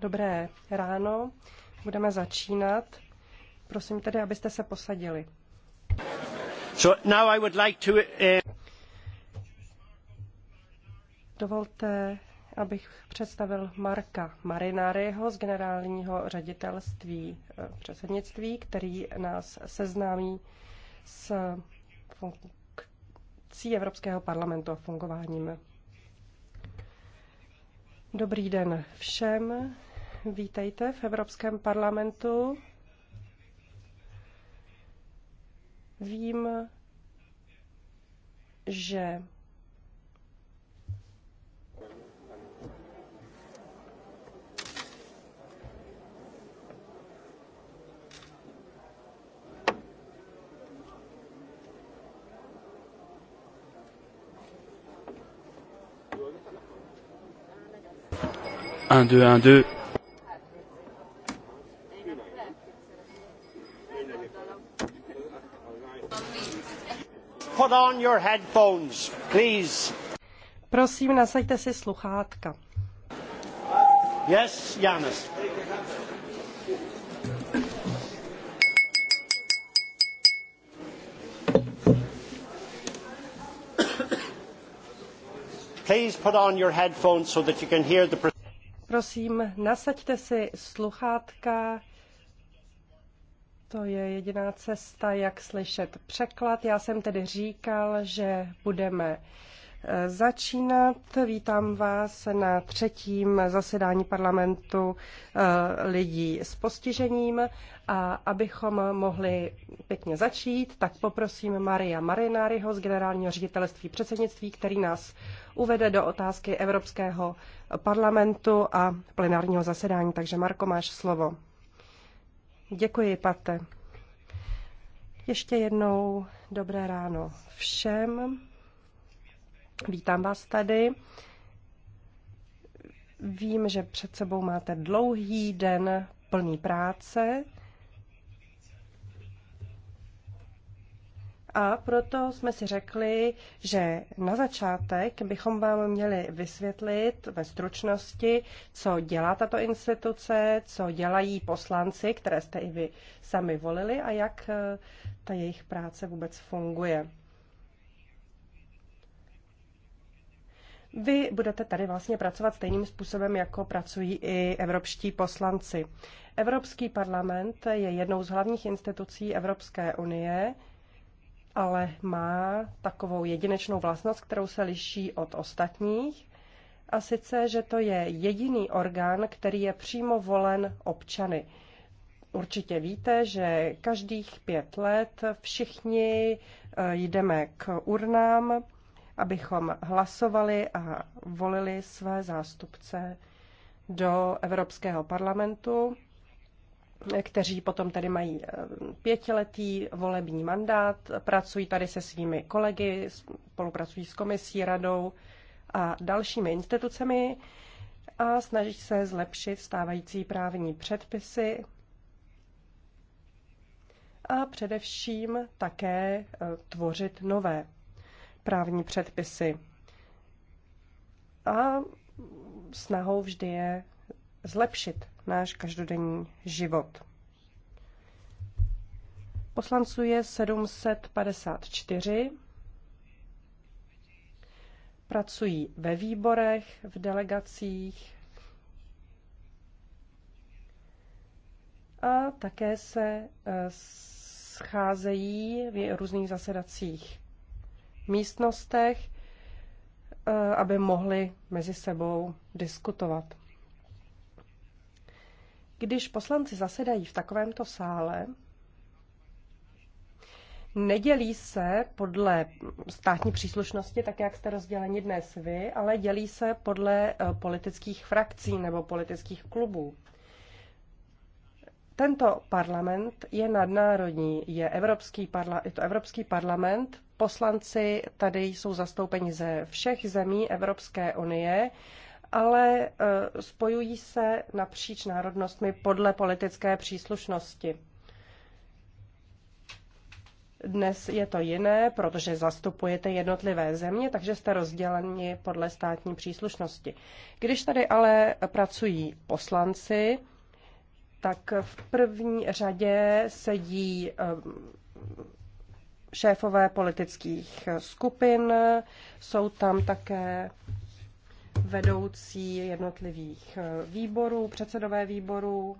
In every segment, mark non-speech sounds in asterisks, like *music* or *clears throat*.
Dobré ráno, budeme začínat. Prosím tedy, abyste se posadili. So now I would like to, uh... Dovolte, abych představil Marka Marináriho z generálního ředitelství eh, předsednictví, který nás seznámí s funkcí Evropského parlamentu a fungováním Dobrý den všem. Vítejte v Evropském parlamentu. Vím, že 1, 2, 1, 2. Put on your headphones, please. Prosím, nasaďte si sluchátka. Yes, Janis. Please put on your headphones so that you can hear the Prosím, nasaďte si sluchátka. To je jediná cesta, jak slyšet překlad. Já jsem tedy říkal, že budeme začínat. Vítám vás na třetím zasedání parlamentu eh, lidí s postižením a abychom mohli pěkně začít, tak poprosím Maria Marináriho z generálního ředitelství předsednictví, který nás uvede do otázky Evropského parlamentu a plenárního zasedání. Takže Marko, máš slovo. Děkuji, Pate. Ještě jednou dobré ráno všem. Vítám vás tady. Vím, že před sebou máte dlouhý den plný práce. A proto jsme si řekli, že na začátek bychom vám měli vysvětlit ve stručnosti, co dělá tato instituce, co dělají poslanci, které jste i vy sami volili a jak ta jejich práce vůbec funguje. Vy budete tady vlastně pracovat stejným způsobem, jako pracují i evropští poslanci. Evropský parlament je jednou z hlavních institucí Evropské unie, ale má takovou jedinečnou vlastnost, kterou se liší od ostatních, a sice, že to je jediný orgán, který je přímo volen občany. Určitě víte, že každých pět let všichni eh, jdeme k urnám abychom hlasovali a volili své zástupce do Evropského parlamentu, kteří potom tady mají eh, pětiletý volební mandát, pracují tady se svými kolegy, spolupracují s komisí, radou a dalšími institucemi a snaží se zlepšit stávající právní předpisy a především také eh, tvořit nové právní předpisy. A snahou vždy je zlepšit náš každodenní život. Poslanců je 754. Pracují ve výborech, v delegacích a také se eh, scházejí v různých zasedacích místnostech, eh, aby mohli mezi sebou diskutovat. Když poslanci zasedají v takovémto sále, nedělí se podle státní příslušnosti, tak jak jste rozděleni dnes vy, ale dělí se podle eh, politických frakcí nebo politických klubů. Tento parlament je nadnárodní, je, evropský parla- je to Evropský parlament Poslanci tady jsou zastoupeni ze všech zemí Evropské unie, ale eh, spojují se napříč národnostmi podle politické příslušnosti. Dnes je to jiné, protože zastupujete jednotlivé země, takže jste rozděleni podle státní příslušnosti. Když tady ale pracují poslanci, tak v první řadě sedí eh, šéfové politických skupin, jsou tam také vedoucí jednotlivých výborů, předsedové výborů.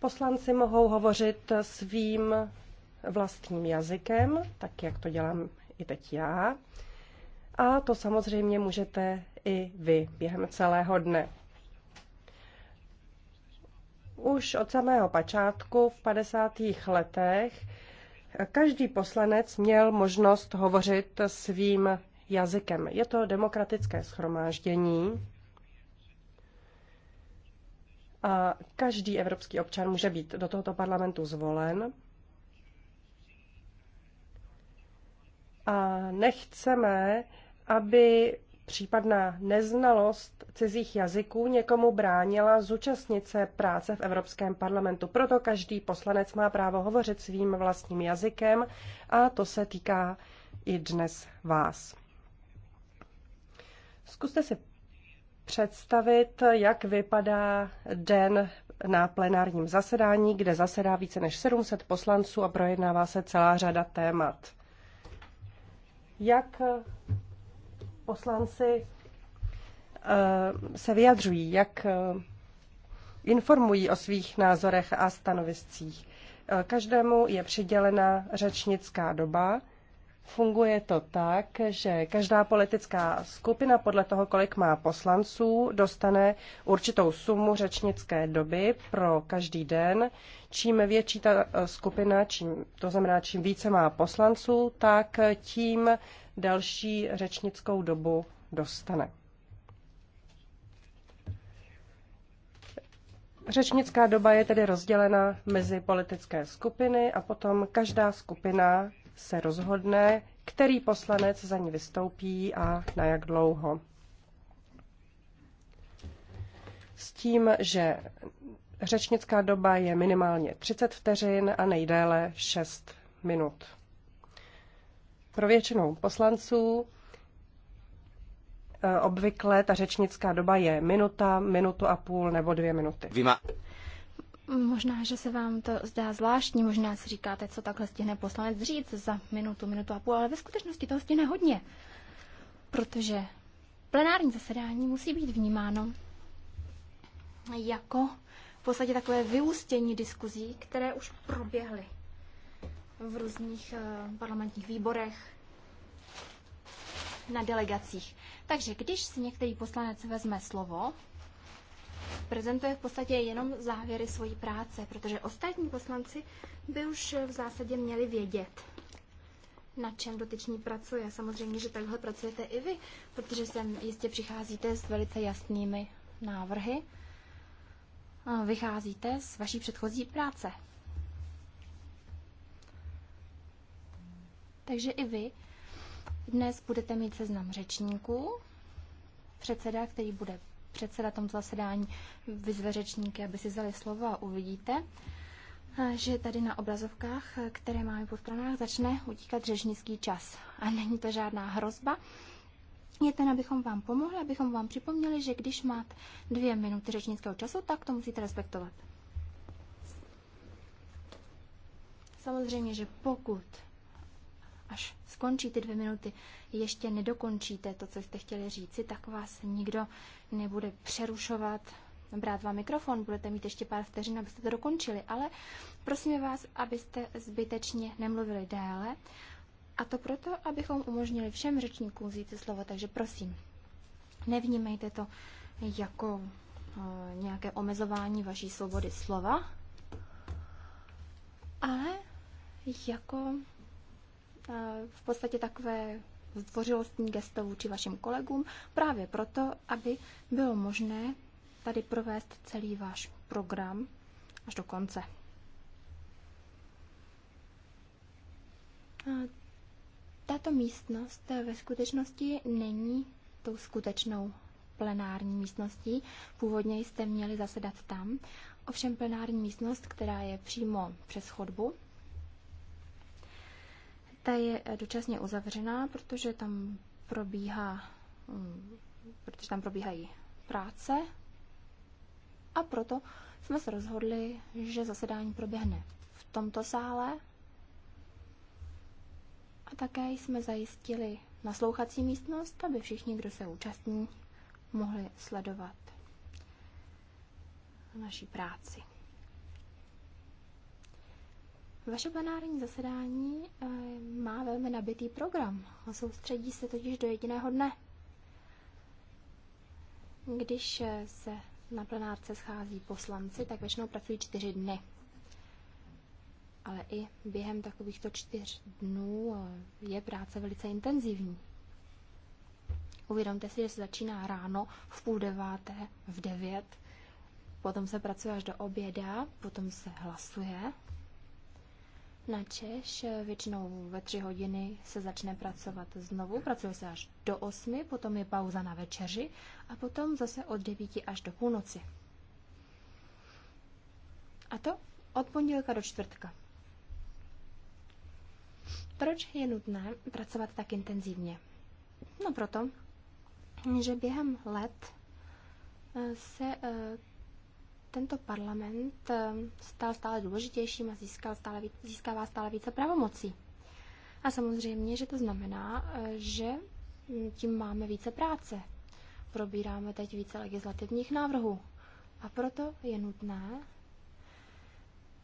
Poslanci mohou hovořit svým vlastním jazykem, tak jak to dělám i teď já. A to samozřejmě můžete i vy během celého dne. Už od samého počátku v 50. letech každý poslanec měl možnost hovořit svým jazykem. Je to demokratické schromáždění a každý evropský občan může být do tohoto parlamentu zvolen. A nechceme, aby případná neznalost cizích jazyků někomu bránila zúčastnit se práce v Evropském parlamentu. Proto každý poslanec má právo hovořit svým vlastním jazykem a to se týká i dnes vás. Zkuste si představit, jak vypadá den na plenárním zasedání, kde zasedá více než 700 poslanců a projednává se celá řada témat. Jak poslanci eh, se vyjadřují, jak eh, informují o svých názorech a stanoviscích. Eh, každému je přidělena řečnická doba. Funguje to tak, že každá politická skupina podle toho, kolik má poslanců, dostane určitou sumu řečnické doby pro každý den. Čím větší ta skupina, čím, to znamená čím více má poslanců, tak tím další řečnickou dobu dostane. Řečnická doba je tedy rozdělena mezi politické skupiny a potom každá skupina se rozhodne, který poslanec za ní vystoupí a na jak dlouho. S tím, že řečnická doba je minimálně 30 vteřin a nejdéle 6 minut pro většinu poslanců e, obvykle ta řečnická doba je minuta, minutu a půl nebo dvě minuty. Vyma. Možná, že se vám to zdá zvláštní, možná si říkáte, co takhle stihne poslanec říct za minutu, minutu a půl, ale ve skutečnosti toho stihne hodně. Protože plenární zasedání musí být vnímáno jako v podstatě takové vyústění diskuzí, které už proběhly v různých eh, parlamentních výborech, na delegacích. Takže když si některý poslanec vezme slovo, prezentuje v podstatě jenom závěry svojí práce, protože ostatní poslanci by už eh, v zásadě měli vědět, na čem dotyčný pracuje. Samozřejmě, že takhle pracujete i vy, protože sem jistě přicházíte s velice jasnými návrhy. Vycházíte z vaší předchozí práce. Takže i vy dnes budete mít seznam řečníků. Předseda, který bude předseda tomto zasedání, vyzve řečníky, aby si vzali slovo a uvidíte, že tady na obrazovkách, které máme pod stranách, začne utíkat řečnický čas. A není to žádná hrozba. Je ten, abychom vám pomohli, abychom vám připomněli, že když máte dvě minuty řečnického času, tak to musíte respektovat. Samozřejmě, že pokud až skončí ty dvě minuty, ještě nedokončíte to, co jste chtěli říci, tak vás nikdo nebude přerušovat, brát vám mikrofon, budete mít ještě pár vteřin, abyste to dokončili, ale prosím vás, abyste zbytečně nemluvili déle, a to proto, abychom umožnili všem řečníkům vzít slovo, takže prosím, nevnímejte to jako eh, nějaké omezování vaší svobody slova, ale jako Eh, v podstatě takové zdvořilostní gesto vůči vašim kolegům, právě proto, aby bylo možné tady provést celý váš program až do konce. Eh, tato místnost ve skutečnosti není tou skutečnou plenární místností. Původně jste měli zasedat tam, ovšem plenární místnost, která je přímo přes chodbu, ta je eh, dočasně uzavřená, protože tam probíhá, mm, protože tam probíhají práce a proto jsme se rozhodli, že zasedání proběhne v tomto sále a také jsme zajistili naslouchací místnost, aby všichni, kdo se účastní, mohli sledovat naší práci. Vaše plenární zasedání eh, má velmi nabitý program a soustředí se totiž do jediného dne. Když eh, se na plenárce schází poslanci, tak většinou pracují čtyři dny. Ale i během takovýchto čtyř dnů eh, je práce velice intenzivní. Uvědomte si, že se začíná ráno v půl deváté, v devět, potom se pracuje až do oběda, potom se hlasuje, na Češ většinou ve tři hodiny se začne pracovat znovu, pracuje se až do osmi, potom je pauza na večeři a potom zase od devíti až do půlnoci. A to od pondělka do čtvrtka. Proč je nutné pracovat tak intenzivně? No proto, že během let eh, se eh, tento parlament eh, stal stále důležitějším a získal stále, získává stále více pravomocí. A samozřejmě, že to znamená, eh, že hm, tím máme více práce. Probíráme teď více legislativních návrhů. A proto je nutné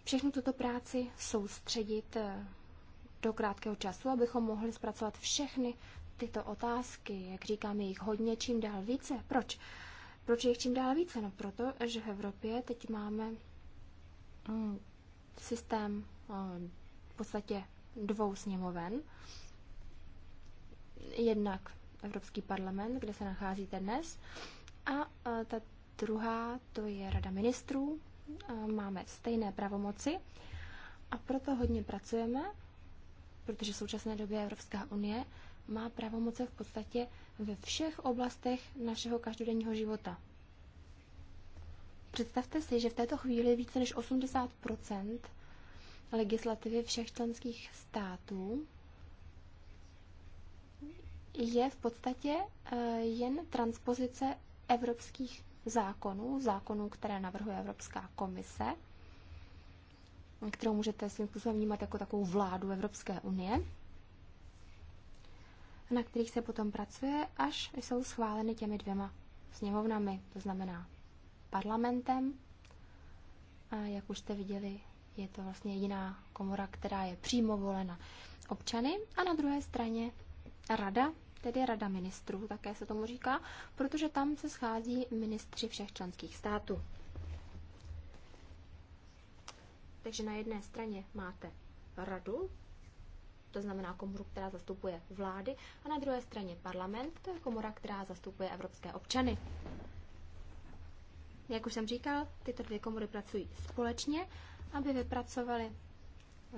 všechnu tuto práci soustředit eh, do krátkého času, abychom mohli zpracovat všechny tyto otázky. Jak říkám, je jich hodně, čím dál více. Proč? Proč je jich čím dál více? No proto, že v Evropě teď máme mm, systém eh, v podstatě dvou sněmoven. Jednak Evropský parlament, kde se nacházíte dnes, a eh, ta druhá, to je Rada ministrů. Eh, máme stejné pravomoci a proto hodně pracujeme, protože v současné době Evropská unie má pravomoce v podstatě ve všech oblastech našeho každodenního života. Představte si, že v této chvíli více než 80 legislativy všech členských států je v podstatě eh, jen transpozice evropských zákonů, zákonů, které navrhuje Evropská komise, kterou můžete svým způsobem vnímat jako takovou vládu Evropské unie na kterých se potom pracuje, až jsou schváleny těmi dvěma sněmovnami, to znamená parlamentem. A jak už jste viděli, je to vlastně jediná komora, která je přímo volena občany. A na druhé straně rada, tedy rada ministrů, také se tomu říká, protože tam se schází ministři všech členských států. Takže na jedné straně máte radu, to znamená komoru, která zastupuje vlády, a na druhé straně parlament, to je komora, která zastupuje evropské občany. Jak už jsem říkal, tyto dvě komory pracují společně, aby vypracovali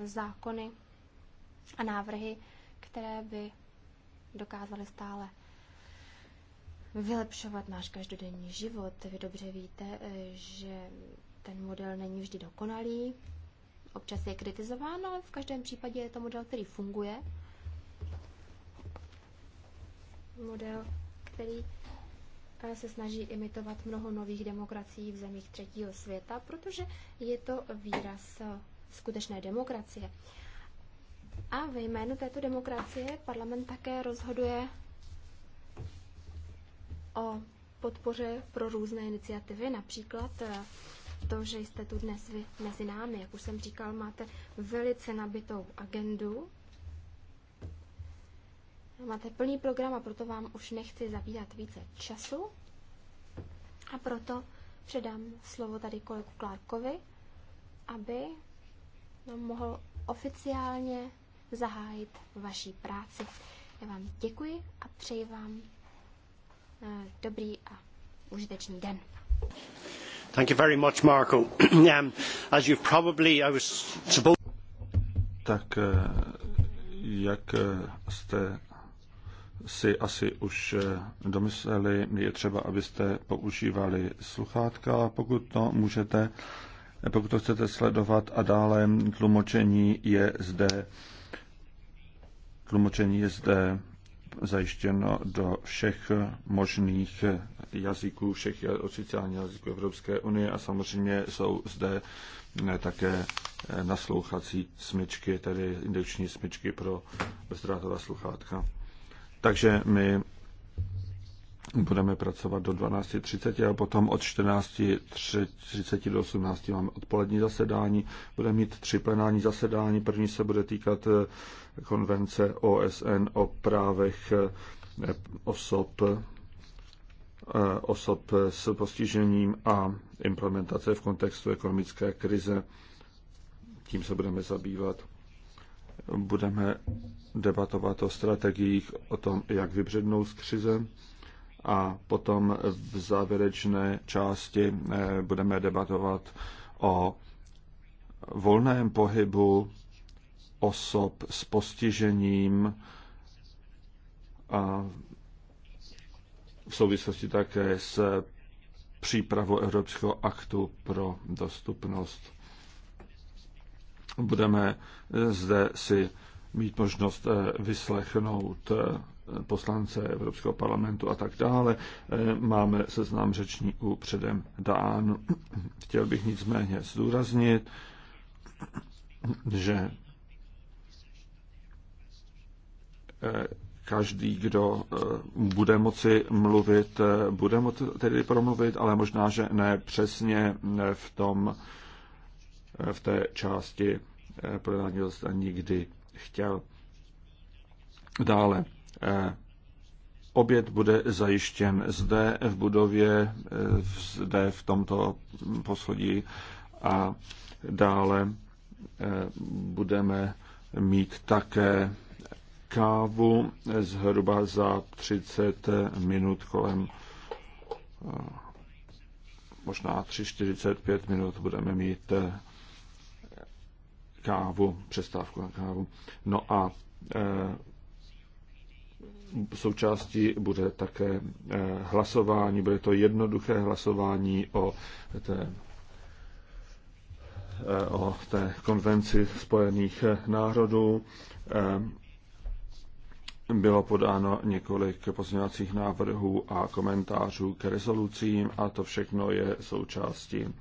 zákony a návrhy, které by dokázaly stále vylepšovat náš každodenní život. Vy dobře víte, že ten model není vždy dokonalý, Občas je kritizován, ale v každém případě je to model, který funguje. Model, který eh, se snaží imitovat mnoho nových demokracií v zemích třetího světa, protože je to výraz eh, skutečné demokracie. A ve jménu této demokracie parlament také rozhoduje o podpoře pro různé iniciativy, například eh, to, že jste tu dnes vy mezi námi. Jak už jsem říkal, máte velice nabitou agendu. Máte plný program a proto vám už nechci zabírat více času. A proto předám slovo tady kolegu Klárkovi, aby mohl oficiálně zahájit vaší práci. Já vám děkuji a přeji vám eh, dobrý a užitečný den. Tak jak jste si asi už eh, domysleli, je třeba, abyste používali sluchátka, pokud to můžete, pokud to chcete sledovat a dále tlumočení je zde tlumočení je zde zajištěno do všech možných jazyků, všech oficiálních jazyků Evropské unie a samozřejmě jsou zde eh, také eh, naslouchací smyčky, tedy indukční smyčky pro bezdrátová sluchátka. Takže my budeme pracovat do 12.30 a potom od 14.30 do 18 máme odpolední zasedání. Budeme mít tři plenární zasedání. První se bude týkat eh, konvence OSN o právech eh, osob eh, osob s postižením a implementace v kontextu ekonomické krize. Tím se budeme zabývat. Budeme debatovat o strategiích, o tom, jak vybřednout z krize a potom v závěrečné části eh, budeme debatovat o volném pohybu osob s postižením a v souvislosti také s přípravou Evropského aktu pro dostupnost. Budeme eh, zde si mít možnost eh, vyslechnout poslance Evropského parlamentu a tak dále. Eh, máme seznam řečníků předem dán. Chtěl bych nicméně zdůraznit, že eh, každý, kdo eh, bude moci mluvit, bude moci tedy promluvit, ale možná, že ne přesně v tom, v té části plenárního zasedání, kdy chtěl. Dále Eh, oběd bude zajištěn zde v budově, eh, zde v tomto poschodí a dále eh, budeme mít také kávu zhruba za 30 minut kolem možná 3-45 minut budeme mít kávu, přestávku na kávu. No a součástí bude také eh, hlasování, bude to jednoduché hlasování o té, eh, o té konvenci spojených eh, národů. Bylo podáno několik pozměňovacích návrhů a komentářů k rezolucím a to všechno je součástí.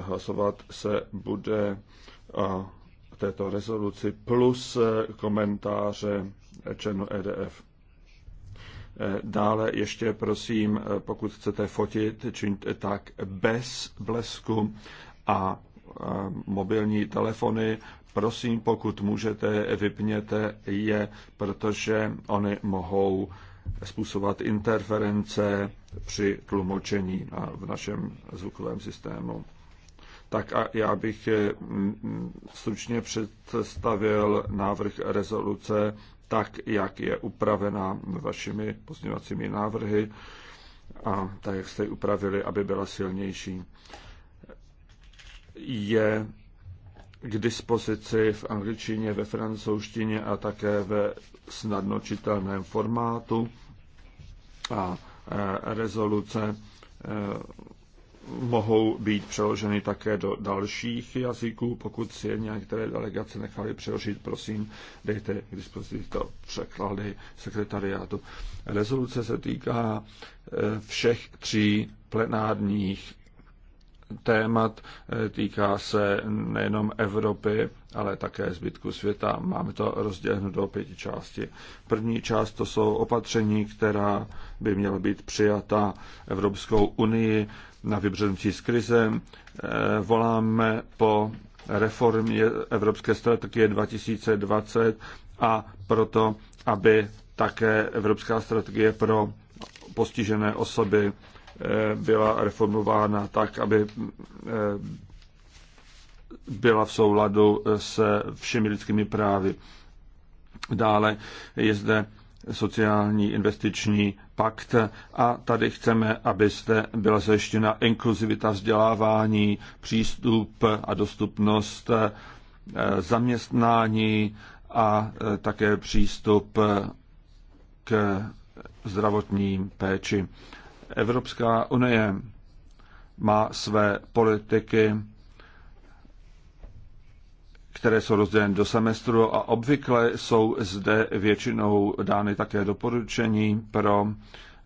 Hlasovat se bude o této rezoluci plus komentáře členů EDF. Eh, dále ještě prosím, eh, pokud chcete fotit, čiňte tak bez blesku a eh, mobilní telefony. Prosím, pokud můžete, vypněte je, protože oni mohou způsobovat interference při tlumočení v našem zvukovém systému. Tak a já bych stručně představil návrh rezoluce tak, jak je upravena vašimi pozměňovacími návrhy a tak, jak jste ji upravili, aby byla silnější. Je k dispozici v angličtině, ve francouzštině a také ve snadnočitelném formátu a e, rezoluce e, mohou být přeloženy také do dalších jazyků. Pokud si je některé delegace nechali přeložit, prosím, dejte k dispozici to překlady sekretariátu. Rezoluce se týká eh, všech tří plenárních témat. Eh, týká se nejenom Evropy, ale také zbytku světa. Máme to rozděleno do pěti části. První část to jsou opatření, která by měla být přijata Evropskou unii na vybřednutí s krize. Eh, voláme po reformě Evropské strategie 2020 a proto, aby také Evropská strategie pro postižené osoby eh, byla reformována tak, aby eh, byla v souladu se všemi lidskými právy. Dále je zde sociální investiční pakt a tady chceme, aby zde byla zajištěna inkluzivita vzdělávání, přístup a dostupnost eh, zaměstnání a eh, také přístup eh, k zdravotním péči. Evropská unie má své politiky které jsou rozděleny do semestru a obvykle jsou zde většinou dány také doporučení pro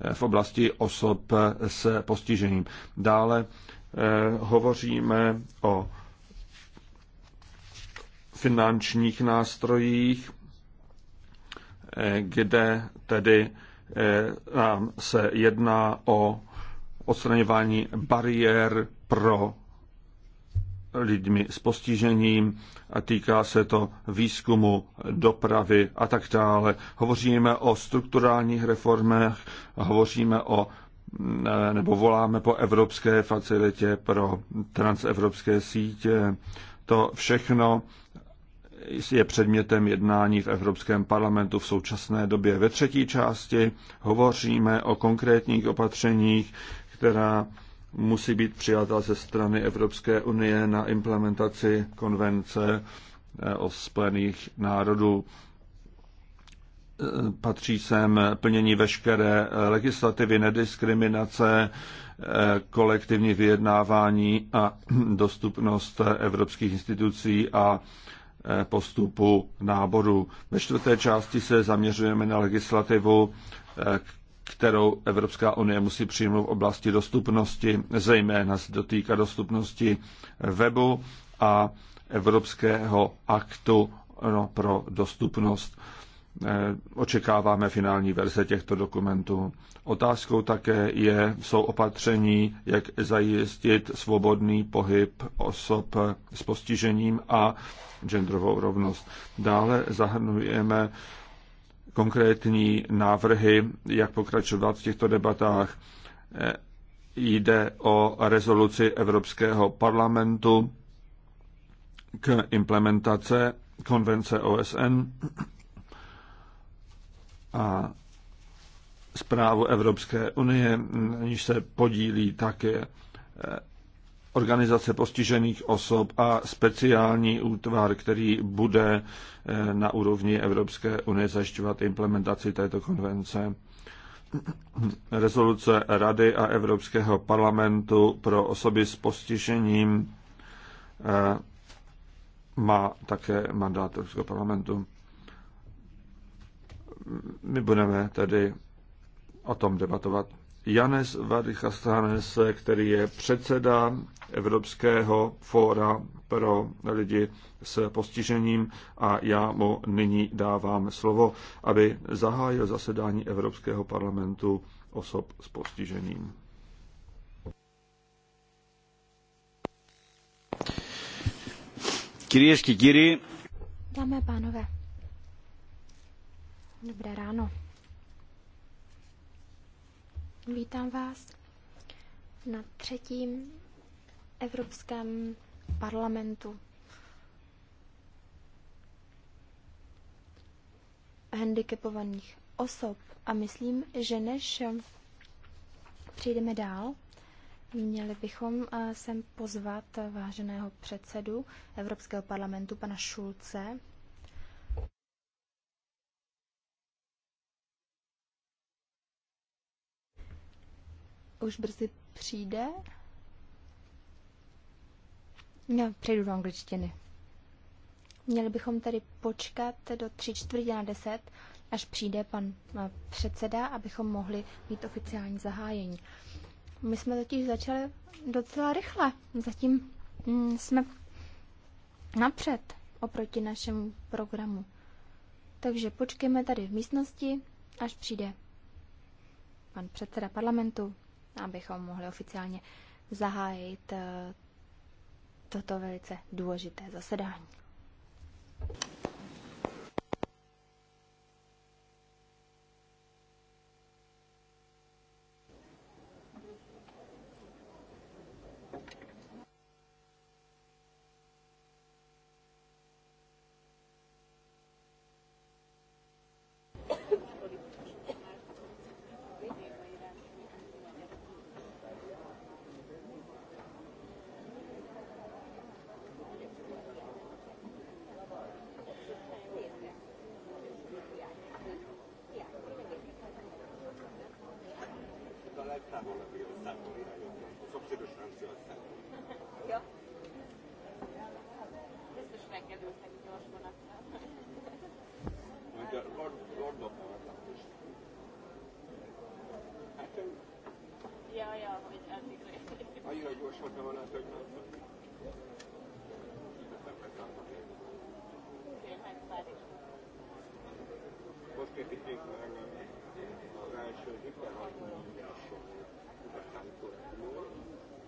eh, v oblasti osob s postižením. Dále eh, hovoříme o finančních nástrojích, eh, kde tedy nám se jedná o odstraňování bariér pro lidmi s postižením a týká se to výzkumu, dopravy a tak dále. Hovoříme o strukturálních reformách, hovoříme o nebo voláme po evropské facilitě pro transevropské sítě. To všechno je předmětem jednání v Evropském parlamentu v současné době. Ve třetí části hovoříme o konkrétních opatřeních, která musí být přijata ze strany Evropské unie na implementaci konvence eh, o Spojených národů. Eh, patří sem plnění veškeré eh, legislativy, nediskriminace, kolektivní vyjednávání a *clears throat* dostupnost evropských institucí a postupu náboru. Ve čtvrté části se zaměřujeme na legislativu kterou Evropská unie musí přijmout v oblasti dostupnosti, zejména se dotýká dostupnosti webu a Evropského aktu no, pro dostupnost. Eh, očekáváme finální verze těchto dokumentů. Otázkou také je, jsou opatření, jak zajistit svobodný pohyb osob s postižením a genderovou rovnost. Dále zahrnujeme konkrétní návrhy, jak pokračovat v těchto debatách. Eh, jde o rezoluci Evropského parlamentu k implementace konvence OSN a zprávu Evropské unie, níž se podílí také eh, organizace postižených osob a speciální útvar, který bude eh, na úrovni Evropské unie zajišťovat implementaci této konvence. Rezoluce Rady a Evropského parlamentu pro osoby s postižením eh, má také mandát Evropského parlamentu. My budeme tedy o tom debatovat Janes Varichastanes, který je předseda Evropského fóra pro lidi s postižením a já mu nyní dávám slovo, aby zahájil zasedání Evropského parlamentu osob s postižením. Kyriešky, Kyri. Dámy a pánové, dobré ráno. Vítám vás na třetím Evropském parlamentu. handicapovaných osob. A myslím, že než přejdeme dál, měli bychom eh, sem pozvat váženého předsedu Evropského parlamentu, pana Šulce, už brzy přijde. Já přejdu do angličtiny. Měli bychom tedy počkat do tři čtvrtě na deset, až přijde pan eh, předseda, abychom mohli mít oficiální zahájení. My jsme totiž začali docela rychle. Zatím mm, jsme napřed oproti našemu programu. Takže počkejme tady v místnosti, až přijde pan předseda parlamentu abychom mohli oficiálně zahájit eh, toto velice důležité zasedání.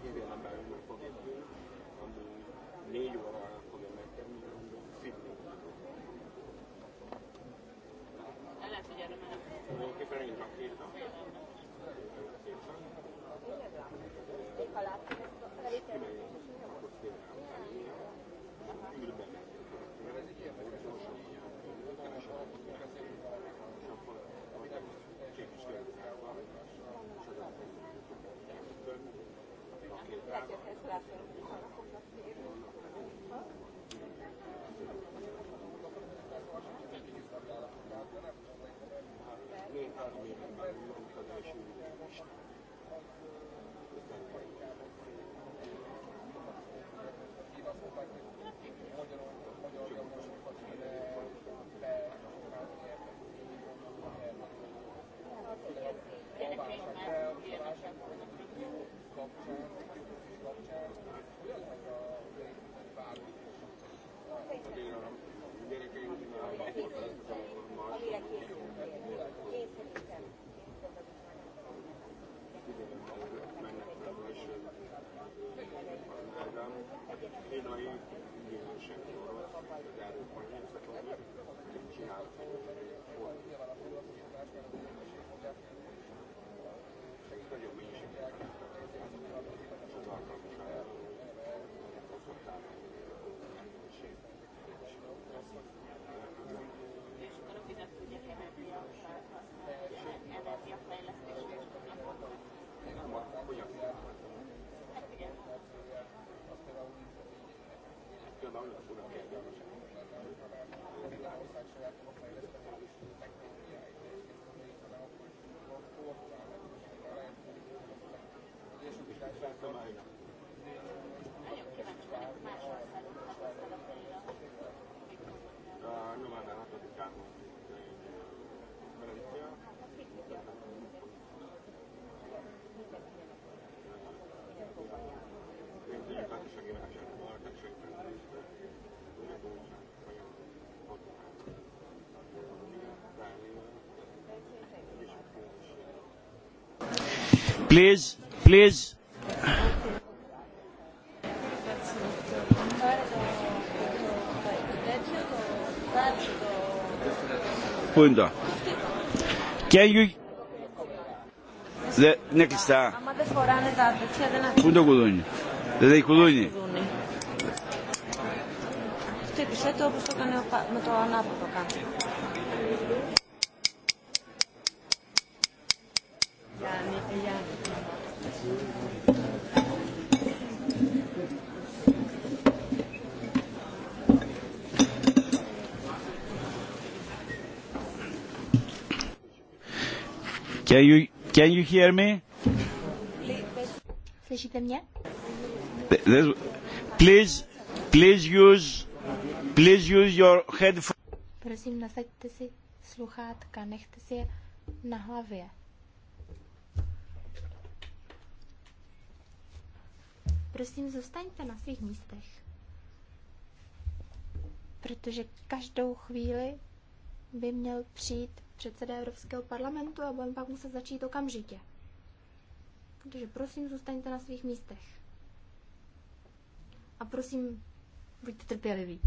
因为俺们我方便，俺们没有啊。Gracias. please please Πούντα. Can you... Δε, είναι κλειστά. Άμα δεν φοράνε τα τέτοια δεν ακούνε. Πού είναι το κουδούνι. Δεν έχει κουδούνι. Χτύπησε το όπως το έκανε με το ανάποδο κάτω. Can you, can you hear me? Slyšíte mě? Please, please use, please use your headphones. Prosím, nasaďte si sluchátka, nechte si je na hlavě. Prosím, zůstaňte na svých místech. Protože každou chvíli by měl přijít předseda Evropského parlamentu a budeme pak muset začít okamžitě. Takže prosím, zůstaňte na svých místech. A prosím, buďte trpěliví.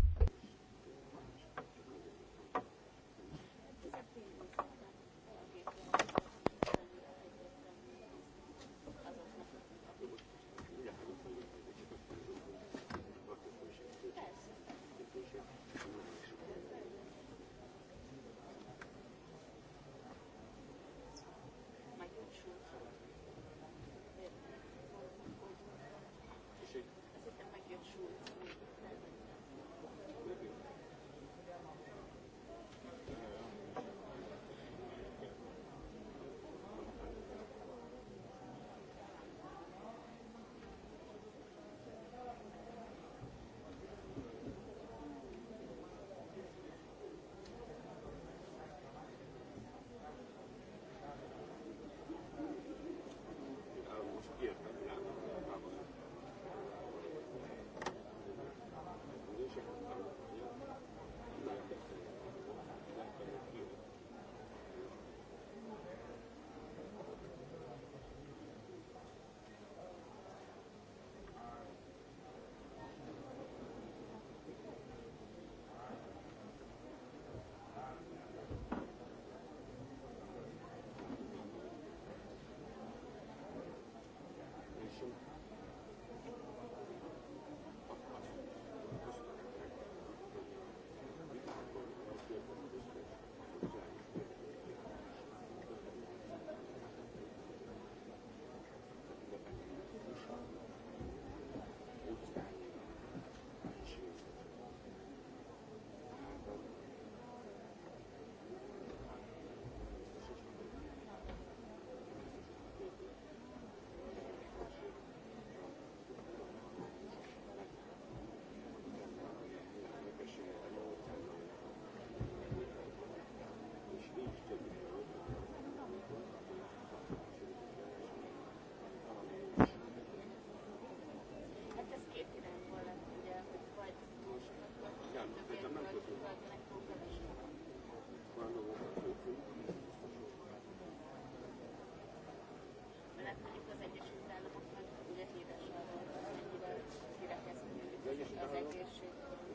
az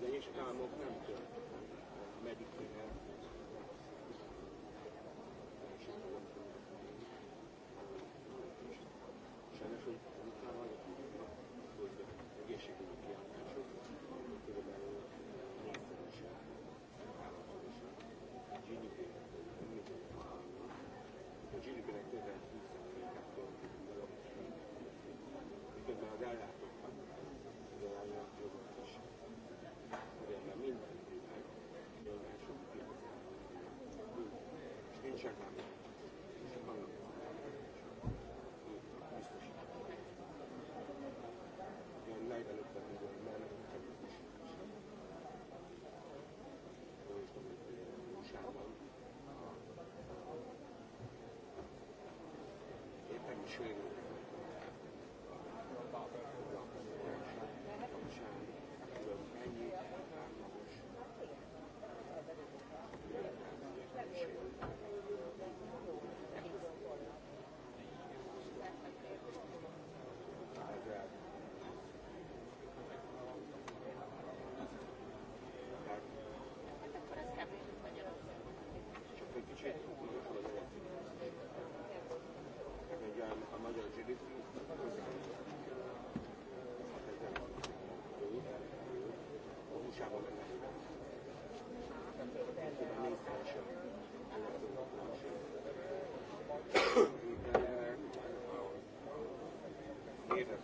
egyes államok nem töltenek medikére. Sajnos, hogy utána hogy egészségügyi kiállások, körülbelül négyszeresen állatosnak, GDP-nek, a GDP-nek közel 20%-át töltik. Miközben az ellátás chewing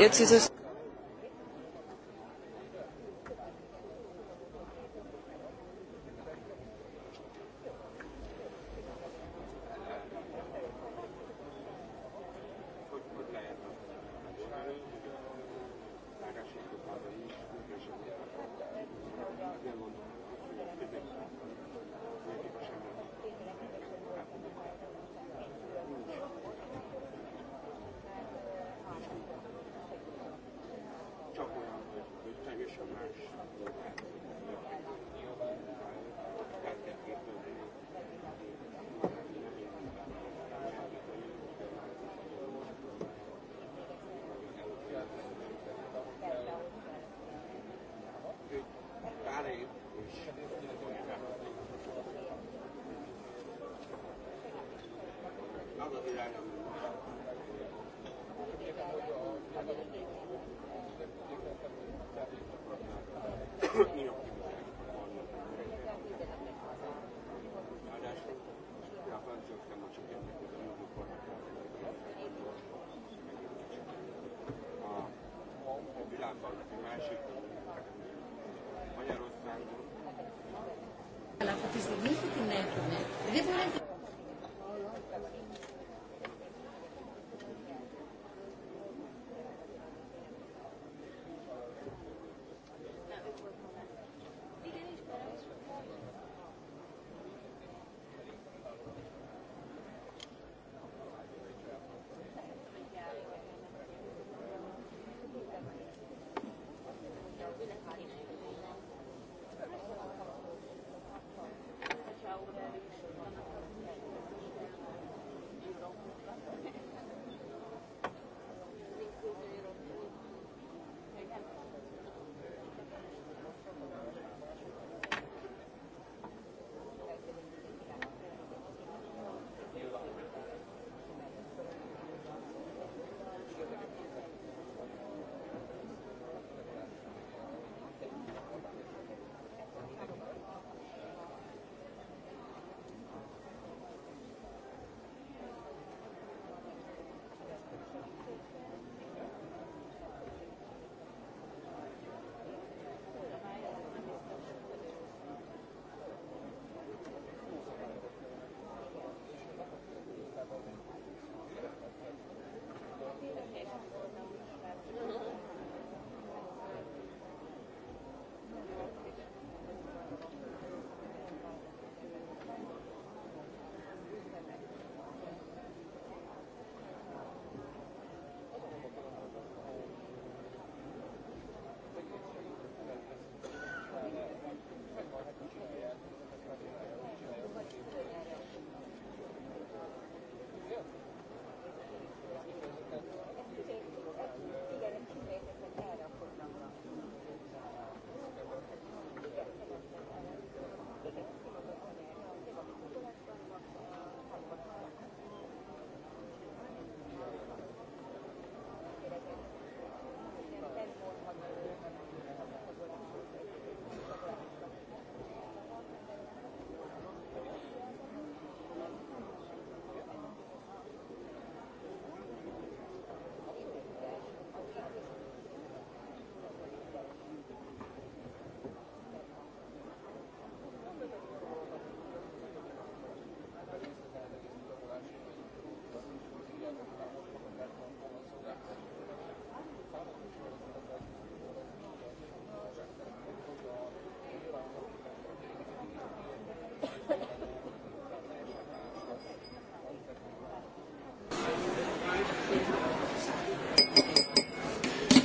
jetzt dieses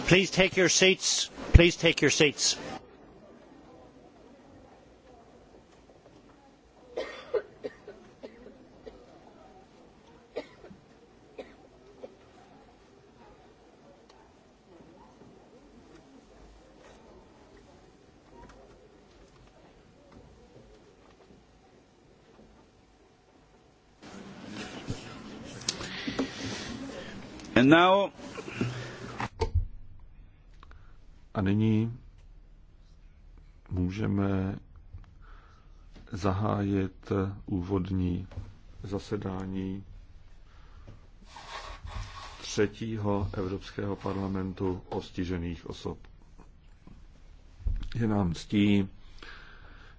Please take your seats. Please take your seats. And now A nyní můžeme zahájit úvodní zasedání třetího Evropského parlamentu ostižených osob. Je nám ctí,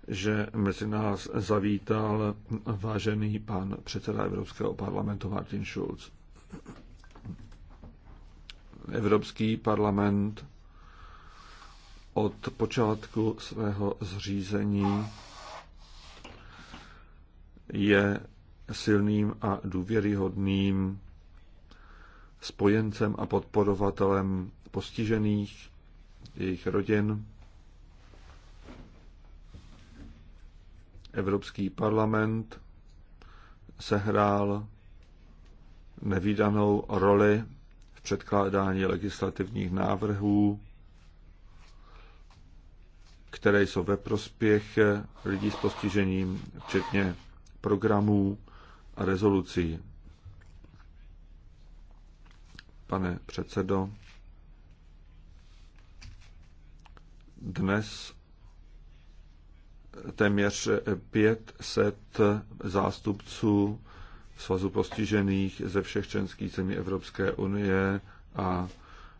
že mezi nás zavítal vážený pan předseda Evropského parlamentu Martin Schulz. Evropský parlament od počátku svého zřízení je silným a důvěryhodným spojencem a podporovatelem postižených, jejich rodin. Evropský parlament sehrál nevýdanou roli v předkládání legislativních návrhů které jsou ve prospěch lidí s postižením, včetně programů a rezolucí. Pane předsedo, dnes téměř 500 zástupců Svazu postižených ze všech členských zemí Evropské unie a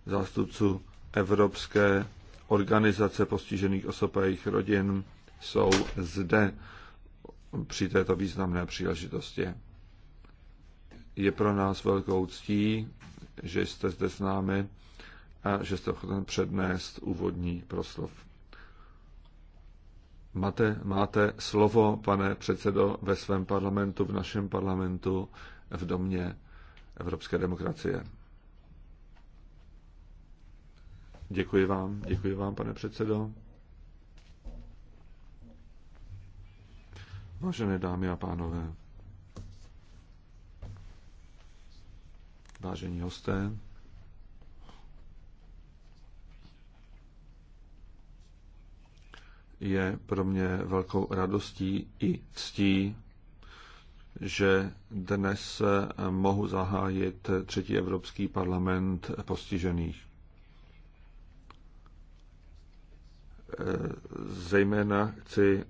zástupců Evropské organizace postižených osob a jejich rodin jsou zde při této významné příležitosti. Je pro nás velkou ctí, že jste zde s námi a že jste ochoten přednést úvodní proslov. Máte, máte slovo, pane předsedo, ve svém parlamentu, v našem parlamentu, v domě Evropské demokracie. Děkuji vám, děkuji vám, pane předsedo. Vážené dámy a pánové, vážení hosté, je pro mě velkou radostí i ctí, že dnes mohu zahájit třetí Evropský parlament postižených. Zejména chci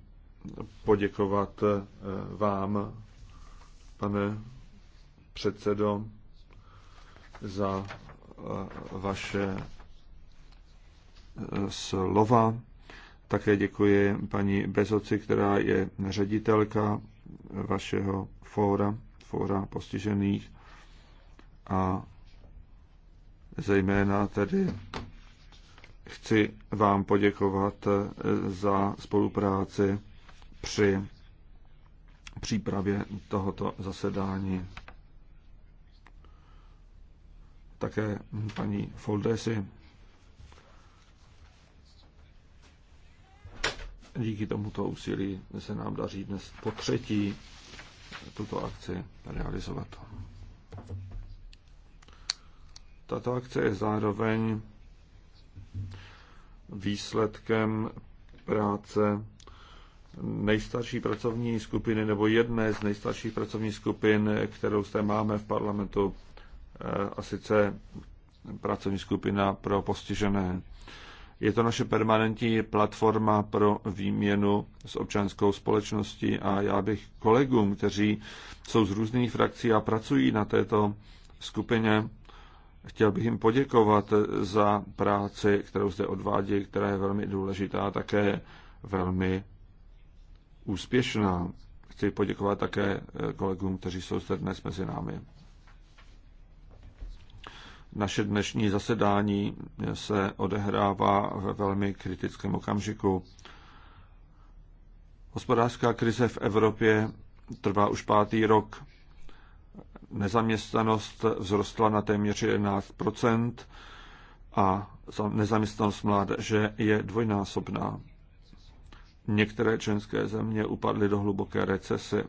poděkovat eh, vám, pane předsedo, za eh, vaše eh, slova. Také děkuji paní Bezoci, která je ředitelka vašeho fóra, fóra postižených a zejména tedy chci vám poděkovat eh, za spolupráci při přípravě tohoto zasedání. Také paní Foldesi. Díky tomuto úsilí se nám daří dnes po třetí tuto akci realizovat. Tato akce je zároveň výsledkem práce nejstarší pracovní skupiny nebo jedné z nejstarších pracovních skupin, kterou zde máme v parlamentu, eh, a sice pracovní skupina pro postižené. Je to naše permanentní platforma pro výměnu s občanskou společností a já bych kolegům, kteří jsou z různých frakcí a pracují na této skupině, Chtěl bych jim poděkovat za práci, kterou zde odvádí, která je velmi důležitá a také velmi úspěšná. Chci poděkovat také eh, kolegům, kteří jsou zde dnes mezi námi. Naše dnešní zasedání se odehrává ve velmi kritickém okamžiku. Hospodářská krize v Evropě trvá už pátý rok. Nezaměstnanost vzrostla na téměř 11 a nezaměstnanost mládeže je dvojnásobná. Některé členské země upadly do hluboké recese.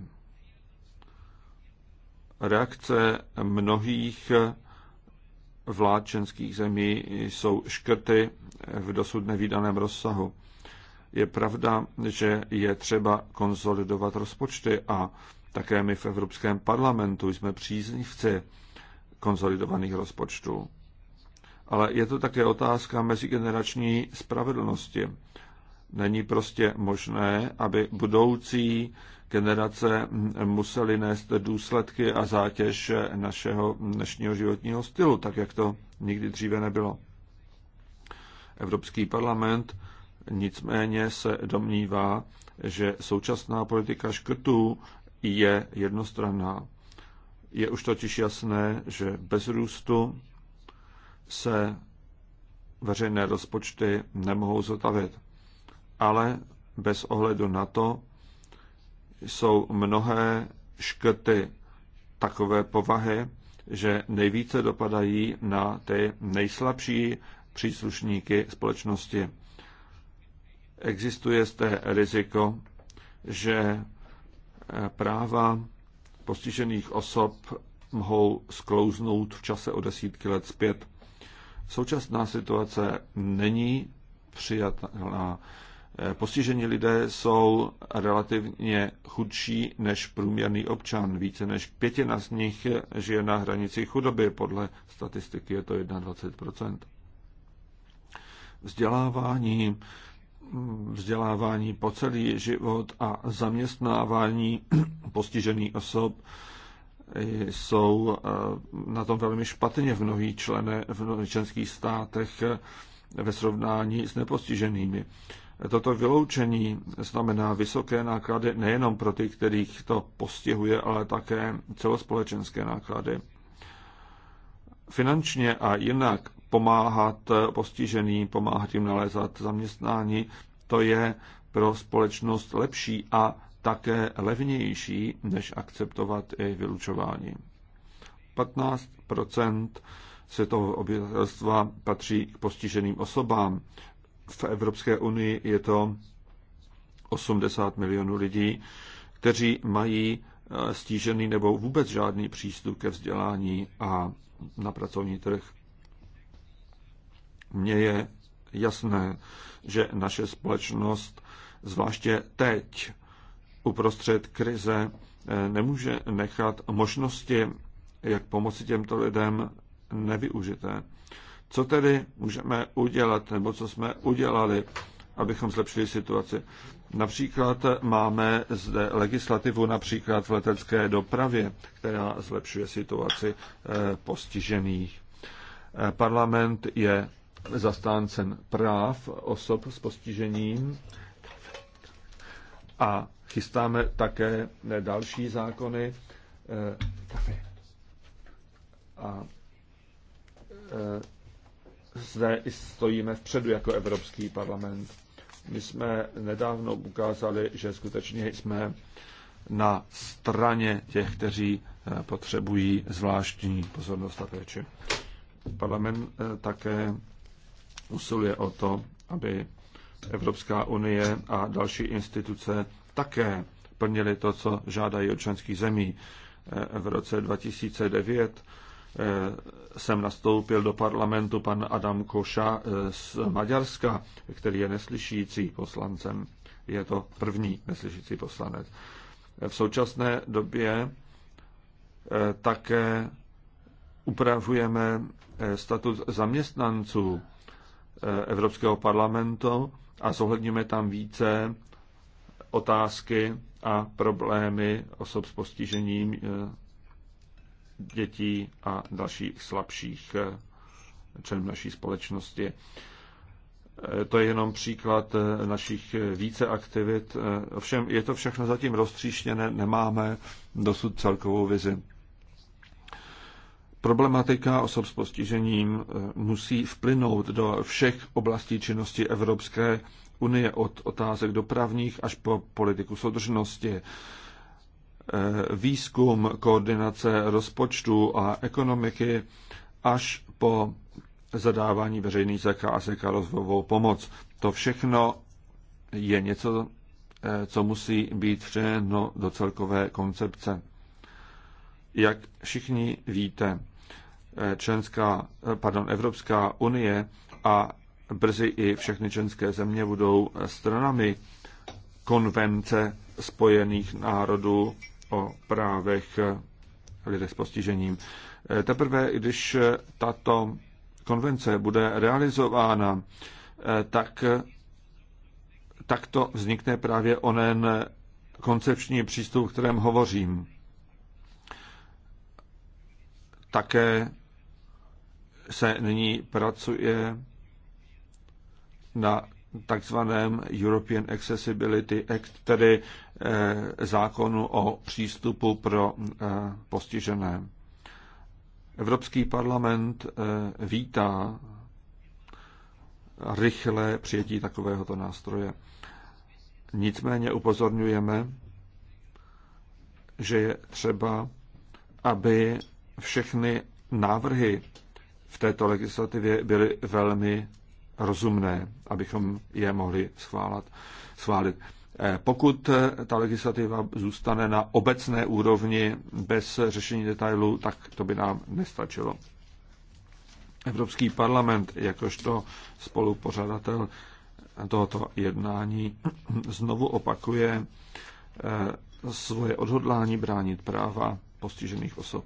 Reakce mnohých vlád členských zemí jsou škrty v dosud nevýdaném rozsahu. Je pravda, že je třeba konsolidovat rozpočty a také my v Evropském parlamentu jsme příznivci konsolidovaných rozpočtů. Ale je to také otázka mezigenerační spravedlnosti. Není prostě možné, aby budoucí generace museli nést důsledky a zátěž našeho dnešního životního stylu, tak jak to nikdy dříve nebylo. Evropský parlament nicméně se domnívá, že současná politika škrtů je jednostranná. Je už totiž jasné, že bez růstu se veřejné rozpočty nemohou zotavit. Ale bez ohledu na to jsou mnohé škrty takové povahy, že nejvíce dopadají na ty nejslabší příslušníky společnosti. Existuje zde riziko, že práva postižených osob mohou sklouznout v čase o desítky let zpět. Současná situace není přijatelná. Postižení lidé jsou relativně chudší než průměrný občan. Více než pětina z nich žije na hranici chudoby, podle statistiky je to 21 Vzdělávání, vzdělávání po celý život a zaměstnávání *clears throat* postižených osob jsou eh, na tom velmi špatně v mnohých, člene, v členských státech eh, ve srovnání s nepostiženými. Toto vyloučení znamená vysoké náklady nejenom pro ty, kterých to postihuje, ale také celospolečenské náklady finančně a jinak pomáhat postiženým, pomáhat jim nalézat zaměstnání, to je pro společnost lepší a také levnější, než akceptovat i vylučování. 15 světového obyvatelstva patří k postiženým osobám. V Evropské unii je to 80 milionů lidí, kteří mají stížený nebo vůbec žádný přístup ke vzdělání a na pracovní trh. Mně je jasné, že naše společnost, zvláště teď, uprostřed krize, eh, nemůže nechat možnosti, jak pomoci těmto lidem, nevyužité. Co tedy můžeme udělat, nebo co jsme udělali, abychom zlepšili situaci? Například máme zde legislativu například v letecké dopravě, která zlepšuje situaci eh, postižených. Eh, parlament je zastáncem práv osob s postižením a chystáme také další zákony. Eh, a zde stojíme vpředu jako Evropský parlament. My jsme nedávno ukázali, že skutečně jsme na straně těch, kteří eh, potřebují zvláštní pozornost a péči. Parlament eh, také usiluje o to, aby Evropská unie a další instituce také plnili to, co žádají od členských zemí. Eh, v roce 2009 jsem eh, nastoupil do parlamentu pan Adam Koša eh, z Maďarska, který je neslyšící poslancem. Je to první neslyšící poslanec. V současné době eh, také upravujeme statut zaměstnanců Evropského parlamentu a zohledníme tam více otázky a problémy osob s postižením dětí a dalších slabších eh, členů naší společnosti. Eh, to je jenom příklad eh, našich více aktivit. Ovšem je to všechno zatím roztříštěné, nemáme dosud celkovou vizi. Problematika osob s postižením musí vplynout do všech oblastí činnosti Evropské unie od otázek dopravních až po politiku soudržnosti, Eh, výzkum, koordinace rozpočtu a ekonomiky až po zadávání veřejných zakázek a rozvojovou pomoc. To všechno je něco, eh, co musí být vřeno do celkové koncepce. Jak všichni víte, eh, členská, pardon, Evropská unie a brzy i všechny členské země budou stranami konvence spojených národů o právech lidech s postižením. Teprve, když tato konvence bude realizována, tak takto vznikne právě onen koncepční přístup, o kterém hovořím. Také se nyní pracuje na takzvaném European Accessibility Act, tedy Eh, zákonu o přístupu pro eh, postižené. Evropský parlament eh, vítá rychlé přijetí takovéhoto nástroje. Nicméně upozorňujeme, že je třeba, aby všechny návrhy v této legislativě byly velmi rozumné, abychom je mohli schválat, schválit. Eh, pokud eh, ta legislativa zůstane na obecné úrovni bez řešení detailů, tak to by nám nestačilo. Evropský parlament, jakožto spolupořadatel tohoto jednání, *clears throat* znovu opakuje eh, svoje odhodlání bránit práva postižených osob.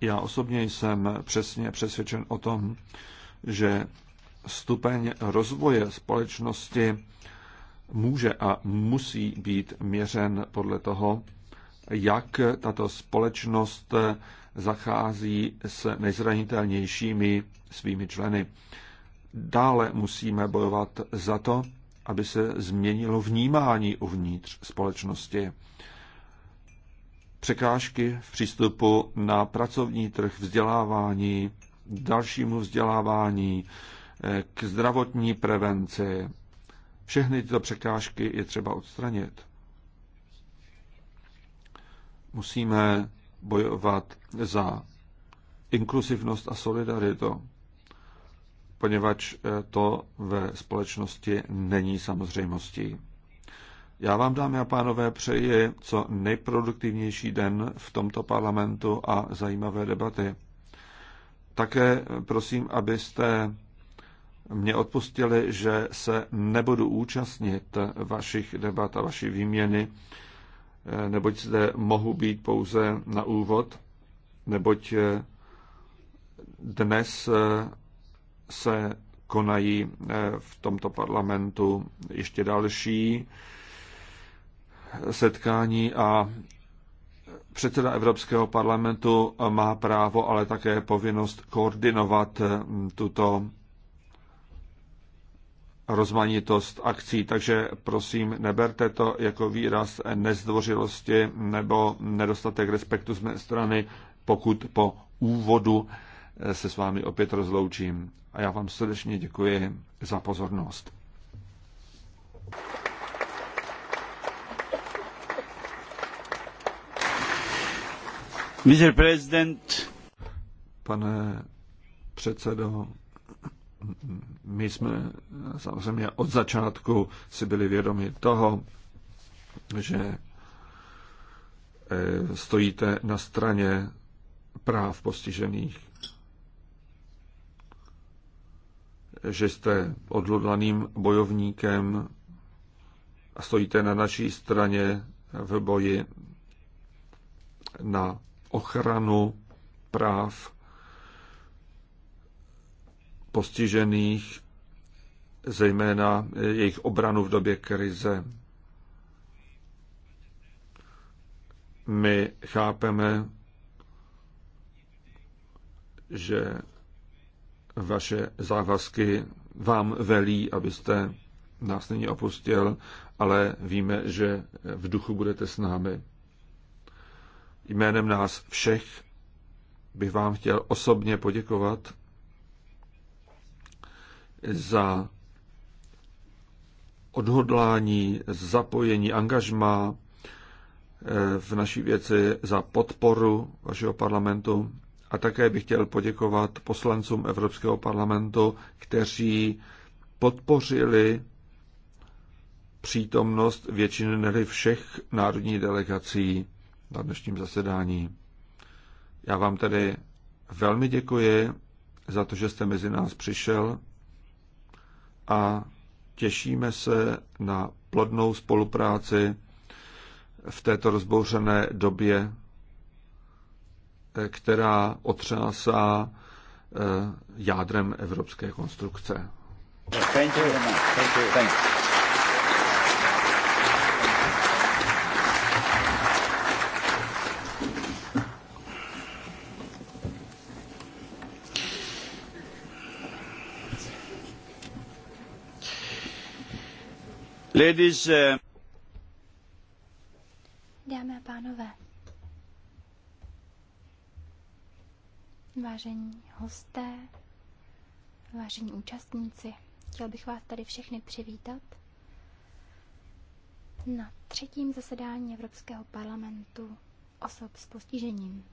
Já osobně jsem přesně přesvědčen o tom, že stupeň rozvoje společnosti může a musí být měřen podle toho, jak tato společnost zachází s nejzranitelnějšími svými členy. Dále musíme bojovat za to, aby se změnilo vnímání uvnitř společnosti. Překážky v přístupu na pracovní trh, vzdělávání, dalšímu vzdělávání, eh, k zdravotní prevenci, všechny tyto překážky je třeba odstranit. Musíme bojovat za inkluzivnost a solidaritu, poněvadž eh, to ve společnosti není samozřejmostí. Já vám, dámy a pánové, přeji co nejproduktivnější den v tomto parlamentu a zajímavé debaty. Také prosím, abyste mě odpustili, že se nebudu účastnit vašich debat a vaší výměny, neboť zde mohu být pouze na úvod, neboť eh, dnes eh, se konají eh, v tomto parlamentu ještě další setkání a předseda Evropského parlamentu má právo, ale také povinnost koordinovat tuto rozmanitost akcí, takže prosím, neberte to jako výraz nezdvořilosti nebo nedostatek respektu z mé strany, pokud po úvodu eh, se s vámi opět rozloučím. A já vám srdečně děkuji za pozornost. Mr. President. Pane předsedo, my jsme samozřejmě od začátku si byli vědomi toho, že eh, stojíte na straně práv postižených, že jste odhodlaným bojovníkem a stojíte na naší straně v boji na ochranu práv postižených, zejména jejich obranu v době krize. My chápeme, že vaše závazky vám velí, abyste nás není opustil, ale víme, že v duchu budete s námi. Jménem nás všech bych vám chtěl osobně poděkovat za odhodlání, zapojení, angažma eh, v naší věci, za podporu vašeho parlamentu. A také bych chtěl poděkovat poslancům Evropského parlamentu, kteří podpořili přítomnost většiny, ne všech národních delegací na dnešním zasedání. Já vám tedy velmi děkuji za to, že jste mezi nás přišel a těšíme se na plodnou spolupráci v této rozbouřené době, eh, která otřásá eh, jádrem evropské konstrukce. Thank you. Thank you. Thank you. Ladies, eh, Dámy a pánové, vážení hosté, vážení účastníci, chtěl bych vás tady všechny přivítat na třetím zasedání Evropského parlamentu osob s postižením.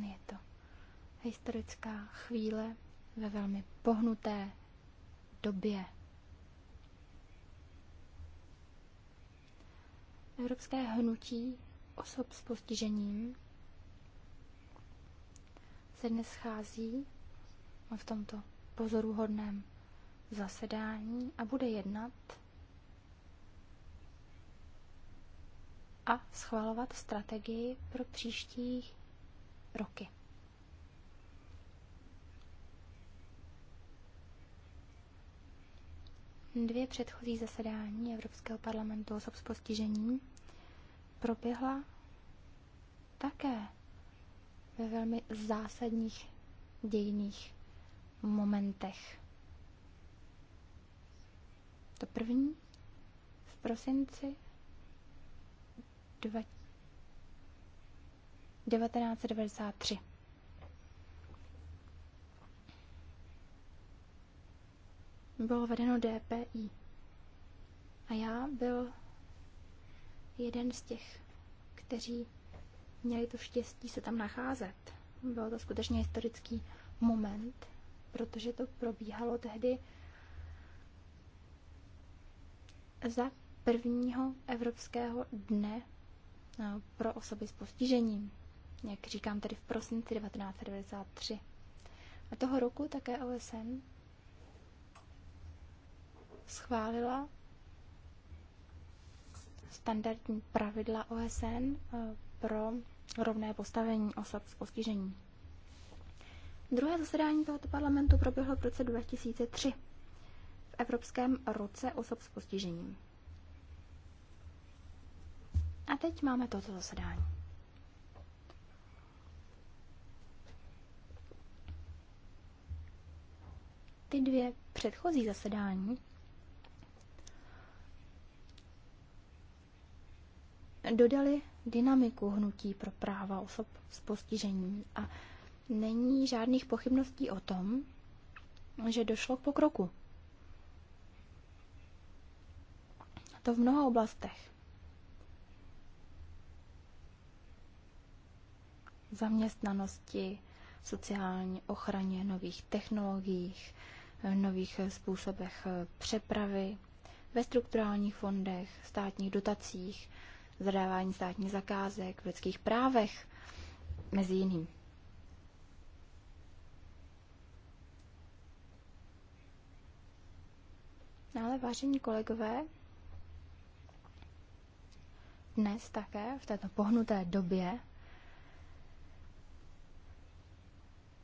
Je to historická chvíle ve velmi pohnuté době Evropské hnutí osob s postižením se dnes schází v tomto pozoruhodném zasedání a bude jednat a schvalovat strategii pro příští roky. Dvě předchozí zasedání Evropského parlamentu osob s postižením proběhla také ve velmi zásadních dějných momentech. To první v prosinci 1993. bylo vedeno DPI. A já byl jeden z těch, kteří měli to štěstí se tam nacházet. Byl to skutečně historický moment, protože to probíhalo tehdy za prvního evropského dne eh, pro osoby s postižením, jak říkám tady v prosinci 1993. A toho roku také OSN schválila standardní pravidla OSN eh, pro rovné postavení osob s postižením. Druhé zasedání tohoto parlamentu proběhlo v roce 2003 v Evropském roce osob s postižením. A teď máme toto zasedání. Ty dvě předchozí zasedání dodali dynamiku hnutí pro práva osob s postižením. A není žádných pochybností o tom, že došlo k pokroku. A to v mnoha oblastech. Zaměstnanosti, sociální ochraně, nových technologiích, nových způsobech eh, přepravy, ve strukturálních fondech, státních dotacích, zadávání státních zakázek, v lidských právech, mezi jiným. No ale vážení kolegové, dnes také, v této pohnuté době,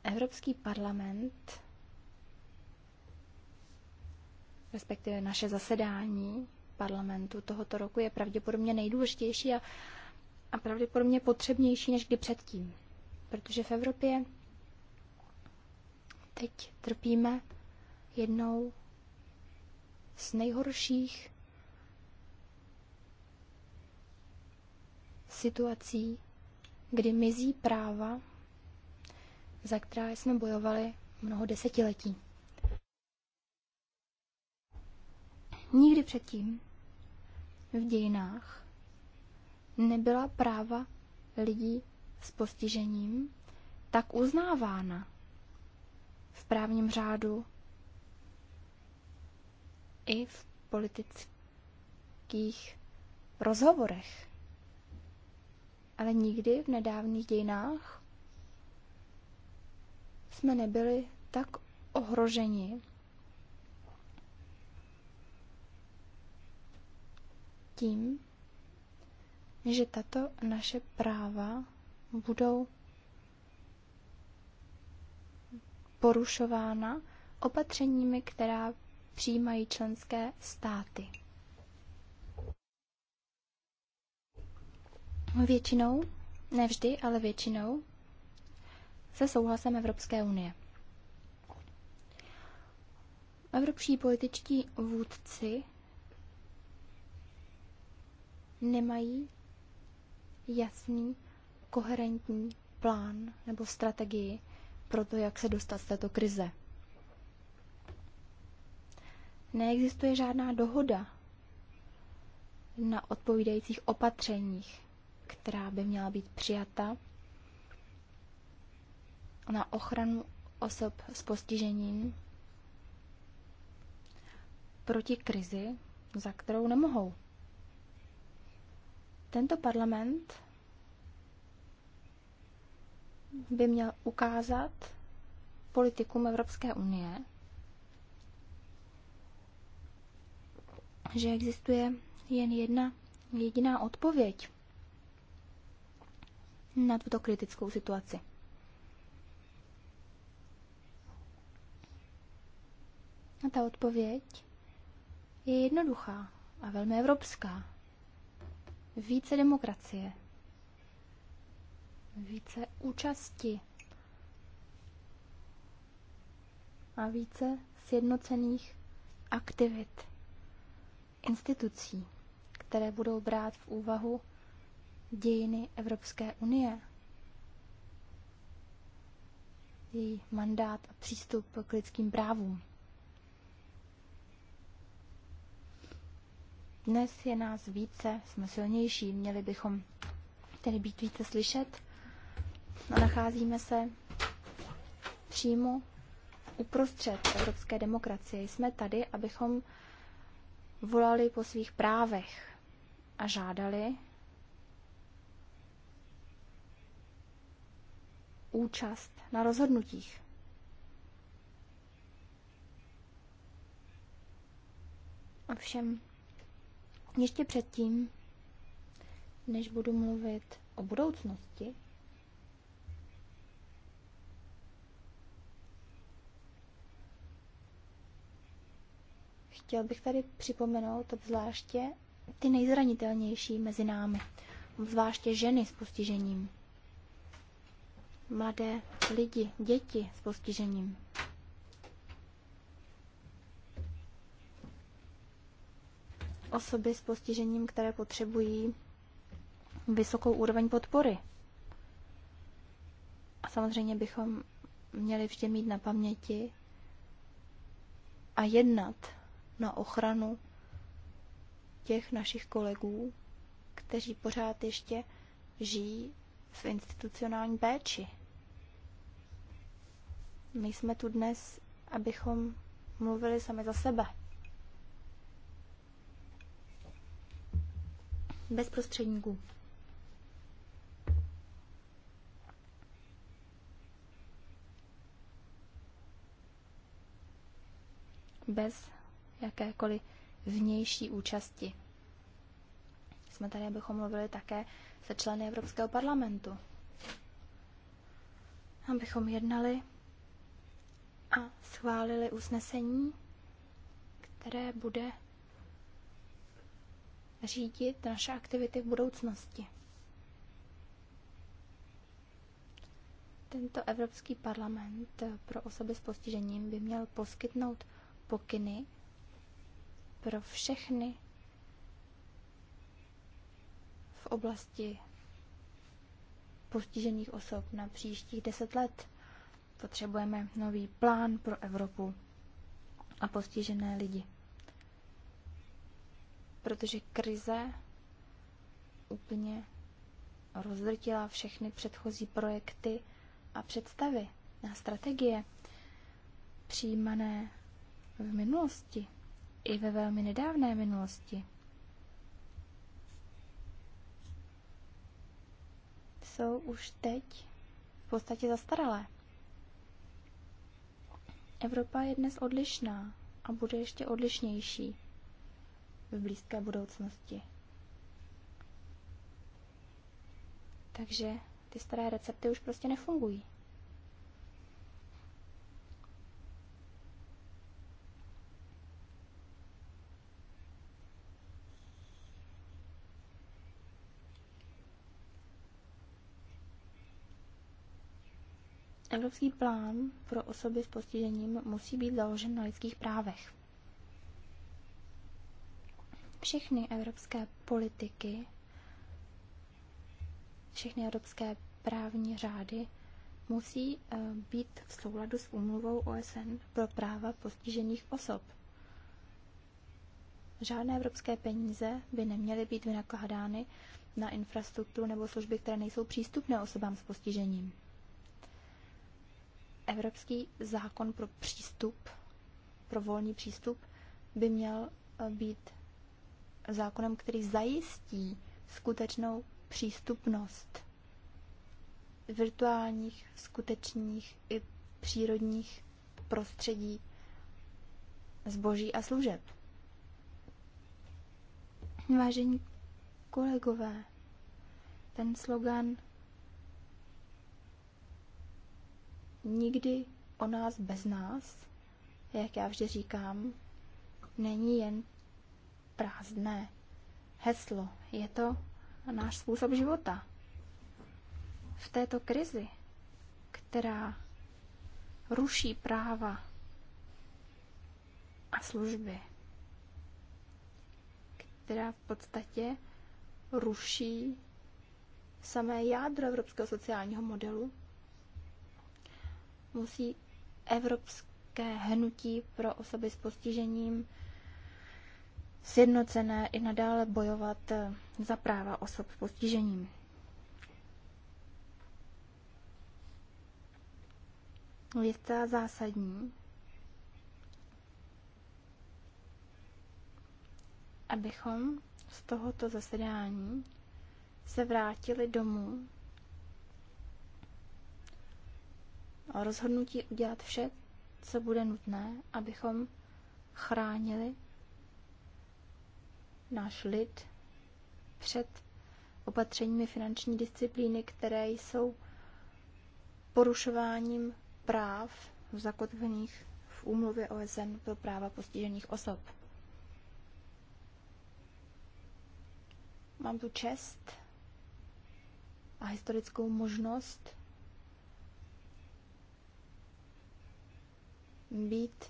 Evropský parlament, respektive naše zasedání, parlamentu tohoto roku je pravděpodobně nejdůležitější a, a pravděpodobně potřebnější než kdy předtím. Protože v Evropě teď trpíme jednou z nejhorších situací, kdy mizí práva, za která jsme bojovali mnoho desetiletí. Nikdy předtím v dějinách nebyla práva lidí s postižením tak uznávána v právním řádu i v politických rozhovorech. Ale nikdy v nedávných dějinách jsme nebyli tak ohroženi tím, že tato naše práva budou porušována opatřeními, která přijímají členské státy. Většinou, ne vždy, ale většinou, se souhlasem Evropské unie. Evropští političtí vůdci nemají jasný, koherentní plán nebo strategii pro to, jak se dostat z této krize. Neexistuje žádná dohoda na odpovídajících opatřeních, která by měla být přijata na ochranu osob s postižením proti krizi, za kterou nemohou. Tento parlament by měl ukázat politikům Evropské unie, že existuje jen jedna jediná odpověď na tuto kritickou situaci. A ta odpověď je jednoduchá a velmi evropská více demokracie, více účasti a více sjednocených aktivit institucí, které budou brát v úvahu dějiny Evropské unie, její mandát a přístup k lidským právům. Dnes je nás více, jsme silnější, měli bychom tedy být více slyšet a nacházíme se přímo uprostřed evropské demokracie. Jsme tady, abychom volali po svých právech a žádali účast na rozhodnutích. Ovšem, ještě předtím, než budu mluvit o budoucnosti, chtěl bych tady připomenout obzvláště ty nejzranitelnější mezi námi, obzvláště ženy s postižením, mladé lidi, děti s postižením. osoby s postižením, které potřebují vysokou úroveň podpory. A samozřejmě bychom měli vždy mít na paměti a jednat na ochranu těch našich kolegů, kteří pořád ještě žijí v institucionální péči. My jsme tu dnes, abychom mluvili sami za sebe. bez prostředníků. Bez jakékoliv vnější účasti. Jsme tady, abychom mluvili také se členy Evropského parlamentu. Abychom jednali a schválili usnesení, které bude řídit naše aktivity v budoucnosti. Tento Evropský parlament eh, pro osoby s postižením by měl poskytnout pokyny pro všechny v oblasti postižených osob na příštích deset let. Potřebujeme nový plán pro Evropu a postižené lidi protože krize úplně rozdrtila všechny předchozí projekty a představy a strategie přijímané v minulosti, i ve velmi nedávné minulosti. Jsou už teď v podstatě zastaralé. Evropa je dnes odlišná a bude ještě odlišnější v blízké budoucnosti. Takže ty staré recepty už prostě nefungují. Evropský plán pro osoby s postižením musí být založen na lidských právech. Všechny evropské politiky, všechny evropské právní řády musí eh, být v souladu s úmluvou OSN pro práva postižených osob. Žádné evropské peníze by neměly být vynakládány na infrastrukturu nebo služby, které nejsou přístupné osobám s postižením. Evropský zákon pro přístup, pro volný přístup, by měl eh, být zákonem, který zajistí skutečnou přístupnost virtuálních, skutečných i přírodních prostředí zboží a služeb. Vážení kolegové, ten slogan nikdy o nás bez nás, jak já vždy říkám, není jen prázdné heslo. Je to náš způsob života. V této krizi, která ruší práva a služby, která v podstatě ruší samé jádro evropského sociálního modelu, musí evropské hnutí pro osoby s postižením sjednocené i nadále bojovat eh, za práva osob s postižením. Je to zásadní, abychom z tohoto zasedání se vrátili domů a rozhodnutí udělat vše, co bude nutné, abychom chránili náš lid před opatřeními finanční disciplíny, které jsou porušováním práv zakotvených v úmluvě OSN pro práva postižených osob. Mám tu čest a historickou možnost být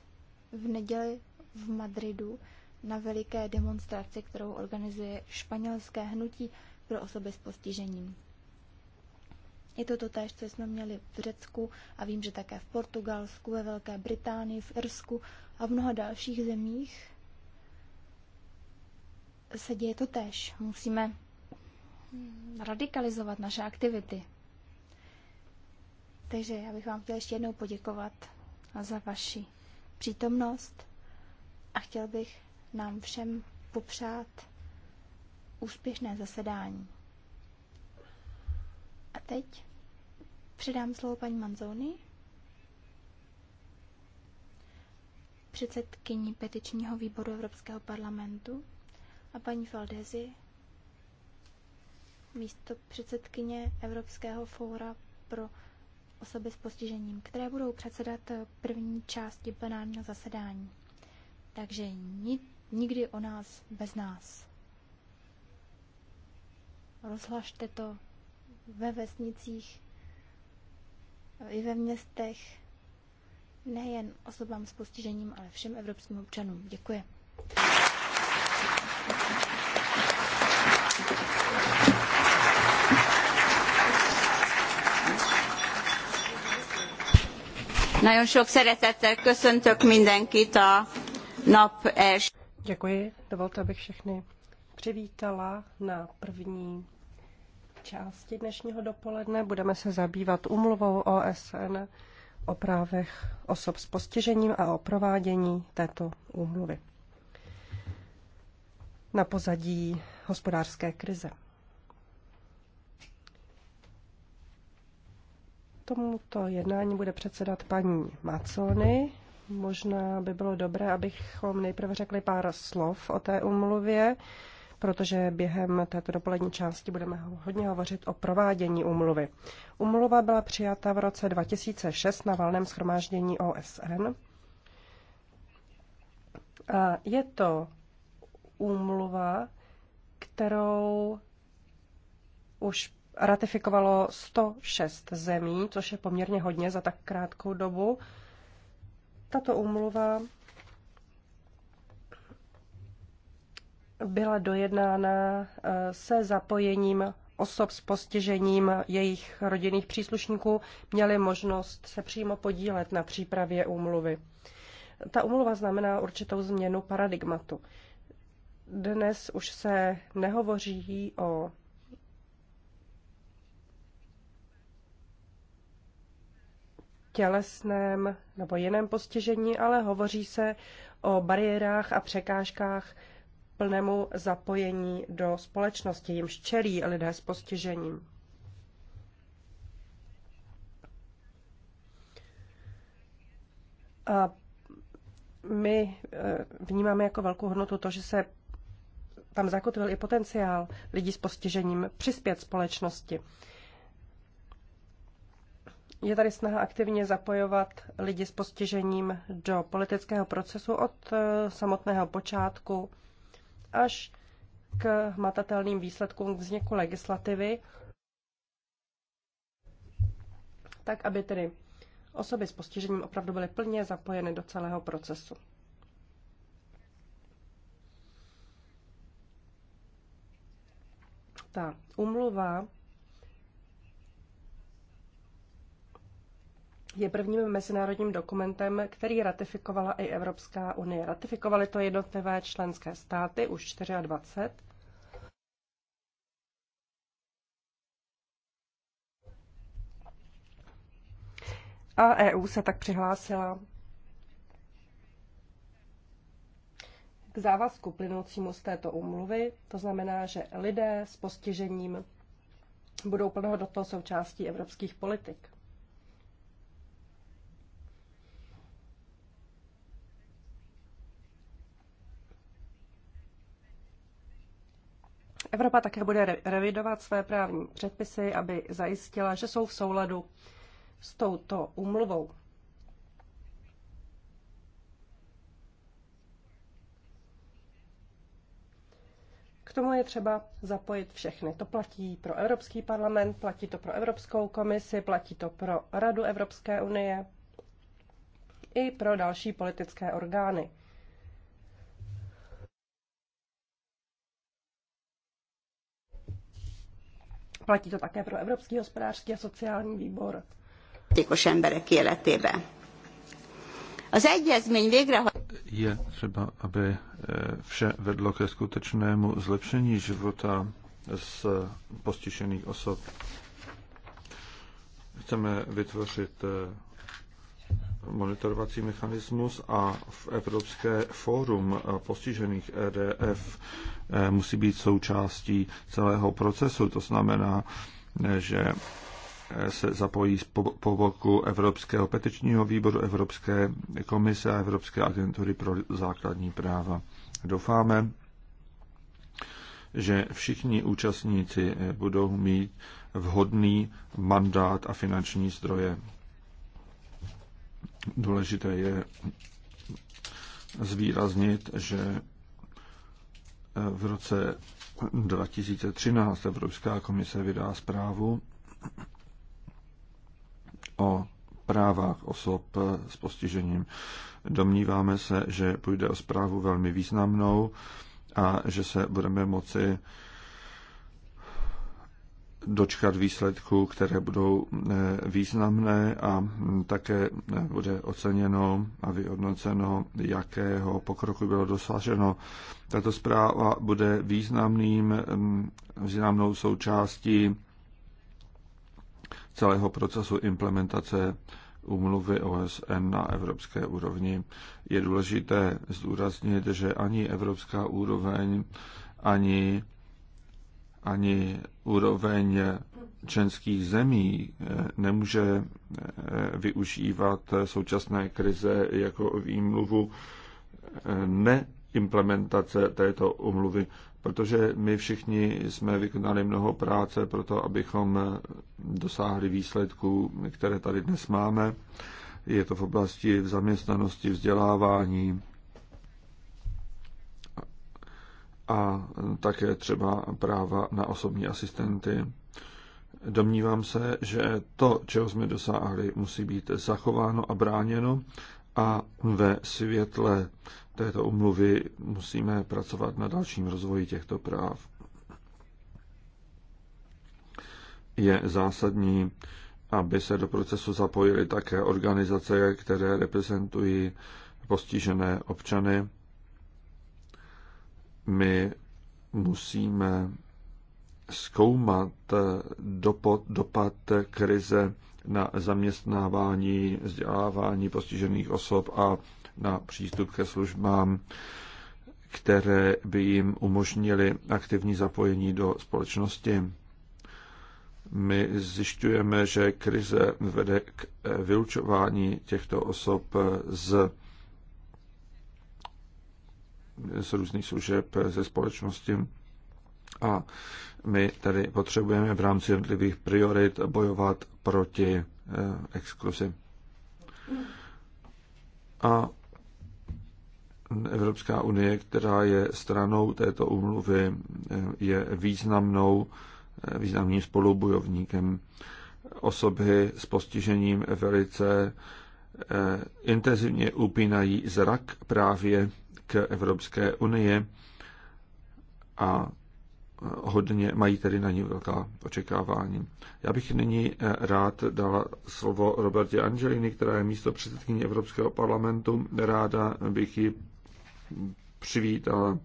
v neděli v Madridu na veliké demonstraci, kterou organizuje španělské hnutí pro osoby s postižením. Je to to též, co jsme měli v Řecku a vím, že také v Portugalsku, ve Velké Británii, v Irsku a v mnoha dalších zemích se děje to též. Musíme radikalizovat naše aktivity. Takže já bych vám chtěl ještě jednou poděkovat za vaši přítomnost a chtěl bych nám všem popřát úspěšné zasedání. A teď předám slovo paní Manzoni, předsedkyni petičního výboru Evropského parlamentu a paní Faldezi, místo předsedkyně Evropského fóra pro osoby s postižením, které budou předsedat první části plenárního zasedání. Takže nic Nikdy o nás bez nás. Rozhlašte to ve vesnicích i ve městech, nejen osobám s postižením, ale všem evropským občanům. Děkuji. Nagyon sok szeretettel köszöntök mindenkit a nap első. Děkuji. Dovolte, abych všechny přivítala na první části dnešního dopoledne. Budeme se zabývat umluvou OSN o právech osob s postižením a o provádění této úmluvy na pozadí hospodářské krize. Tomuto jednání bude předsedat paní Macony, Možná by bylo dobré, abychom nejprve řekli pár slov o té umluvě, protože během této dopolední části budeme hodně hovořit o provádění umluvy. Umluva byla přijata v roce 2006 na valném schromáždění OSN. A je to umluva, kterou už ratifikovalo 106 zemí, což je poměrně hodně za tak krátkou dobu. Tato úmluva byla dojednána eh, se zapojením osob s postižením jejich rodinných příslušníků měly možnost se přímo podílet na přípravě úmluvy. Ta úmluva znamená určitou změnu paradigmatu. Dnes už se nehovoří o tělesném nebo jiném postižení, ale hovoří se o bariérách a překážkách plnému zapojení do společnosti, jimž čelí lidé s postižením. A my eh, vnímáme jako velkou hodnotu to, že se tam zakotvil i potenciál lidí s postižením přispět společnosti je tady snaha aktivně zapojovat lidi s postižením do politického procesu od eh, samotného počátku až k hmatatelným výsledkům vzniku legislativy, tak aby tedy osoby s postižením opravdu byly plně zapojeny do celého procesu. Ta umluva je prvním mezinárodním dokumentem, který ratifikovala i Evropská unie. Ratifikovaly to jednotlivé členské státy, už 24. A EU se tak přihlásila k závazku plynoucímu z této úmluvy. To znamená, že lidé s postižením budou plnohodnotnou součástí evropských politik. Evropa také bude revidovat své právní předpisy, aby zajistila, že jsou v souladu s touto úmluvou. K tomu je třeba zapojit všechny. To platí pro Evropský parlament, platí to pro Evropskou komisi, platí to pro Radu Evropské unie i pro další politické orgány. Platí to také pro Evropský hospodářský a sociální výbor. emberek életébe. Az egyezmény végrehajtása je třeba, aby eh, vše vedlo ke skutečnému zlepšení života z postižených osob. Chceme vytvořit eh, monitorovací mechanismus a v Evropské fórum postižených EDF eh, musí být součástí celého procesu. To znamená, eh, že eh, se zapojí po boku Evropského petičního výboru, Evropské komise a Evropské agentury pro základní práva. Doufáme, že všichni účastníci budou mít vhodný mandát a finanční zdroje. Důležité je zvýraznit, že v roce 2013 Evropská komise vydá zprávu o právách osob s postižením. Domníváme se, že půjde o zprávu velmi významnou a že se budeme moci dočkat výsledků, které budou eh, významné a hm, také eh, bude oceněno a vyhodnoceno, jakého pokroku bylo dosaženo. Tato zpráva bude významným, hm, významnou součástí celého procesu implementace úmluvy OSN na evropské úrovni. Je důležité zdůraznit, že ani evropská úroveň, ani ani úroveň členských zemí eh, nemůže eh, využívat současné krize jako výmluvu eh, neimplementace této umluvy, protože my všichni jsme vykonali mnoho práce pro to, abychom dosáhli výsledků, které tady dnes máme. Je to v oblasti zaměstnanosti, vzdělávání, a také třeba práva na osobní asistenty. Domnívám se, že to, čeho jsme dosáhli, musí být zachováno a bráněno a ve světle této umluvy musíme pracovat na dalším rozvoji těchto práv. Je zásadní, aby se do procesu zapojily také organizace, které reprezentují postižené občany my musíme zkoumat dopad, dopad krize na zaměstnávání, vzdělávání postižených osob a na přístup ke službám, které by jim umožnili aktivní zapojení do společnosti. My zjišťujeme, že krize vede k vylučování těchto osob z z různých služeb ze společnosti. A my tady potřebujeme v rámci jednotlivých priorit bojovat proti eh, exkluzi. A Evropská unie, která je stranou této umluvy, eh, je významnou, eh, významným spolubojovníkem. Osoby s postižením velice intenzivně upínají zrak právě k Evropské unii a hodně mají tedy na ní velká očekávání. Já bych nyní eh, rád dala slovo Robertě Angelini, která je místo předsedkyní Evropského parlamentu. Ráda bych ji přivítala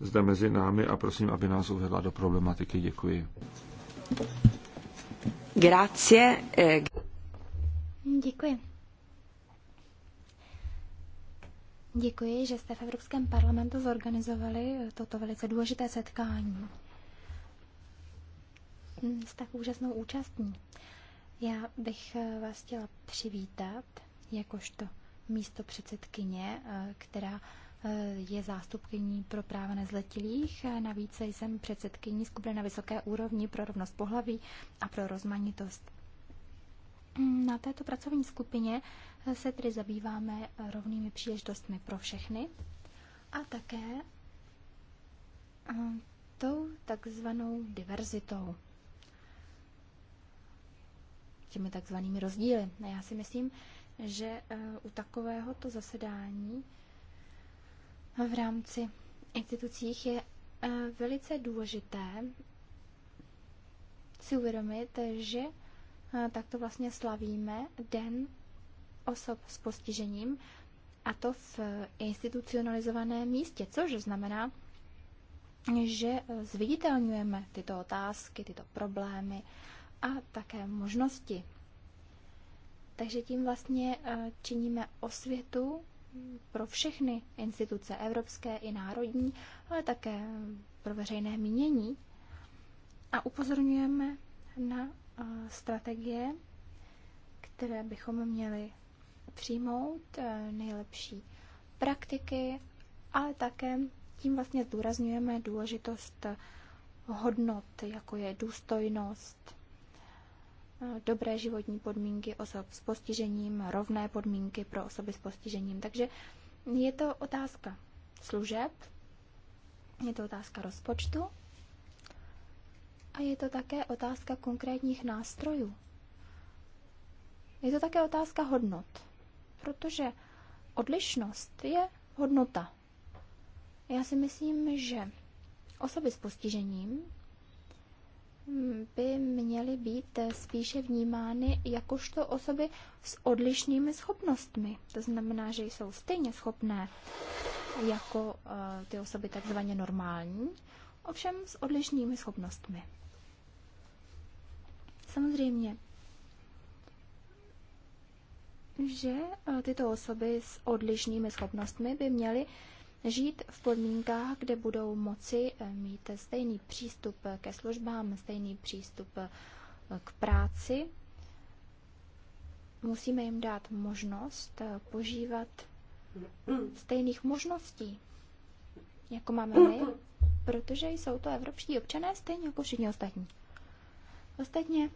zde mezi námi a prosím, aby nás uvedla do problematiky. Děkuji. Grazie. Eh. Děkuji. Děkuji, že jste v Evropském parlamentu zorganizovali eh, toto velice důležité setkání. S tak úžasnou účastní. Já bych eh, vás chtěla přivítat jakožto místo předsedkyně, eh, která je zástupkyní pro práva nezletilých. Navíc jsem předsedkyní skupiny na vysoké úrovni pro rovnost pohlaví a pro rozmanitost. Mm, na této pracovní skupině se tedy zabýváme rovnými příležitostmi pro všechny a také eh, tou takzvanou diverzitou. Těmi takzvanými rozdíly. A já si myslím, že eh, u takovéhoto zasedání eh, v rámci institucích je velice důležité si uvědomit, že takto vlastně slavíme Den osob s postižením, a to v institucionalizovaném místě, což znamená, že eh, zviditelňujeme tyto otázky, tyto problémy a také možnosti. Takže tím vlastně eh, činíme osvětu hm, pro všechny instituce evropské i národní, ale také hm, pro veřejné mínění a upozorňujeme na eh, strategie, které bychom měli přijmout eh, nejlepší praktiky, ale také tím vlastně zdůrazňujeme důležitost hodnot, jako je důstojnost, eh, dobré životní podmínky osob s postižením, rovné podmínky pro osoby s postižením. Takže je to otázka služeb, je to otázka rozpočtu a je to také otázka konkrétních nástrojů. Je to také otázka hodnot protože odlišnost je hodnota. Já si myslím, že osoby s postižením hm, by měly být spíše vnímány jakožto osoby s odlišnými schopnostmi. To znamená, že jsou stejně schopné jako eh, ty osoby takzvaně normální, ovšem s odlišnými schopnostmi. Samozřejmě že eh, tyto osoby s odlišnými schopnostmi by měly žít v podmínkách, kde budou moci eh, mít stejný přístup eh, ke službám, stejný přístup k práci. Musíme jim dát možnost požívat stejných možností, jako máme my, protože jsou to evropští občané stejně jako všichni ostatní. Ostatně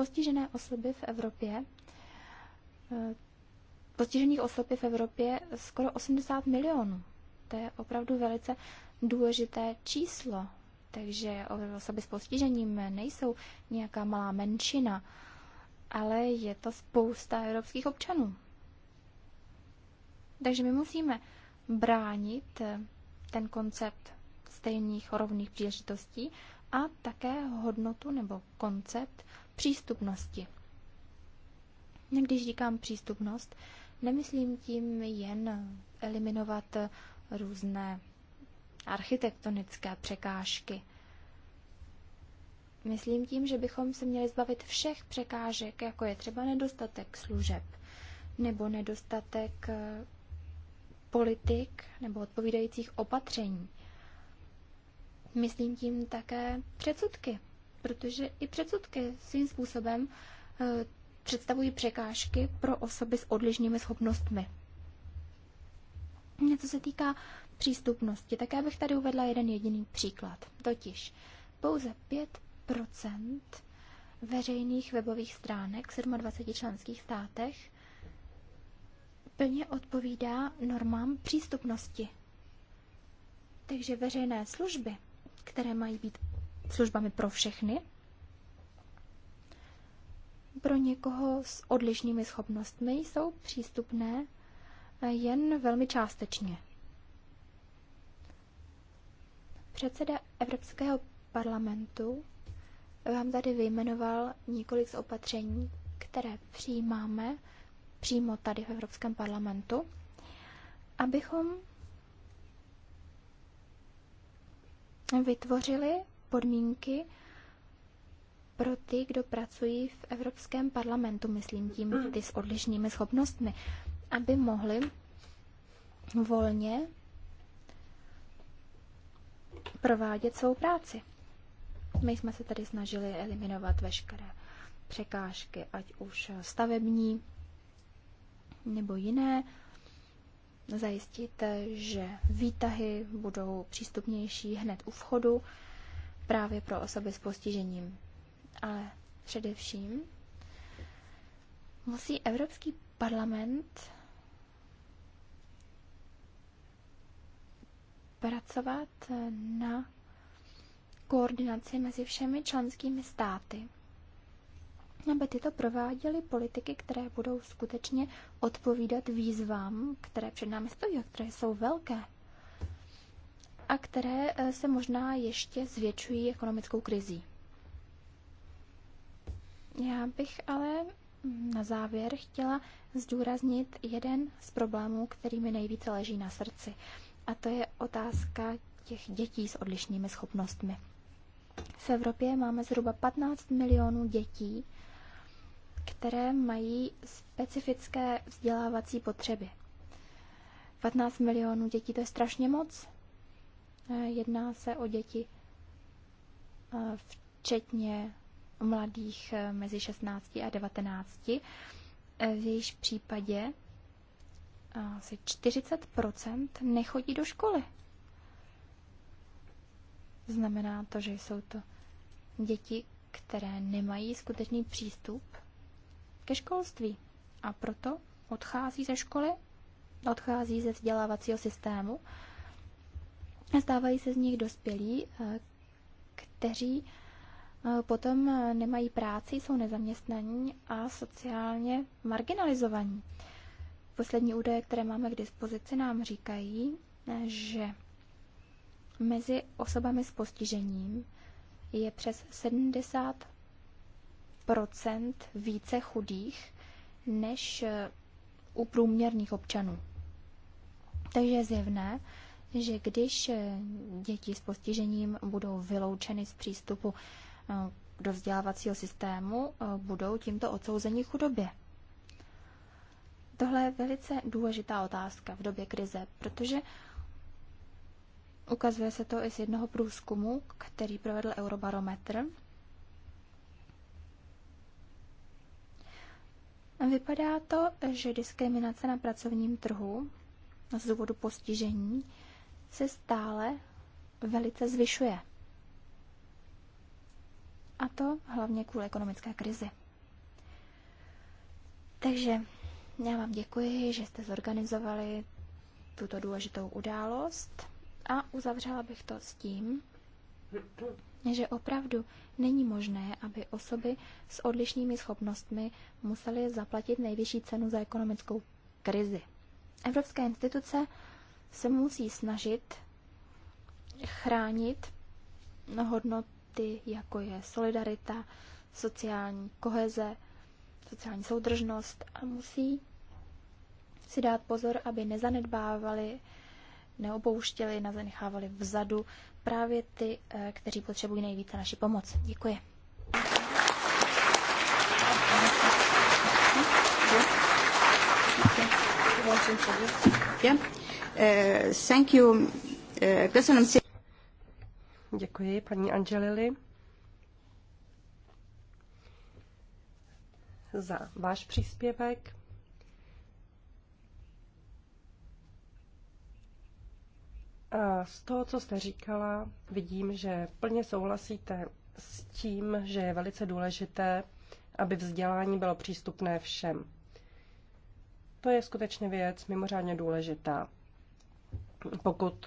Postižené osoby v Evropě eh, postižených osob je v Evropě skoro 80 milionů. To je opravdu velice důležité číslo. Takže osoby s postižením nejsou nějaká malá menšina, ale je to spousta evropských občanů. Takže my musíme bránit eh, ten koncept stejných rovných příležitostí a také hodnotu nebo koncept přístupnosti. Když říkám přístupnost, nemyslím tím jen eliminovat různé architektonické překážky. Myslím tím, že bychom se měli zbavit všech překážek, jako je třeba nedostatek služeb nebo nedostatek eh, politik nebo odpovídajících opatření. Myslím tím také předsudky, protože i předsudky svým způsobem eh, představují překážky pro osoby s odlišnými schopnostmi. Co se týká přístupnosti, tak já bych tady uvedla jeden jediný příklad. Totiž pouze 5 veřejných webových stránek v 27 členských státech plně odpovídá normám přístupnosti. Takže veřejné služby, které mají být službami pro všechny, pro někoho s odlišnými schopnostmi jsou přístupné jen velmi částečně. Předseda Evropského parlamentu vám tady vyjmenoval několik z opatření, které přijímáme přímo tady v Evropském parlamentu, abychom vytvořili podmínky pro ty, kdo pracují v Evropském parlamentu, myslím tím mm. ty s odlišnými schopnostmi, aby mohli volně provádět svou práci. My jsme se tady snažili eliminovat veškeré překážky, ať už stavební nebo jiné, zajistit, že výtahy budou přístupnější hned u vchodu, právě pro osoby s postižením. Ale především musí Evropský parlament pracovat eh, na koordinaci mezi všemi členskými státy, aby tyto prováděly politiky, které budou skutečně odpovídat výzvám, které před námi stojí a které jsou velké a které eh, se možná ještě zvětšují ekonomickou krizí. Já bych ale mm, na závěr chtěla zdůraznit jeden z problémů, který mi nejvíce leží na srdci. A to je otázka těch dětí s odlišnými schopnostmi. V Evropě máme zhruba 15 milionů dětí, které mají specifické vzdělávací potřeby. 15 milionů dětí to je strašně moc. E, jedná se o děti e, včetně mladých e, mezi 16 a 19, v jejíž případě asi 40 nechodí do školy. Znamená to, že jsou to děti, které nemají skutečný přístup ke školství a proto odchází ze školy, odchází ze vzdělávacího systému stávají se z nich dospělí, eh, kteří eh, potom eh, nemají práci, jsou nezaměstnaní a sociálně marginalizovaní. Poslední údaje, které máme k dispozici, nám říkají, že mezi osobami s postižením je přes 70 více chudých než u průměrných občanů. Takže je zjevné, že když eh, děti s postižením budou vyloučeny z přístupu eh, do vzdělávacího systému, eh, budou tímto odsouzeni chudobě. Tohle je velice důležitá otázka v době krize, protože ukazuje se to i z jednoho průzkumu, který provedl Eurobarometr. Vypadá to, že diskriminace na pracovním trhu z důvodu postižení se stále velice zvyšuje. A to hlavně kvůli ekonomické krizi. Takže já vám děkuji, že jste zorganizovali tuto důležitou událost a uzavřela bych to s tím, že opravdu není možné, aby osoby s odlišnými schopnostmi musely zaplatit nejvyšší cenu za ekonomickou krizi. Evropské instituce se musí snažit chránit hodnoty, jako je solidarita, sociální koheze, sociální soudržnost a musí si dát pozor, aby nezanedbávali, neopouštěli, nezanechávali vzadu právě ty, eh, kteří potřebují nejvíce naši pomoc. Děkuji. Yeah. Eh, thank you. Eh, köszönöm szépen. Děkuji, paní Angelili, za váš příspěvek. A z toho, co jste říkala, vidím, že plně souhlasíte s tím, že je velice důležité, aby vzdělání bylo přístupné všem. To je skutečně věc mimořádně důležitá pokud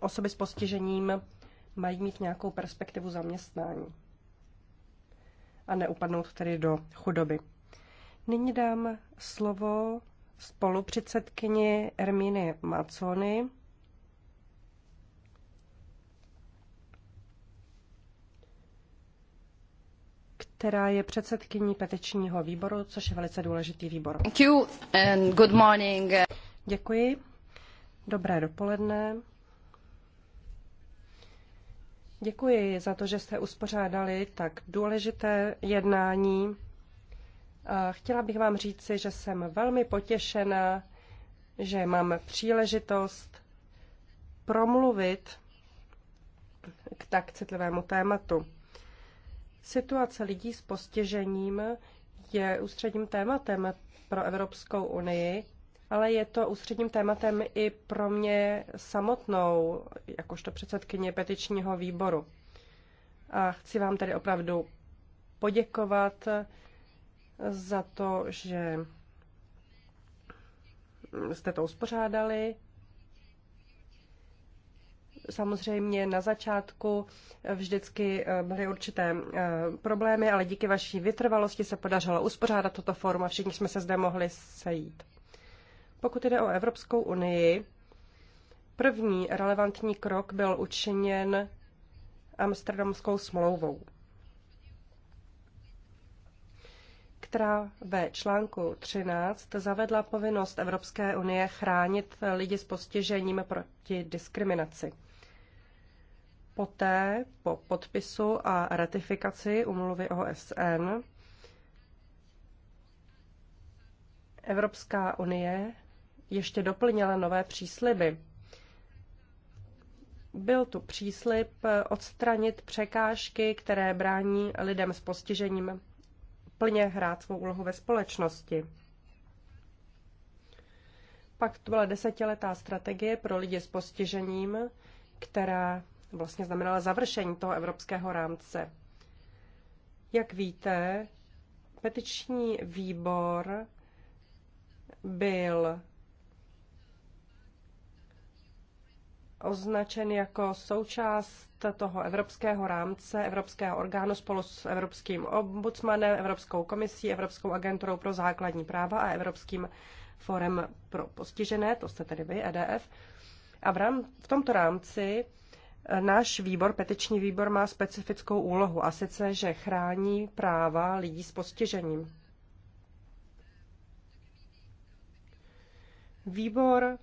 osoby s postižením mají mít nějakou perspektivu zaměstnání a neupadnout tedy do chudoby. Nyní dám slovo spolupředsedkyni Ermíny Macony. která je předsedkyní petičního výboru, což je velice důležitý výbor. Thank you and good morning. Děkuji. Dobré dopoledne. Děkuji za to, že jste uspořádali tak důležité jednání. Chtěla bych vám říci, že jsem velmi potěšena, že mám příležitost promluvit k tak citlivému tématu. Situace lidí s postižením je ústředním tématem pro Evropskou unii ale je to ústředním tématem i pro mě samotnou, jakožto předsedkyně petičního výboru. A chci vám tedy opravdu poděkovat za to, že jste to uspořádali. Samozřejmě na začátku vždycky eh, byly určité eh, problémy, ale díky vaší vytrvalosti se podařilo uspořádat toto fórum a všichni jsme se zde mohli sejít. Pokud jde o Evropskou unii, první relevantní krok byl učiněn Amsterdamskou smlouvou, která ve článku 13 zavedla povinnost Evropské unie chránit lidi s postižením proti diskriminaci. Poté, po podpisu a ratifikaci umluvy OSN, Evropská unie ještě doplnila nové přísliby. Byl tu příslib odstranit překážky, které brání lidem s postižením plně hrát svou úlohu ve společnosti. Pak to byla desetiletá strategie pro lidi s postižením, která vlastně znamenala završení toho evropského rámce. Jak víte, petiční výbor byl označen jako součást toho evropského rámce, evropského orgánu spolu s evropským ombudsmanem, Evropskou komisí, Evropskou agenturou pro základní práva a Evropským forem pro postižené, to jste tedy vy, EDF. A v, rám, v tomto rámci e, náš výbor, petiční výbor, má specifickou úlohu a sice, že chrání práva lidí s postižením. Výbor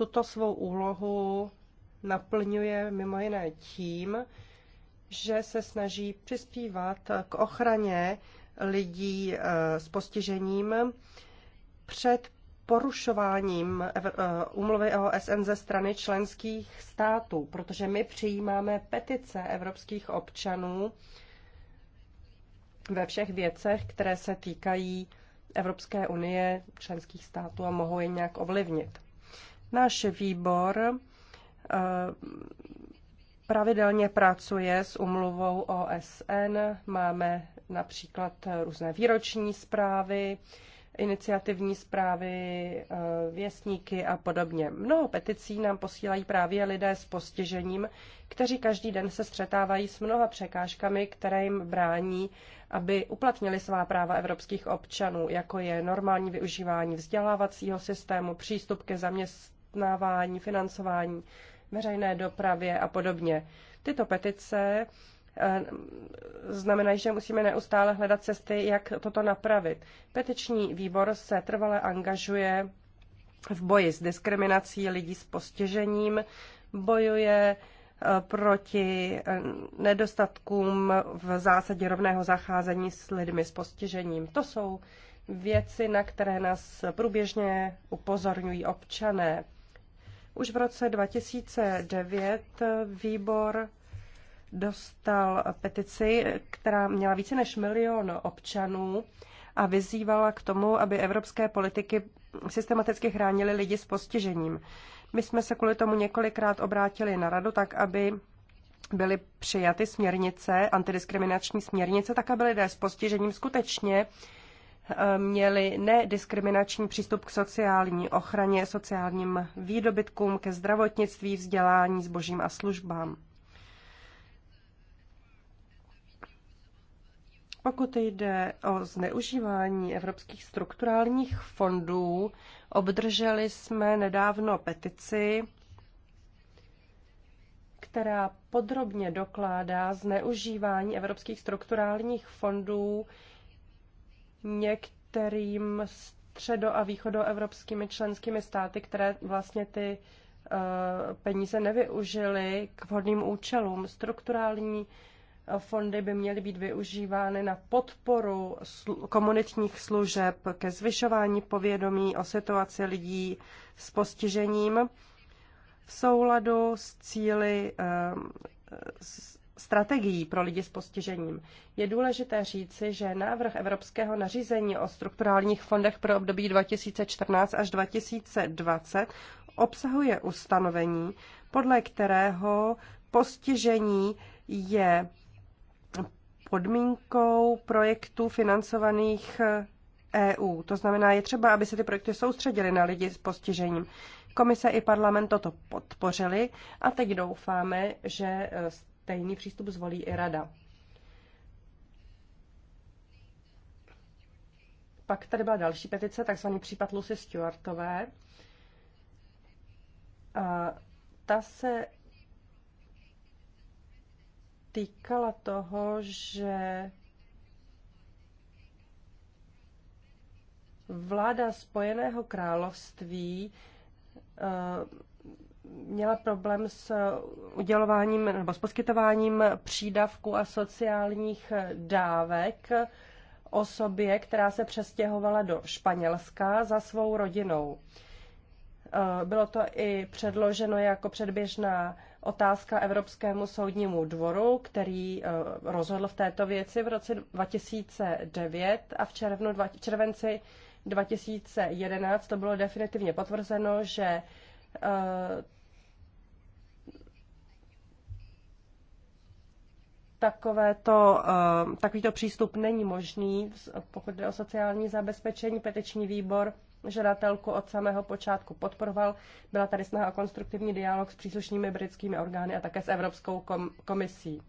tuto svou úlohu naplňuje mimo jiné tím, že se snaží přispívat k ochraně lidí eh, s postižením před porušováním eh, úmluvy OSN ze strany členských států, protože my přijímáme petice evropských občanů ve všech věcech, které se týkají Evropské unie, členských států a mohou je nějak ovlivnit. Náš výbor eh, pravidelně pracuje s umluvou OSN. Máme například různé výroční zprávy, iniciativní zprávy, eh, věstníky a podobně. Mnoho peticí nám posílají právě lidé s postižením, kteří každý den se střetávají s mnoha překážkami, které jim brání, aby uplatnili svá práva evropských občanů, jako je normální využívání vzdělávacího systému, přístup ke zaměstnání, zaměstnávání, financování, veřejné dopravě a podobně. Tyto petice eh, znamenají, že musíme neustále hledat cesty, jak toto napravit. Petiční výbor se trvale angažuje v boji s diskriminací lidí s postižením, bojuje eh, proti eh, nedostatkům v zásadě rovného zacházení s lidmi s postižením. To jsou věci, na které nás průběžně upozorňují občané. Už v roce 2009 výbor dostal petici, která měla více než milion občanů a vyzývala k tomu, aby evropské politiky systematicky chránily lidi s postižením. My jsme se kvůli tomu několikrát obrátili na radu, tak aby byly přijaty směrnice, antidiskriminační směrnice, tak aby lidé s postižením skutečně měli nediskriminační přístup k sociální ochraně, sociálním výdobytkům, ke zdravotnictví, vzdělání, zbožím a službám. Pokud jde o zneužívání evropských strukturálních fondů, obdrželi jsme nedávno petici, která podrobně dokládá zneužívání evropských strukturálních fondů některým středo- a východoevropskými členskými státy, které vlastně ty eh, peníze nevyužily k vhodným účelům. Strukturální eh, fondy by měly být využívány na podporu komunitních služeb ke zvyšování povědomí o situaci lidí s postižením v souladu s cíly eh, strategií pro lidi s postižením. Je důležité říci, že návrh Evropského nařízení o strukturálních fondech pro období 2014 až 2020 obsahuje ustanovení, podle kterého postižení je podmínkou projektů financovaných EU. To znamená, je třeba, aby se ty projekty soustředily na lidi s postižením. Komise i parlament toto podpořili a teď doufáme, že stejný přístup zvolí i rada. Pak tady byla další petice, takzvaný případ Lucy Stewartové. A ta se týkala toho, že vláda Spojeného království eh, měla problém s udělováním nebo s poskytováním přídavku a sociálních dávek osobě, která se přestěhovala do Španělska za svou rodinou. Eh, bylo to i předloženo jako předběžná otázka Evropskému soudnímu dvoru, který eh, rozhodl v této věci v roce 2009 a v, červnu, v červenci 2011 to bylo definitivně potvrzeno, že eh, to, eh, takovýto přístup není možný, pokud jde o sociální zabezpečení. Petiční výbor žadatelku od samého počátku podporoval. Byla tady snaha o konstruktivní dialog s příslušnými britskými orgány a také s Evropskou komisí.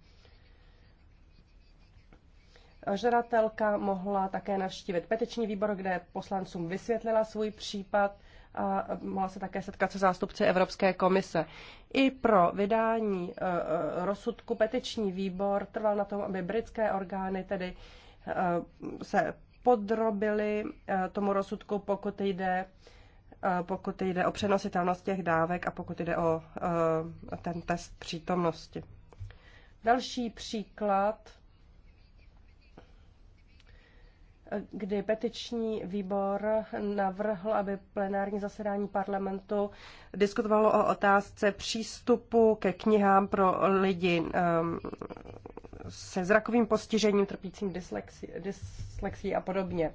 Žadatelka mohla také navštívit petiční výbor, kde poslancům vysvětlila svůj případ – a mohla se také setkat se zástupci Evropské komise. I pro vydání e, e, rozsudku petiční výbor trval na tom, aby britské orgány tedy e, se podrobili tomu rozsudku, pokud jde pokud jde o přenositelnost těch dávek a pokud jde o ten test přítomnosti. Další příklad kdy petiční výbor navrhl, aby plenární zasedání parlamentu diskutovalo o otázce přístupu ke knihám pro lidi ehm, se zrakovým postižením, trpícím dyslexi, dyslexí a podobně.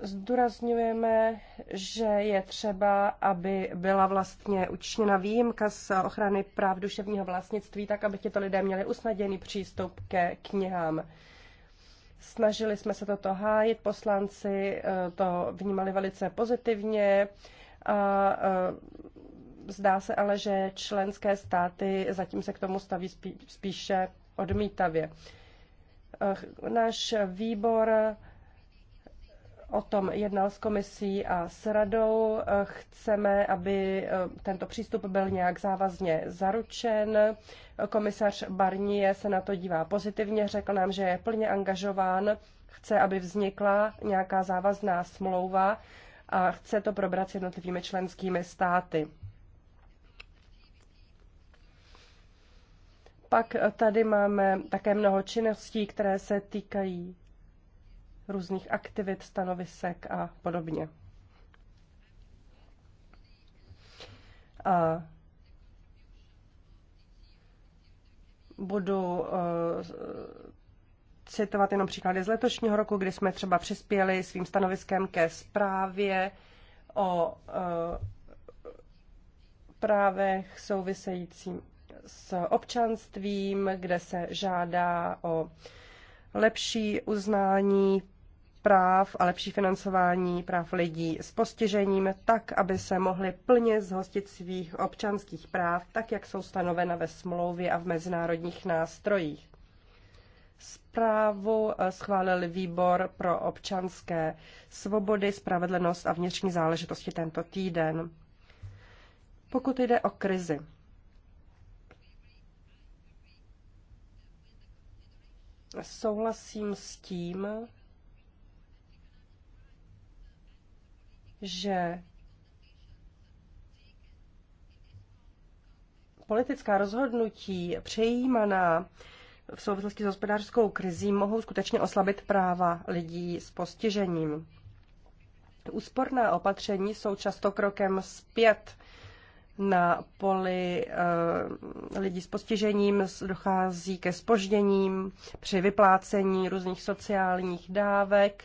Zdůrazňujeme, že je třeba, aby byla vlastně učiněna výjimka z ochrany práv duševního vlastnictví, tak aby těto lidé měli usnaděný přístup ke knihám. Snažili jsme se toto hájit, poslanci eh, to vnímali velice pozitivně a eh, zdá se ale, že členské státy zatím se k tomu staví spíše odmítavě. Eh, náš výbor o tom jednal s komisí a s radou. Chceme, aby eh, tento přístup byl nějak závazně zaručen. Komisař Barnier se na to dívá pozitivně, řekl nám, že je plně angažován, chce, aby vznikla nějaká závazná smlouva a chce to probrat s jednotlivými členskými státy. Pak tady máme také mnoho činností, které se týkají různých aktivit, stanovisek a podobně. A budu uh, citovat jenom příklady z letošního roku, kdy jsme třeba přispěli svým stanoviskem ke zprávě o uh, právech souvisejícím s občanstvím, kde se žádá o lepší uznání práv a lepší financování práv lidí s postižením, tak, aby se mohli plně zhostit svých občanských práv, tak, jak jsou stanovena ve smlouvě a v mezinárodních nástrojích. Zprávu eh, schválil výbor pro občanské svobody, spravedlnost a vnitřní záležitosti tento týden. Pokud jde o krizi, souhlasím s tím, že politická rozhodnutí přejímaná v souvislosti s hospodářskou krizí mohou skutečně oslabit práva lidí s postižením. Úsporná opatření jsou často krokem zpět na poli e, lidí s postižením, dochází ke spožděním při vyplácení různých sociálních dávek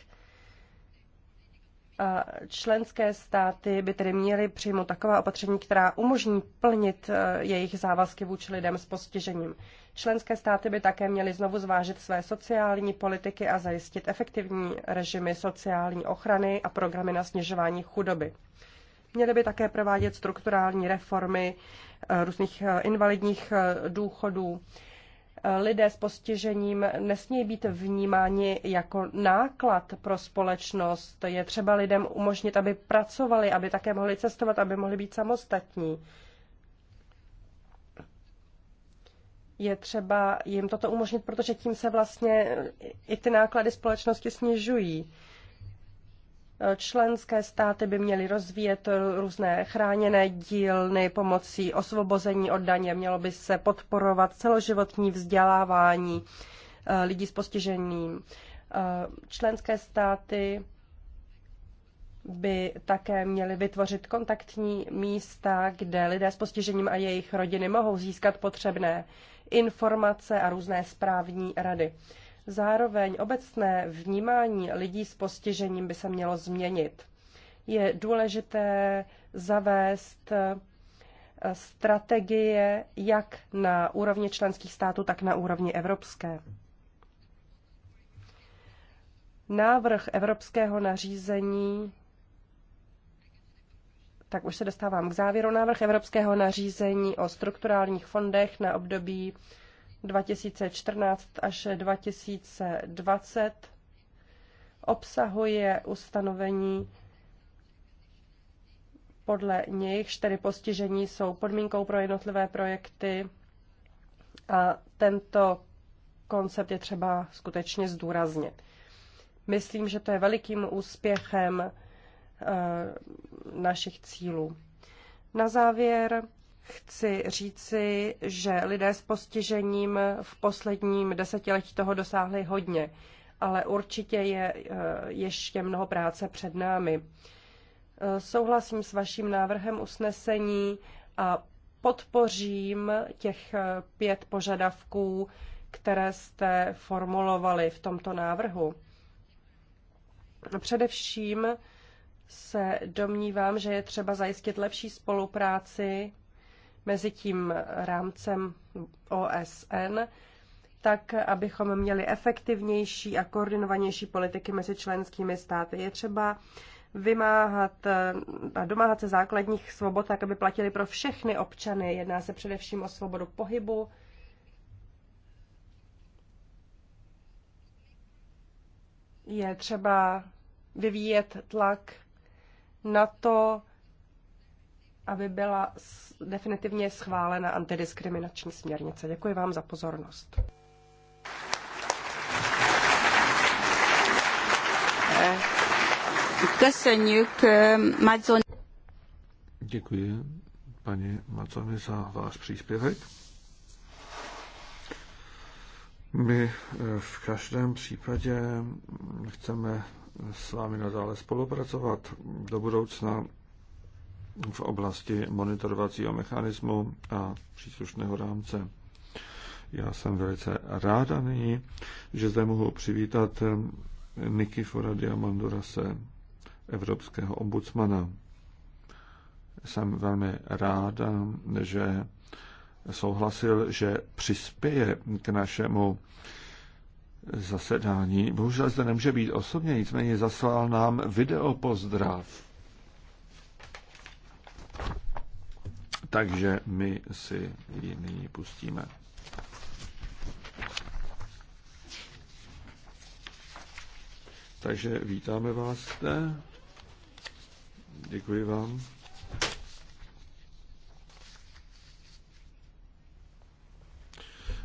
členské státy by tedy měly přijmout taková opatření, která umožní plnit e, jejich závazky vůči lidem s postižením. Členské státy by také měly znovu zvážit své sociální politiky a zajistit efektivní režimy sociální ochrany a programy na snižování chudoby. Měly by také provádět strukturální reformy e, různých e, invalidních důchodů lidé s postižením nesmí být vnímáni jako náklad pro společnost. Je třeba lidem umožnit, aby pracovali, aby také mohli cestovat, aby mohli být samostatní. Je třeba jim toto umožnit, protože tím se vlastně i ty náklady společnosti snižují. Členské státy by měly rozvíjet různé chráněné dílny pomocí osvobození od daně. Mělo by se podporovat celoživotní vzdělávání eh, lidí s postižením. Eh, členské státy by také měly vytvořit kontaktní místa, kde lidé s postižením a jejich rodiny mohou získat potřebné informace a různé správní rady. Zároveň obecné vnímání lidí s postižením by se mělo změnit. Je důležité zavést eh, strategie jak na úrovni členských států, tak na úrovni evropské. Návrh evropského nařízení tak už se dostávám k závěru. Návrh evropského nařízení o strukturálních fondech na období 2014 až 2020 obsahuje ustanovení, podle nich tedy postižení jsou podmínkou pro jednotlivé projekty a tento koncept je třeba skutečně zdůraznit. Myslím, že to je velikým úspěchem eh, našich cílů. Na závěr chci říci, že lidé s postižením v posledním desetiletí toho dosáhli hodně, ale určitě je eh, ještě mnoho práce před námi. Eh, souhlasím s vaším návrhem usnesení a podpořím těch eh, pět požadavků, které jste formulovali v tomto návrhu. Především se domnívám, že je třeba zajistit lepší spolupráci mezi tím rámcem OSN, tak abychom měli efektivnější a koordinovanější politiky mezi členskými státy. Je třeba vymáhat eh, a domáhat se základních svobod, tak aby platili pro všechny občany. Jedná se především o svobodu pohybu, je třeba vyvíjet tlak na to, aby byla definitivně schválena antidiskriminační směrnice. Děkuji vám za pozornost. Děkuji, paní Macony, za váš příspěvek. My eh, v každém případě chceme s vámi nadále spolupracovat do budoucna v oblasti monitorovacího mechanismu a příslušného rámce. Já jsem velice ráda nyní, že zde mohu přivítat Nikifora Diamandurase, evropského ombudsmana. Jsem velmi ráda, že souhlasil, že přispěje k našemu zasedání. Bohužel zde nemůže být osobně, nicméně zaslal nám video pozdrav takže my si ji nyní pustíme. Takže vítáme vás zde. Děkuji vám.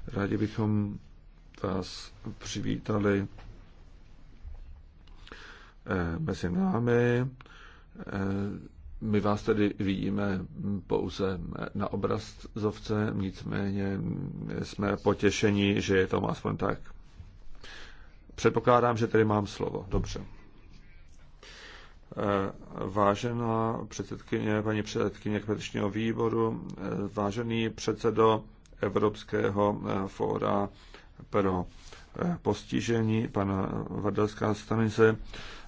Rádi bychom vás přivítali eh, mezi námi eh, my vás tedy vidíme pouze na obrazovce, nicméně jsme potěšeni, že je to aspoň tak. Předpokládám, že tady mám slovo. Dobře. Eh, vážená předsedkyně, paní předsedkyně petičního výboru, eh, vážený předsedo Evropského eh, fóra pro postižení, pana Vardelská stanice,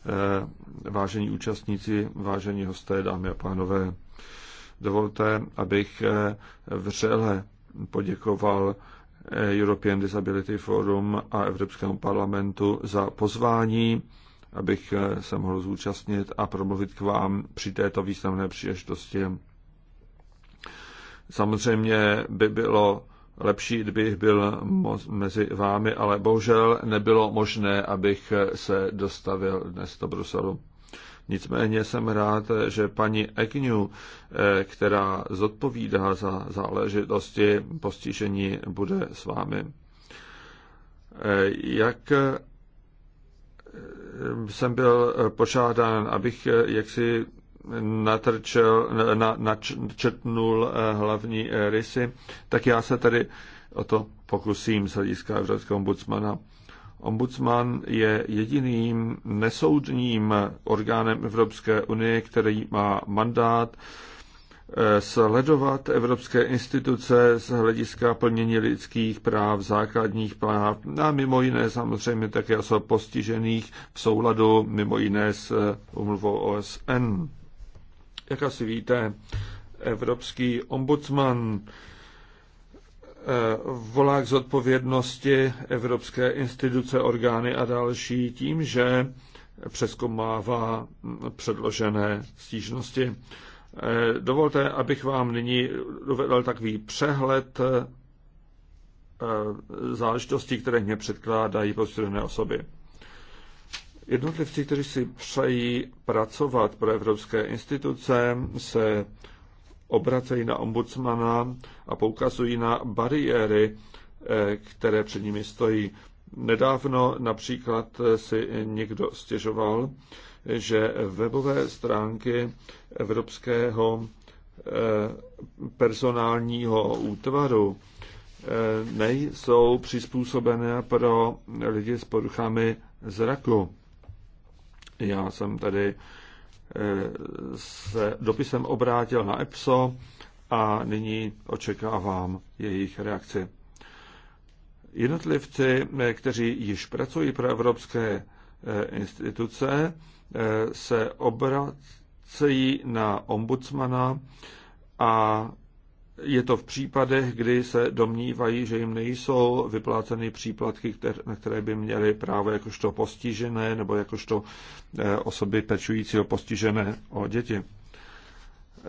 Eh, vážení účastníci, vážení hosté, dámy a pánové. Dovolte, abych eh, vřele poděkoval eh, European Disability Forum a Evropskému parlamentu za pozvání, abych se mohl zúčastnit a promluvit k vám při této významné příležitosti. Samozřejmě by bylo lepší, kdybych byl mezi vámi, ale bohužel nebylo možné, abych se dostavil dnes do Bruselu. Nicméně jsem rád, že paní Agnew, eh, která zodpovídá za záležitosti postižení, bude s vámi. Eh, jak eh, jsem byl požádán, abych jaksi natrčel, na, načrtnul eh, hlavní eh, rysy, tak já se tady o to pokusím z hlediska Evropského ombudsmana. Ombudsman je jediným nesoudním orgánem Evropské unie, který má mandát eh, sledovat evropské instituce z hlediska plnění lidských práv, základních práv a mimo jiné samozřejmě také jsou postižených v souladu mimo jiné s umluvou OSN. Jak asi víte, evropský ombudsman eh, volá k zodpovědnosti evropské instituce, orgány a další tím, že přeskomává mm, předložené stížnosti. Eh, dovolte, abych vám nyní dovedl takový přehled eh, záležitostí, které mě předkládají postižené osoby. Jednotlivci, kteří si přejí pracovat pro evropské instituce, se obracejí na ombudsmana a poukazují na bariéry, eh, které před nimi stojí. Nedávno například si někdo stěžoval, že webové stránky Evropského eh, personálního útvaru eh, nejsou přizpůsobené pro lidi s poruchami zraku. Já jsem tedy eh, se dopisem obrátil na EPSO a nyní očekávám jejich reakci. Jednotlivci, eh, kteří již pracují pro evropské eh, instituce, se obracejí na ombudsmana a je to v případech, kdy se domnívají, že jim nejsou vypláceny příplatky, na které by měly právo jakožto postižené nebo jakožto eh, osoby pečující o postižené o děti.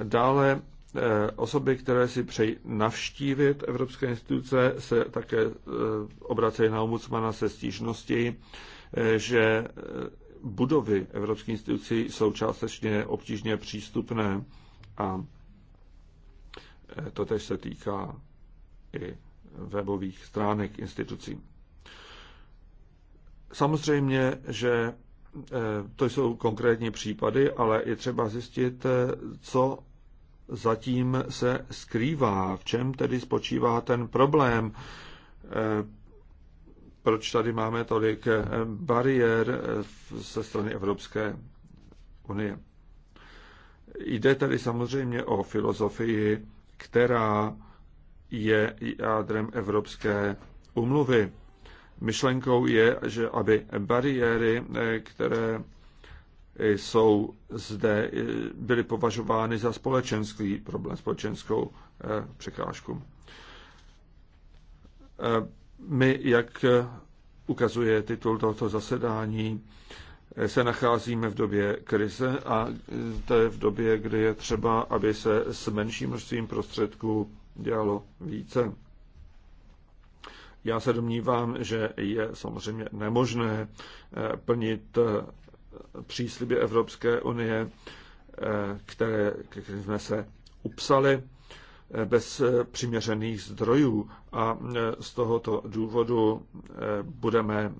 Dále eh, osoby, které si přejí navštívit evropské instituce, se také eh, obracejí na ombudsmana se stížností, že budovy evropských institucí jsou částečně obtížně přístupné a Eh, to tež se týká i webových stránek institucí. Samozřejmě, že eh, to jsou konkrétní případy, ale je třeba zjistit, eh, co zatím se skrývá, v čem tedy spočívá ten problém, proč tady máme tolik bariér ze strany Evropské unie. Jde tedy samozřejmě o filozofii která je jádrem Evropské umluvy. Myšlenkou je, že aby bariéry, eh, které jsou zde, eh, byly považovány za společenský problém, společenskou eh, překážku. My, jak ukazuje titul tohoto zasedání, se nacházíme v době krize a to je v době, kdy je třeba, aby se s menším množstvím prostředků dělalo více. Já se domnívám, že je samozřejmě nemožné eh, plnit eh, přísliby Evropské unie, eh, které, které jsme se upsali bez přiměřených zdrojů a z tohoto důvodu budeme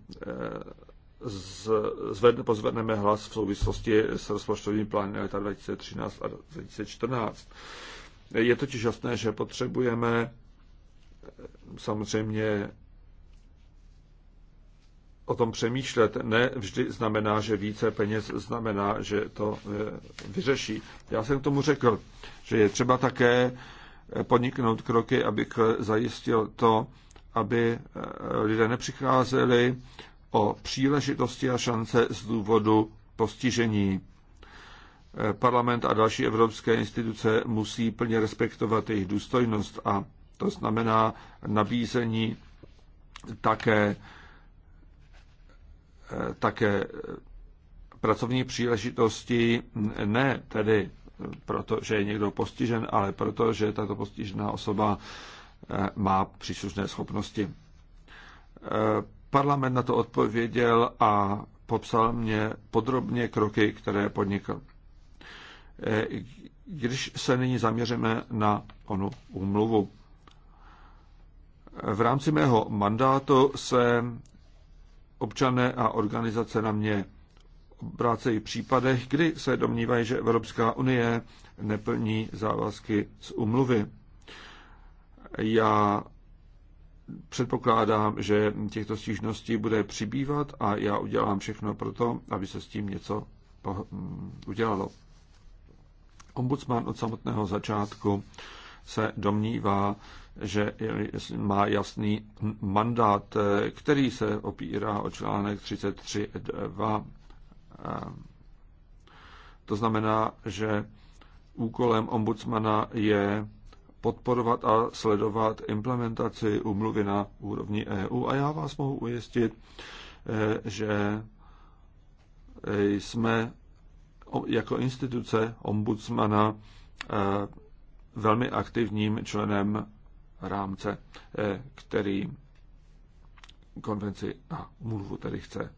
zvedne, pozvedneme hlas v souvislosti s rozpočtovým plánem leta 2013 a 2014. Je totiž jasné, že potřebujeme eh, samozřejmě o tom přemýšlet ne vždy znamená, že více peněz znamená, že to eh, vyřeší. Já jsem k tomu řekl, že je třeba také eh, podniknout kroky, abych zajistil to, aby lidé nepřicházeli o příležitosti a šance z důvodu postižení. Parlament a další evropské instituce musí plně respektovat jejich důstojnost a to znamená nabízení také, také pracovní příležitosti ne tedy proto, že je někdo postižen, ale proto, že tato postižená osoba má příslušné schopnosti Parlament na to odpověděl a popsal mě podrobně kroky, které podnikl. E, když se nyní zaměříme na onu úmluvu. V rámci mého mandátu se občané a organizace na mě obrácejí v případech, kdy se domnívají, že Evropská unie neplní závazky z úmluvy. Já předpokládám, že těchto stížností bude přibývat a já udělám všechno pro to, aby se s tím něco mm, udělalo. Ombudsman od samotného začátku se domnívá, že má jasný mandát, který se opírá o článek 33.2. Eh, to znamená, že úkolem ombudsmana je podporovat a sledovat implementaci umluvy na úrovni EU. A já vás mohu ujistit, eh, že eh, jsme jako instituce ombudsmana eh, velmi aktivním členem rámce, který konvenci a umluvu tedy chce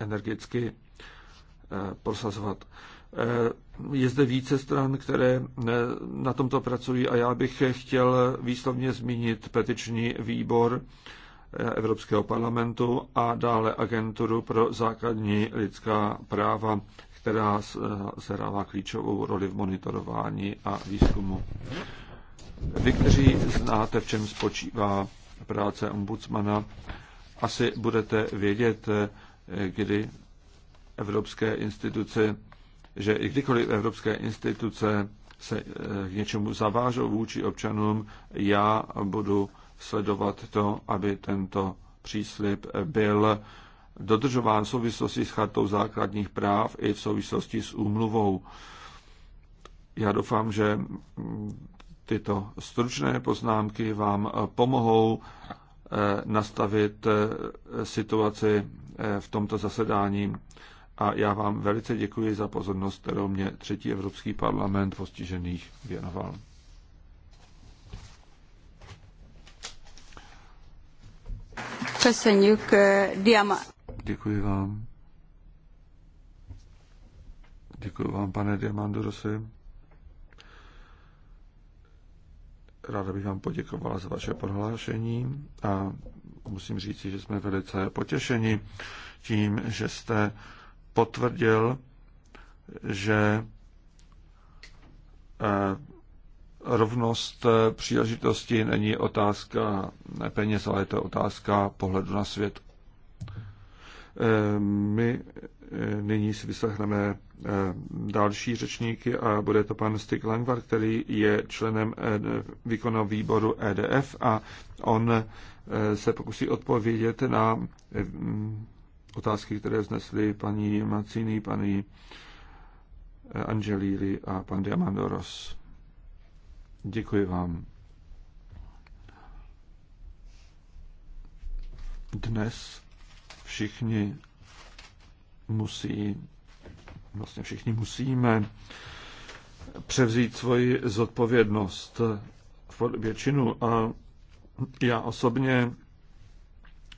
energicky prosazovat. Je zde více stran, které eh, na tomto pracují a já bych chtěl výslovně zmínit petiční výbor eh, Evropského parlamentu a dále agenturu pro základní lidská práva, která eh, sehrává klíčovou roli v monitorování a výzkumu. Vy, kteří znáte, v čem spočívá práce ombudsmana, asi budete vědět, kdy evropské instituce že i kdykoliv evropské instituce se eh, k něčemu zavážou vůči občanům, já budu sledovat to, aby tento příslip byl dodržován v souvislosti s chartou základních práv i v souvislosti s úmluvou. Já doufám, že mm, tyto stručné poznámky vám eh, pomohou eh, nastavit situaci v tomto zasedání a já vám velice děkuji za pozornost, kterou mě třetí Evropský parlament postižených věnoval. Eh, děkuji vám. Děkuji vám, pane Diamandorosi. Ráda bych vám poděkovala za vaše prohlášení a musím říci, že jsme velice potěšeni tím, že jste potvrdil, že eh, rovnost eh, příležitosti není otázka peněz, ale je to otázka pohledu na svět. Eh, my nyní si vyslechneme další řečníky a bude to pan Stig Langvar, který je členem výkonného výboru EDF a on se pokusí odpovědět na otázky, které vznesly paní Macini, paní eh, Angelili a pan Diamandoros. Děkuji vám. Dnes všichni musí, vlastně všichni musíme převzít svoji zodpovědnost v většinu a já osobně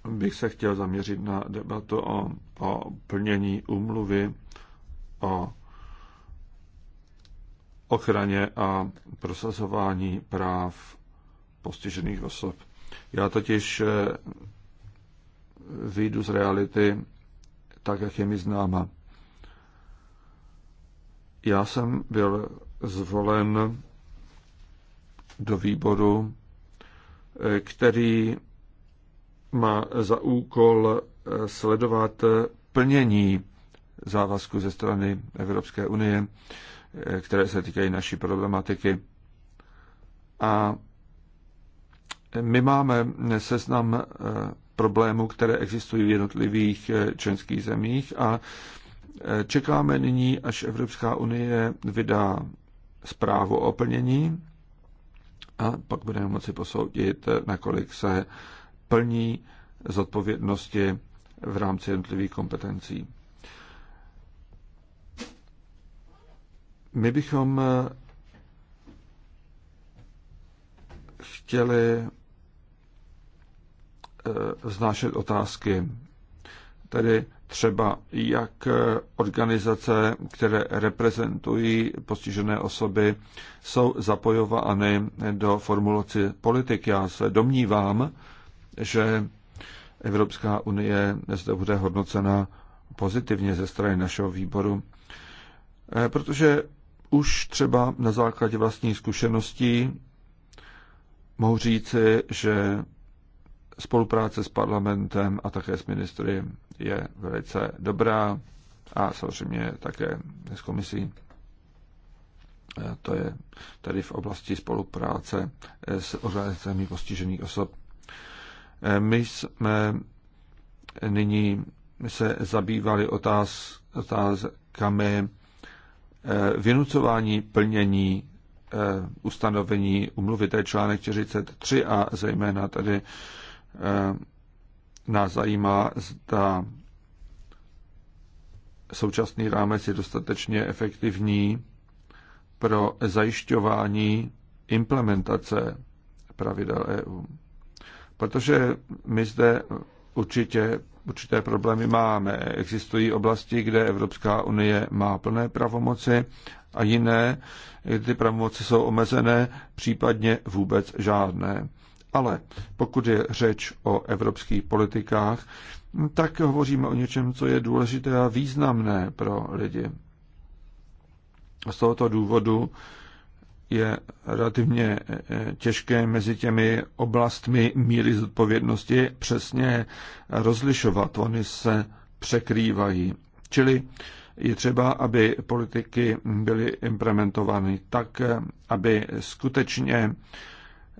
bych se chtěl zaměřit na debatu o, o plnění umluvy o ochraně a prosazování práv postižených osob. Já totiž eh, vyjdu z reality tak, jak je mi známa. Já jsem byl zvolen do výboru, eh, který má za úkol eh, sledovat eh, plnění závazku ze strany Evropské unie, eh, které se týkají naší problematiky. A my máme seznam problémů, které existují v jednotlivých členských zemích a čekáme nyní, až Evropská unie vydá zprávu o plnění a pak budeme moci posoudit, nakolik se plní zodpovědnosti v rámci jednotlivých kompetencí. My bychom eh, chtěli eh, vznášet otázky, tedy třeba jak eh, organizace, které reprezentují postižené osoby, jsou zapojovány do formulace politik. Já se domnívám, že Evropská unie zde bude hodnocena pozitivně ze strany našeho výboru, eh, protože už třeba na základě vlastních zkušeností mohu říci, že spolupráce s parlamentem a také s ministry je velice dobrá a samozřejmě také s komisí. Eh, to je tady v oblasti spolupráce eh, s organizacemi postižených osob. My jsme nyní se zabývali otáz, otázkami eh, vynucování plnění eh, ustanovení umluvy, to je článek 43 a zejména tady eh, nás zajímá, zda současný rámec je dostatečně efektivní pro zajišťování implementace pravidel EU. Protože my zde určitě určité problémy máme. Existují oblasti, kde Evropská unie má plné pravomoci a jiné, kde ty pravomoci jsou omezené, případně vůbec žádné. Ale pokud je řeč o evropských politikách, tak hovoříme o něčem, co je důležité a významné pro lidi. Z tohoto důvodu je relativně eh, těžké mezi těmi oblastmi míry zodpovědnosti přesně rozlišovat. Ony se překrývají. Čili je třeba, aby politiky byly implementovány tak, eh, aby skutečně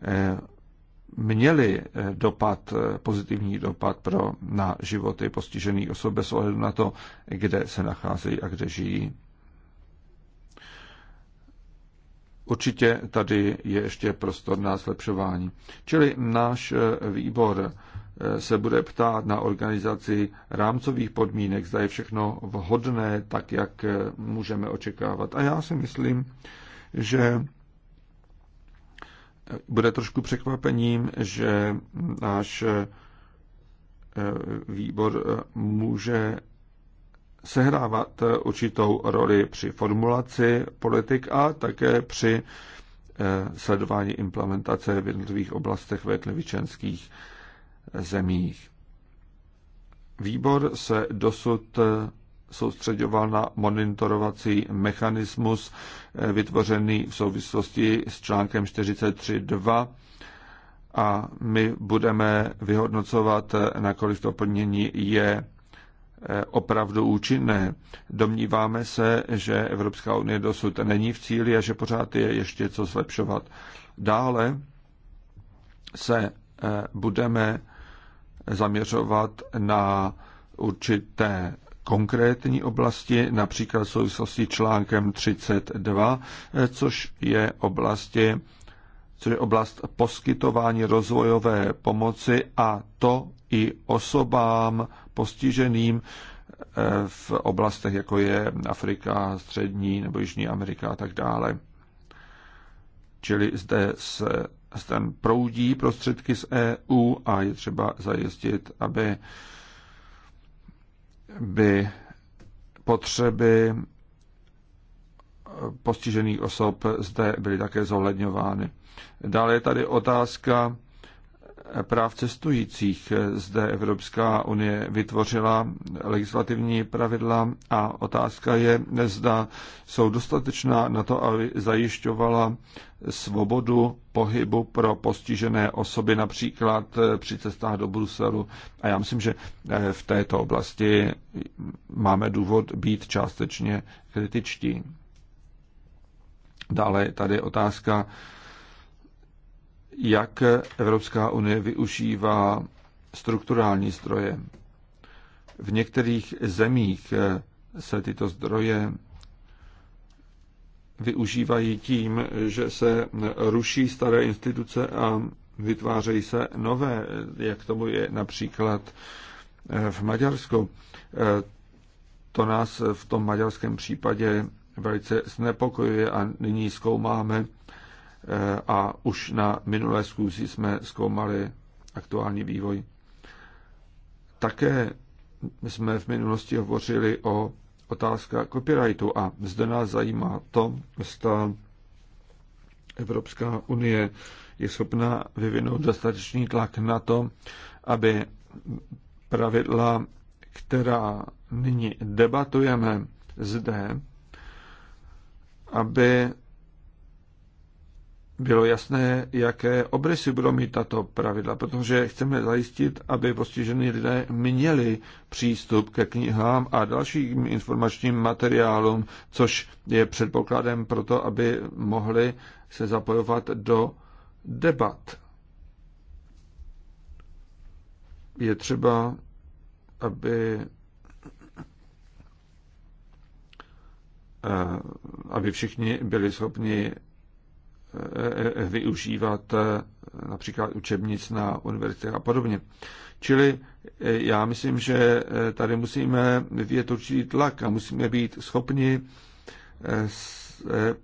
eh, měly dopad, pozitivní dopad pro, na životy postižených osob bez ohledu na to, kde se nacházejí a kde žijí. Určitě tady je ještě prostor na zlepšování. Čili náš eh, výbor eh, se bude ptát na organizaci rámcových podmínek, zda je všechno vhodné, tak jak eh, můžeme očekávat. A já si myslím, že bude trošku překvapením, že náš výbor může sehrávat eh, určitou roli při formulaci politik a také při eh, sledování implementace v jednotlivých oblastech ve tlivičenských zemích. Výbor se dosud eh, soustředoval na monitorovací mechanismus vytvořený v souvislosti s článkem 43.2 a my budeme vyhodnocovat, nakolik to plnění je opravdu účinné. Domníváme se, že Evropská unie dosud není v cíli a že pořád je ještě co zlepšovat. Dále se eh, budeme zaměřovat na určité konkrétní oblasti, například v souvislosti článkem 32, eh, což je oblasti což je oblast poskytování rozvojové pomoci a to i osobám postiženým eh, v oblastech, jako je Afrika, Střední nebo Jižní Amerika a tak dále. Čili zde se zde proudí prostředky z EU a je třeba zajistit, aby by potřeby eh, postižených osob zde byly také zohledňovány. Dále je tady otázka práv cestujících. Zde Evropská unie vytvořila legislativní pravidla a otázka je, zda jsou dostatečná na to, aby zajišťovala svobodu pohybu pro postižené osoby, například při cestách do Bruselu. A já myslím, že eh, v této oblasti máme důvod být částečně kritičtí. Dále tady otázka jak Evropská unie využívá strukturální zdroje. V některých zemích se tyto zdroje využívají tím, že se ruší staré instituce a vytvářejí se nové, jak tomu je například v Maďarsku. To nás v tom maďarském případě velice znepokojuje a nyní zkoumáme, Eh, a už na minulé zkouzi jsme zkoumali aktuální vývoj. Také jsme v minulosti hovořili o otázka copyrightu a zde nás zajímá to, zda Evropská unie je schopna vyvinout dostatečný tlak na to, aby pravidla, která nyní debatujeme zde, aby bylo jasné, jaké obrysy budou mít tato pravidla, protože chceme zajistit, aby postižení lidé měli přístup ke knihám a dalším informačním materiálům, což je předpokladem pro to, aby mohli se zapojovat do debat. Je třeba, aby eh, aby všichni byli schopni využívat eh, například učebnic na univerzitách a podobně. Čili eh, já myslím, že eh, tady musíme vyvíjet určitý tlak a musíme být schopni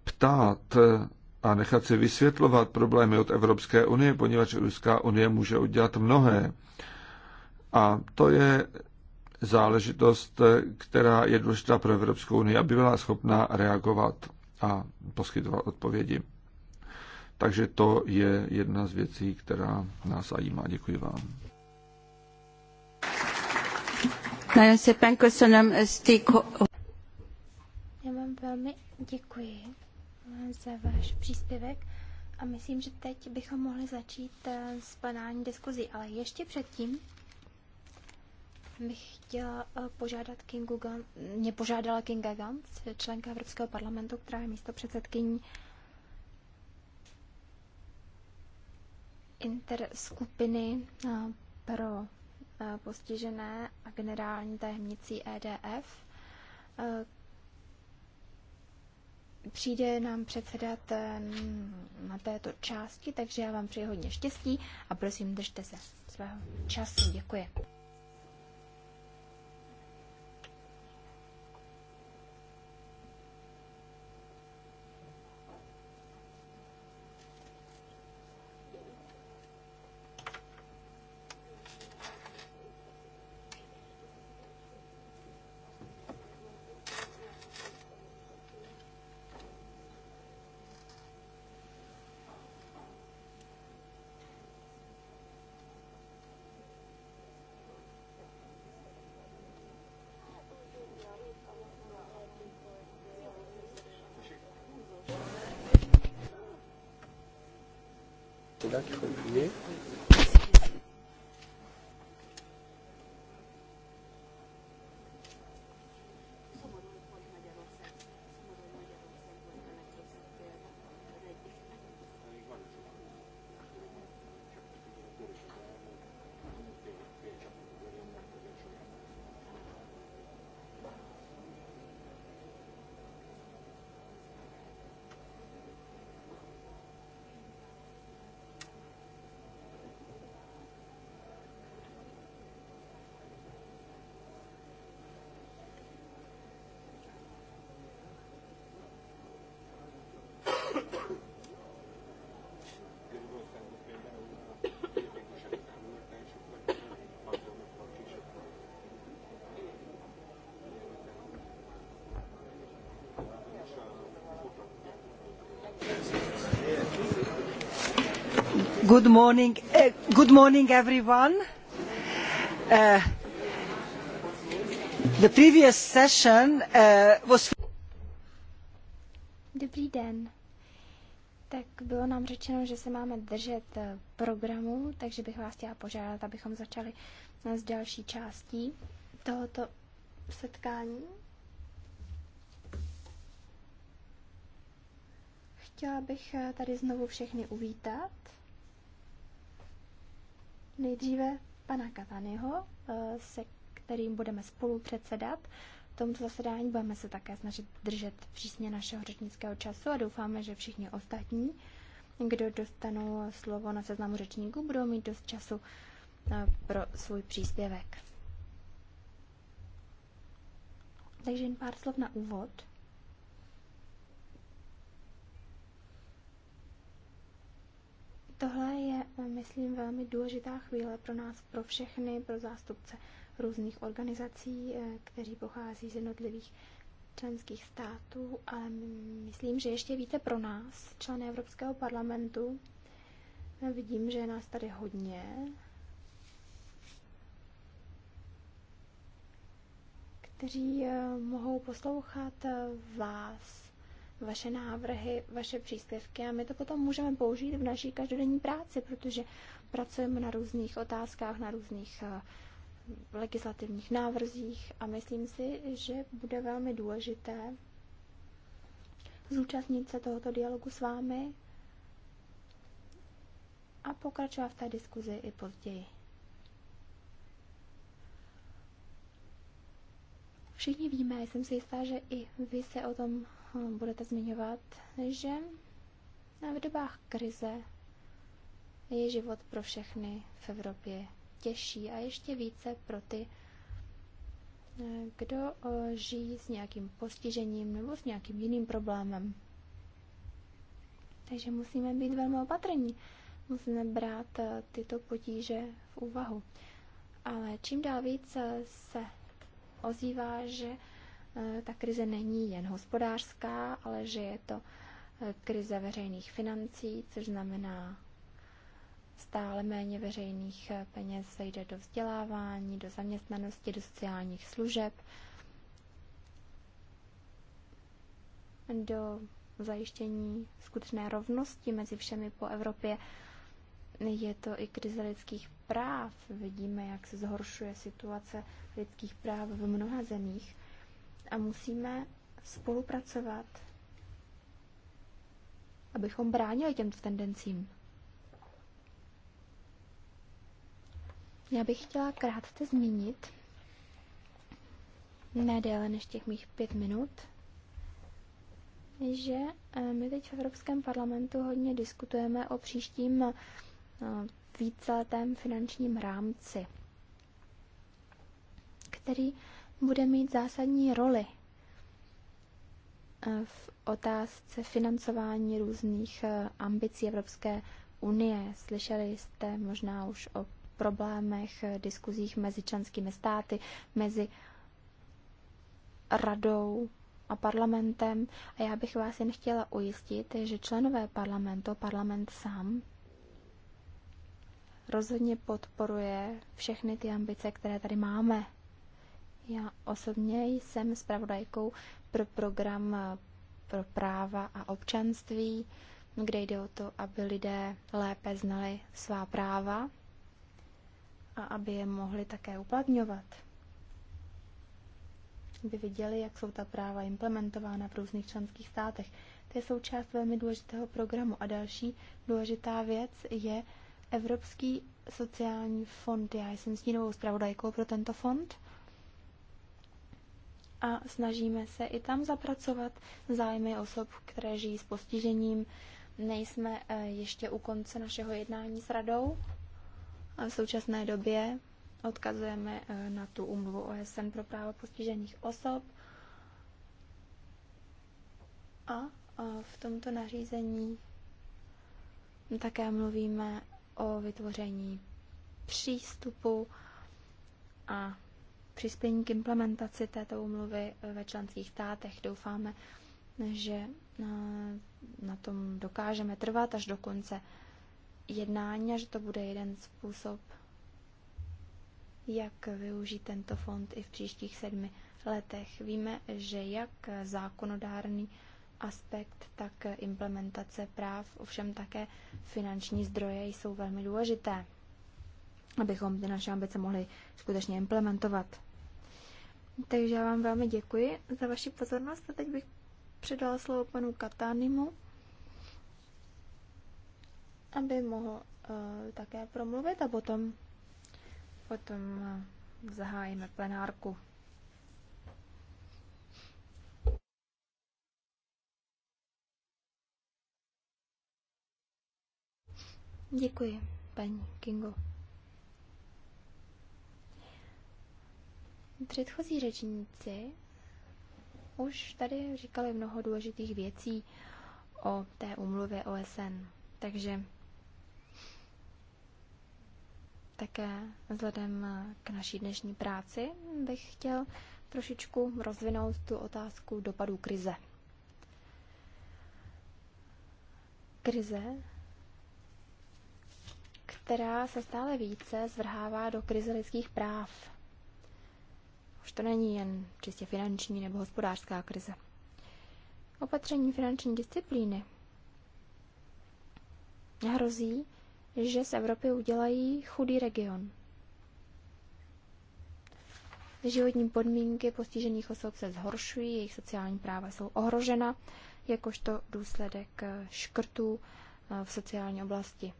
ptát a nechat si vysvětlovat problémy od Evropské unie, poněvadž Evropská unie může udělat mnohé. A to je záležitost, která je důležitá pro Evropskou unii, aby byla schopná reagovat a poskytovat odpovědi. Takže to je jedna z věcí, která nás zajímá. Děkuji vám. Já vám velmi děkuji za váš příspěvek a myslím, že teď bychom mohli začít eh, s banální diskuzí, ale ještě předtím bych chtěla eh, požádat Kingu Gantz, mě požádala Kinga Gantz, členka Evropského parlamentu, která je místo předsedkyní interskupiny eh, pro eh, postižené a generální tajemnicí EDF. Eh, přijde nám předsedat na této části, takže já vám přeji hodně štěstí a prosím, držte se svého času. Děkuji. c'est là qu'il faut oublier. Good morning, eh, good morning everyone. Uh, the previous session uh, was... Dobrý den. Tak bylo nám řečeno, že se máme držet programu, takže bych vás chtěla požádat, abychom začali s další částí tohoto setkání. Chtěla bych tady znovu všechny uvítat. Nejdříve pana Kataniho, eh, se kterým budeme spolu předsedat. Tomto zasedání budeme se také snažit držet přísně našeho řečnického času a doufáme, že všichni ostatní, kdo dostanou slovo na seznamu řečníků, budou mít dost času eh, pro svůj příspěvek. Takže jen pár slov na úvod. Tohle je, eh, myslím, velmi důležitá chvíle pro nás, pro všechny, pro zástupce různých organizací, eh, kteří pochází z jednotlivých členských států, ale myslím, že ještě více pro nás, členy Evropského parlamentu. Eh, vidím, že je nás tady hodně. kteří mohou poslouchat vás vaše návrhy, vaše příspěvky a my to potom můžeme použít v naší každodenní práci, protože pracujeme na různých otázkách, na různých eh, legislativních návrzích a myslím si, že bude velmi důležité zúčastnit se tohoto dialogu s vámi a pokračovat v té diskuzi i později. Všichni víme, jsem si jistá, že i vy se o tom budete zmiňovat, že v dobách krize je život pro všechny v Evropě těžší a ještě více pro ty, kdo eh, žijí s nějakým postižením nebo s nějakým jiným problémem. Takže musíme být velmi opatrní, musíme brát eh, tyto potíže v úvahu. Ale čím dál víc eh, se ozývá, že Eh, ta krize není jen hospodářská, ale že je to eh, krize veřejných financí, což znamená stále méně veřejných eh, peněz se jde do vzdělávání, do zaměstnanosti, do sociálních služeb, do zajištění skutečné rovnosti mezi všemi po Evropě. Je to i krize lidských práv. Vidíme, jak se zhoršuje situace lidských práv v mnoha zemích a musíme spolupracovat, abychom bránili těmto tendencím. Já bych chtěla krátce zmínit, ne déle než těch mých pět minut, že eh, my teď v Evropském parlamentu hodně diskutujeme o příštím eh, víceletém finančním rámci, který bude mít zásadní roli eh, v otázce financování různých eh, ambicí Evropské unie. Slyšeli jste možná už o problémech, eh, diskuzích mezi členskými státy, mezi radou a parlamentem. A já bych vás jen chtěla ujistit, že členové parlamentu, parlament sám, rozhodně podporuje všechny ty ambice, které tady máme já osobně jsem zpravodajkou pro program eh, pro práva a občanství, kde jde o to, aby lidé lépe znali svá práva a aby je mohli také uplatňovat. Aby viděli, jak jsou ta práva implementována v různých členských státech. To je součást velmi důležitého programu. A další důležitá věc je Evropský sociální fond. Já jsem stínovou zpravodajkou pro tento fond a snažíme se i tam zapracovat zájmy osob, které žijí s postižením. Nejsme eh, ještě u konce našeho jednání s radou. A v současné době odkazujeme eh, na tu umluvu OSN pro právo postižených osob. A eh, v tomto nařízení také mluvíme o vytvoření přístupu a přispění k implementaci této úmluvy ve členských státech. Doufáme, že eh, na tom dokážeme trvat až do konce jednání a že to bude jeden způsob, jak využít tento fond i v příštích sedmi letech. Víme, že jak zákonodárný aspekt, tak implementace práv, ovšem také finanční zdroje jsou velmi důležité abychom ty naše ambice mohli skutečně implementovat. Takže já vám velmi děkuji za vaši pozornost a teď bych předala slovo panu Katánimu, aby mohl uh, také promluvit a potom, potom uh, zahájíme plenárku. Děkuji, paní Kingo. Předchozí řečníci už tady říkali mnoho důležitých věcí o té umluvě OSN. Takže také vzhledem k naší dnešní práci bych chtěl trošičku rozvinout tu otázku dopadů krize. Krize, která se stále více zvrhává do krize lidských práv už to není jen čistě finanční nebo hospodářská krize. Opatření finanční disciplíny hrozí, že z Evropy udělají chudý region. Životní podmínky postižených osob se zhoršují, jejich sociální práva jsou ohrožena, jakožto důsledek škrtů eh, v sociální oblasti.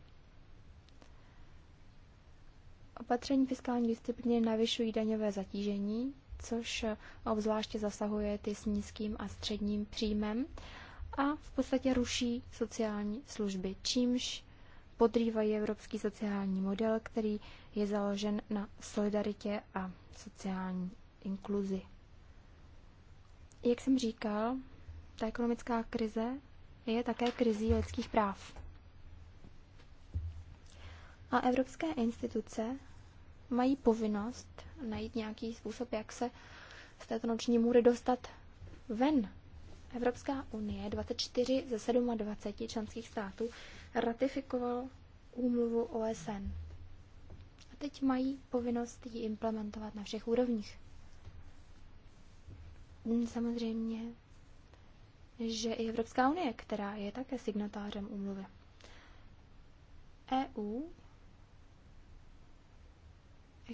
Opatření fiskální disciplíny navyšují daňové zatížení, což obzvláště zasahuje ty s nízkým a středním příjmem a v podstatě ruší sociální služby, čímž podrývají evropský sociální model, který je založen na solidaritě a sociální inkluzi. Jak jsem říkal, ta ekonomická krize je také krizí lidských práv. A evropské instituce mají povinnost najít nějaký způsob, jak se z této noční můry dostat ven. Evropská unie 24 ze 27 členských států ratifikoval úmluvu OSN. A teď mají povinnost ji implementovat na všech úrovních. Hmm, samozřejmě, že i Evropská unie, která je také signatářem úmluvy. EU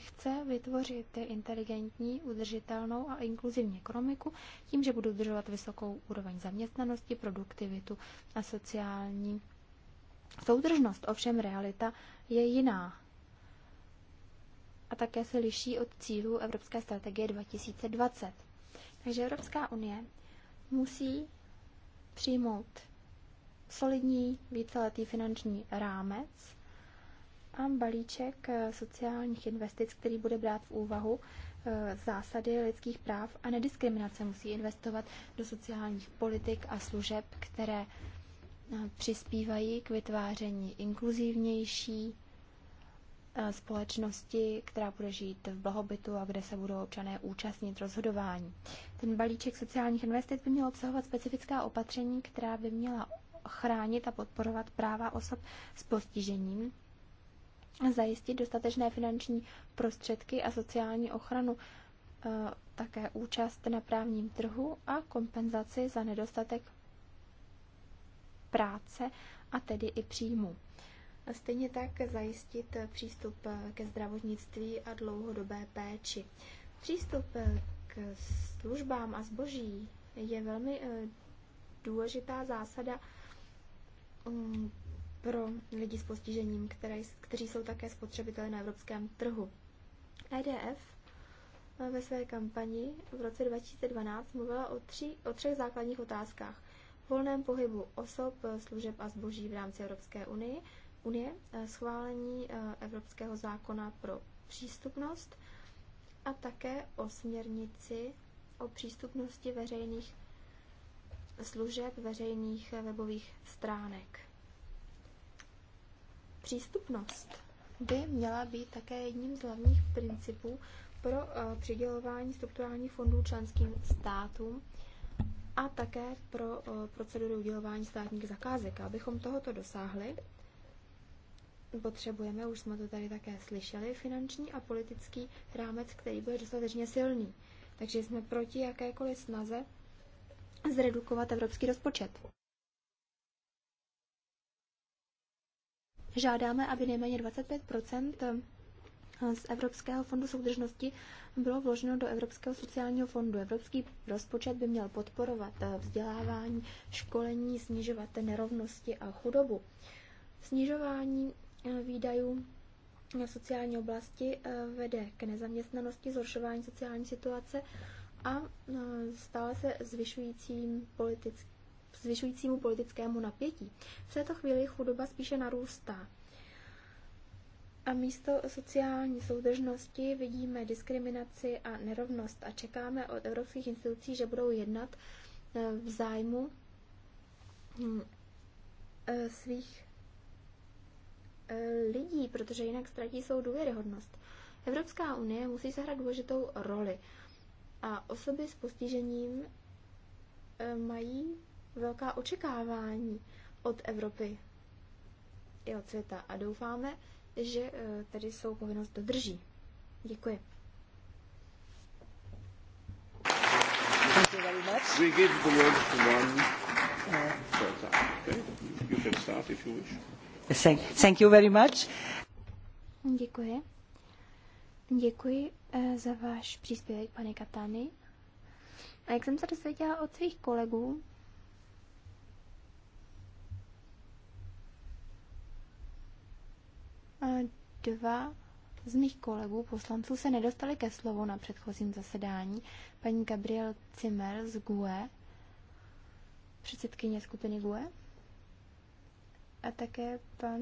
chce vytvořit inteligentní, udržitelnou a inkluzivní ekonomiku tím, že budou udržovat vysokou úroveň zaměstnanosti, produktivitu a sociální soudržnost. Ovšem realita je jiná a také se liší od cílů Evropské strategie 2020. Takže Evropská unie musí přijmout solidní víceletý finanční rámec, a balíček eh, sociálních investic, který bude brát v úvahu eh, zásady lidských práv a nediskriminace. Musí investovat do sociálních politik a služeb, které eh, přispívají k vytváření inkluzivnější společnosti, která bude žít v blahobytu a kde se budou občané účastnit rozhodování. Ten balíček sociálních investic by měl obsahovat specifická opatření, která by měla chránit a podporovat práva osob s postižením, zajistit dostatečné finanční prostředky a sociální ochranu, e, také účast na právním trhu a kompenzaci za nedostatek práce a tedy i příjmu. A stejně tak zajistit přístup ke zdravotnictví a dlouhodobé péči. Přístup k službám a zboží je velmi e, důležitá zásada mm, pro lidi s postižením, které, kteří jsou také spotřebitelé na evropském trhu. EDF eh, ve své kampani v roce 2012 mluvila o, tři, o třech základních otázkách. Volném pohybu osob, eh, služeb a zboží v rámci Evropské unie, unie eh, schválení Evropského zákona pro přístupnost a také o směrnici o přístupnosti veřejných služeb, veřejných webových stránek. Přístupnost by měla být také jedním z hlavních principů pro eh, přidělování strukturálních fondů členským státům a také pro eh, proceduru udělování státních zakázek. Abychom tohoto dosáhli, potřebujeme, už jsme to tady také slyšeli, finanční a politický rámec, který bude dostatečně silný. Takže jsme proti jakékoliv snaze zredukovat evropský rozpočet. žádáme, aby nejméně 25 eh, z Evropského fondu soudržnosti bylo vloženo do Evropského sociálního fondu. Evropský rozpočet by měl podporovat eh, vzdělávání, školení, snižovat nerovnosti a chudobu. Snižování eh, výdajů na sociální oblasti vede k nezaměstnanosti, zhoršování sociální situace a stále se zvyšujícím politickým zvyšujícímu politickému napětí. V této chvíli chudoba spíše narůstá. A místo sociální soudržnosti vidíme diskriminaci a nerovnost a čekáme od evropských institucí, že budou jednat eh, v zájmu hm, eh, svých eh, lidí, protože jinak ztratí svou důvěryhodnost. Evropská unie musí sehrát důležitou roli a osoby s postižením mají velká očekávání od Evropy i od světa a doufáme, že eh, tady svou povinnost dodrží. Děkuji. Thank you very much. Uh, thank, you very much. Děkuji. Děkuji eh, za váš příspěvek, pane Katany. A jak jsem se dozvěděla od svých kolegů, Dva z mých kolegů poslanců se nedostali ke slovu na předchozím zasedání. Paní Gabriel Zimmer z GUE, předsedkyně skupiny GUE, a také pan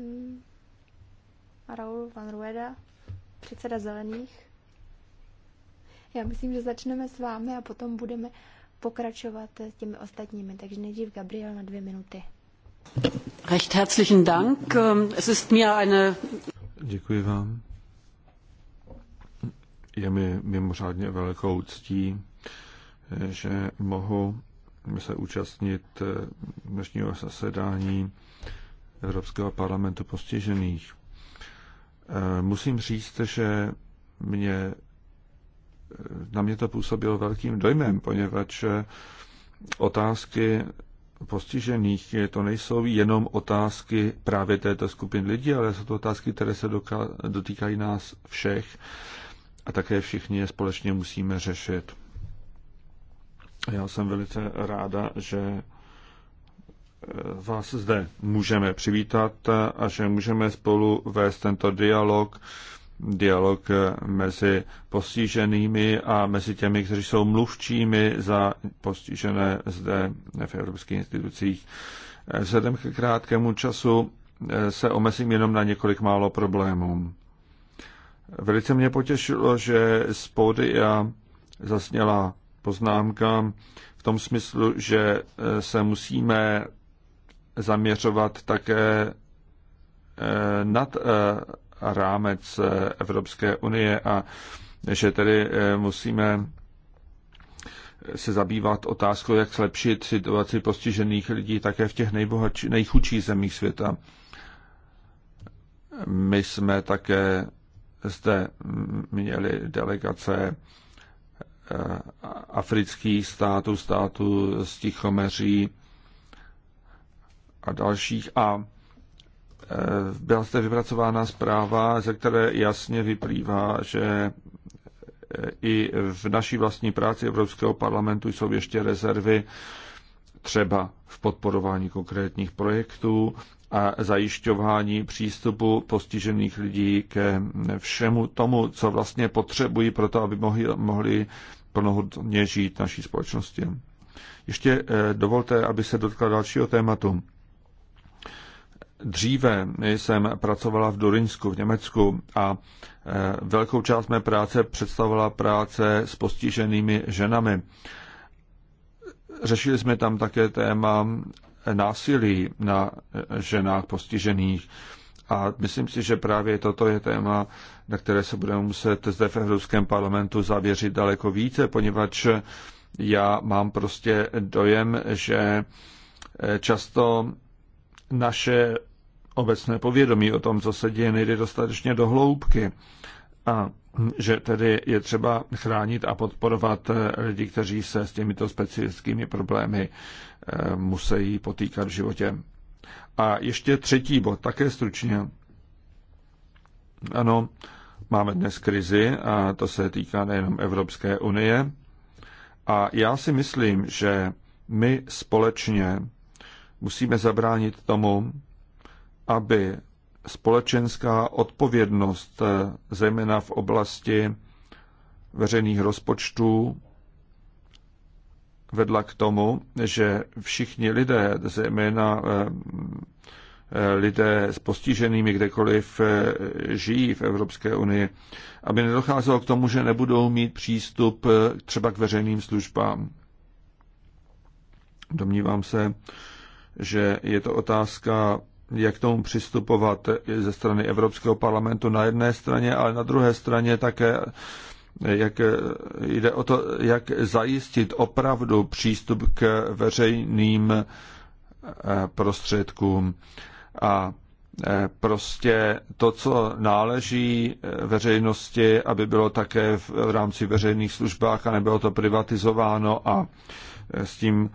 Raul Van Rueda, předseda Zelených. Já myslím, že začneme s vámi a potom budeme pokračovat s těmi ostatními. Takže nejdřív Gabriel na dvě minuty. Recht herzlichen Dank. Ähm, es ist mir eine... Děkuji vám. Je mi mimořádně velkou ctí, že mohu se účastnit eh, dnešního zasedání Evropského parlamentu postižených. Eh, musím říct, že mě, eh, na mě to působilo velkým dojmem, poněvadž otázky postižených to nejsou jenom otázky právě této skupiny lidí, ale jsou to otázky, které se dotýkají nás všech a také všichni je společně musíme řešit. Já jsem velice ráda, že eh, vás zde můžeme přivítat a že můžeme spolu vést tento dialog dialog mezi postiženými a mezi těmi, kteří jsou mluvčími za postižené zde v evropských institucích. Vzhledem k krátkému času se omezím jenom na několik málo problémů. Velice mě potěšilo, že z pódia zasněla poznámka v tom smyslu, že se musíme zaměřovat také eh, nad eh, rámec eh, Evropské unie a že tedy eh, musíme eh, se zabývat otázkou, jak zlepšit situaci postižených lidí také v těch nejbohatší, nejchudších zemích světa. My jsme také zde měli delegace afrických států, států z Tichomeří a dalších. A Eh, byla zde vypracována zpráva, ze které jasně vyplývá, že eh, i v naší vlastní práci Evropského parlamentu jsou ještě rezervy třeba v podporování konkrétních projektů a zajišťování přístupu postižených lidí ke všemu tomu, co vlastně potřebují pro to, aby mohli, mohli plnohodně žít naší společnosti. Ještě eh, dovolte, aby se dotkla dalšího tématu. Dříve jsem pracovala v Durinsku v Německu a e, velkou část mé práce představovala práce s postiženými ženami. Řešili jsme tam také téma násilí na e, ženách postižených. A myslím si, že právě toto je téma, na které se budeme muset zde v Evropském parlamentu zavěřit daleko více, poněvadž já mám prostě dojem, že e, často naše obecné povědomí o tom, co se děje, nejde dostatečně do hloubky. A že tedy je třeba chránit a podporovat eh, lidi, kteří se s těmito specifickými problémy eh, musí potýkat v životě. A ještě třetí bod, také stručně. Ano, máme dnes krizi a to se týká nejenom Evropské unie. A já si myslím, že my společně musíme zabránit tomu, aby společenská odpovědnost, eh, zejména v oblasti veřejných rozpočtů, vedla k tomu, že všichni lidé, zejména eh, eh, lidé s postiženými kdekoliv žijí v Evropské unii, aby nedocházelo k tomu, že nebudou mít přístup třeba k veřejným službám. Domnívám se, že je to otázka jak k tomu přistupovat ze strany Evropského parlamentu na jedné straně, ale na druhé straně také jak jde o to, jak zajistit opravdu přístup k veřejným eh, prostředkům. A eh, prostě to, co náleží eh, veřejnosti, aby bylo také v rámci veřejných službách a nebylo to privatizováno a s tím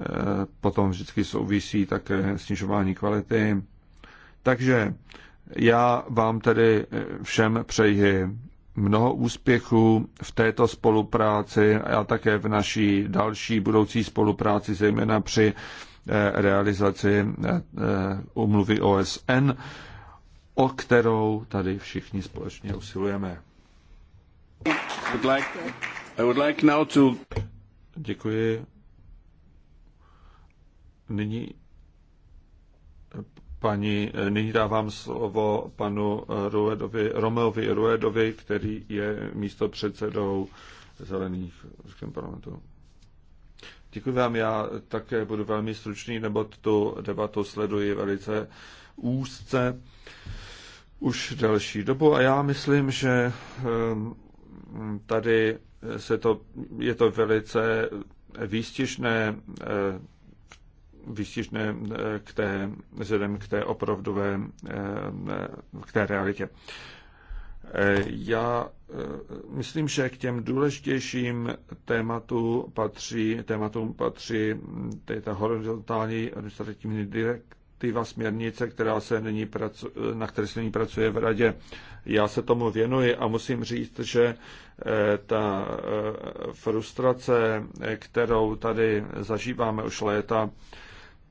Eh, potom vždycky souvisí také snižování kvality. Takže já vám tedy eh, všem přeji mnoho úspěchů v této spolupráci a také v naší další budoucí spolupráci, zejména při eh, realizaci umluvy OSN, o kterou tady všichni společně usilujeme. Děkuji. Nyní, paní, nyní dávám slovo panu Ruedovi, Romeovi Ruedovi, který je místo předsedou zelených v parlamentu. Děkuji vám, já také budu velmi stručný, nebo tu debatu sleduji velice úzce už delší dobu a já myslím, že ehm, tady se to, je to velice výstižné ehm, výstižné eh, k té, vzhledem k té opravdové, eh, eh, k té realitě. Já myslím, že k těm důležitějším tématu patří, tématům patří hm, ta horizontální administrativní direktiva směrnice, která se nyní pracu, na které se nyní pracuje v radě. Já se tomu věnuji a musím říct, že ta frustrace, kterou tady zažíváme už léta,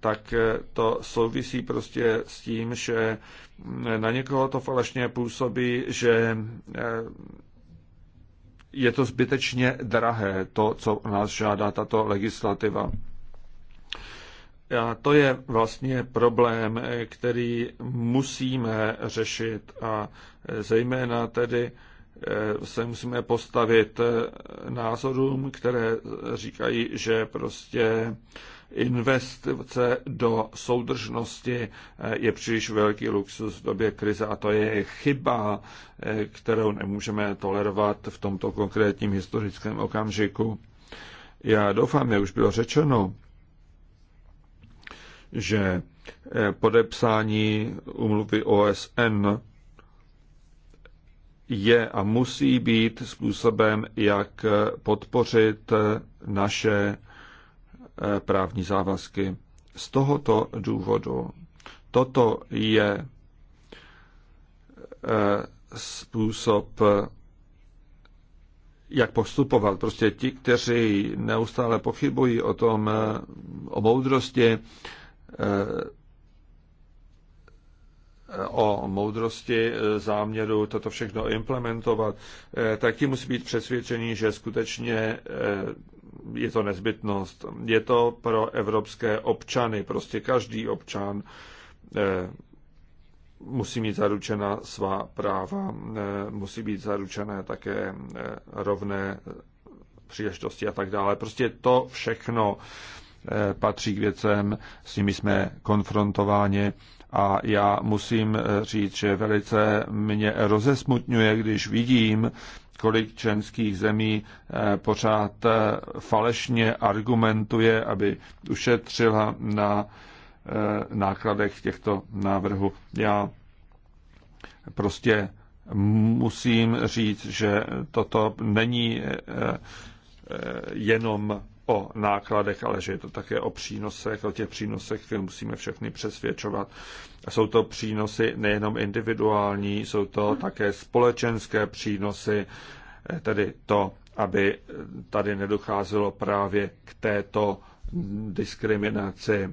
tak eh, to souvisí prostě s tím, že mm, na někoho to falešně působí, že eh, je to zbytečně drahé, to, co nás žádá tato legislativa. A to je vlastně problém, eh, který musíme řešit a zejména tedy se musíme postavit názorům, které říkají, že prostě investice do soudržnosti eh, je příliš velký luxus v době krize a to je chyba, eh, kterou nemůžeme tolerovat v tomto konkrétním historickém okamžiku. Já doufám, jak už bylo řečeno, že eh, podepsání umluvy OSN je a musí být způsobem, jak podpořit naše Eh, právní závazky. Z tohoto důvodu toto je eh, způsob, jak postupovat. Prostě ti, kteří neustále pochybují o tom, eh, o moudrosti, o moudrosti záměru toto všechno implementovat, tak ti musí být přesvědčení, že skutečně je to nezbytnost. Je to pro evropské občany, prostě každý občan eh, musí mít zaručena svá práva, eh, musí být zaručené také eh, rovné příležitosti a tak dále. Prostě to všechno patří k věcem, s nimi jsme konfrontováni a já musím říct, že velice mě rozesmutňuje, když vidím, kolik členských zemí eh, pořád eh, falešně argumentuje, aby ušetřila na eh, nákladech těchto návrhů. Já prostě musím říct, že toto není jenom o nákladech, ale že je to také o přínosech, o těch přínosech, které musíme všechny přesvědčovat. Jsou to přínosy nejenom individuální, jsou to také společenské přínosy, tedy to, aby tady nedocházelo právě k této diskriminaci.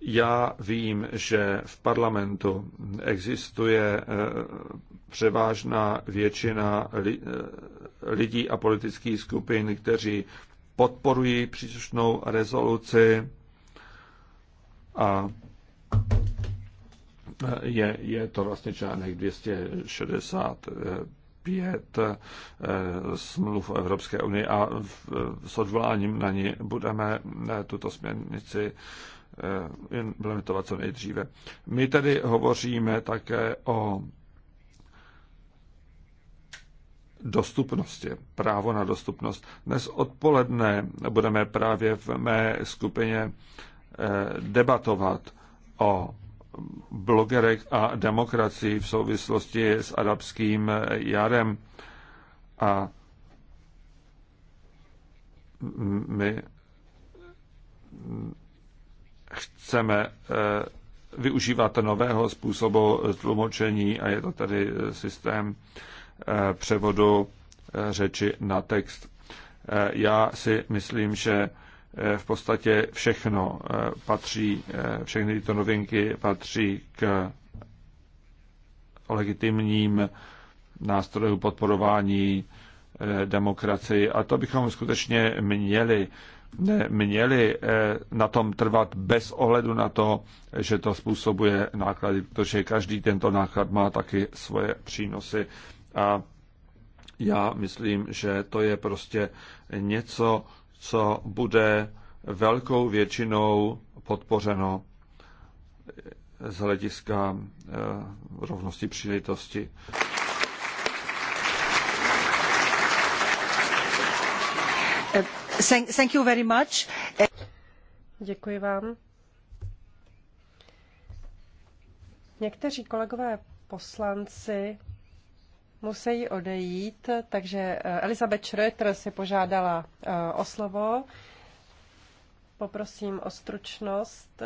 Já vím, že v parlamentu existuje eh, převážná většina eh, lidí a politických skupin, kteří podporují příslušnou rezoluci a eh, je, je to vlastně článek 265 smluv o Evropské unii a s odvoláním na ní budeme tuto směrnici Eh, implementovat co nejdříve. My tedy hovoříme také o dostupnosti, právo na dostupnost. Dnes odpoledne budeme právě v mé skupině eh, debatovat o blogerech a demokracii v souvislosti s arabským eh, jarem. A my chceme eh, využívat nového způsobu tlumočení a je to tedy eh, systém eh, převodu řeči na text. Já si myslím, že v podstatě všechno patří, všechny tyto novinky patří k legitimním nástrojům podporování demokracii a to bychom skutečně měli měli eh, na tom trvat bez ohledu na to, že to způsobuje náklady, protože každý tento náklad má taky svoje přínosy. A já myslím, že to je prostě něco, co bude velkou většinou podpořeno eh, z hlediska eh, rovnosti příležitosti. Děkuji vám. Někteří kolegové poslanci musejí odejít, takže eh, Elizabeth Schröter si požádala eh, o slovo. Poprosím o stručnost.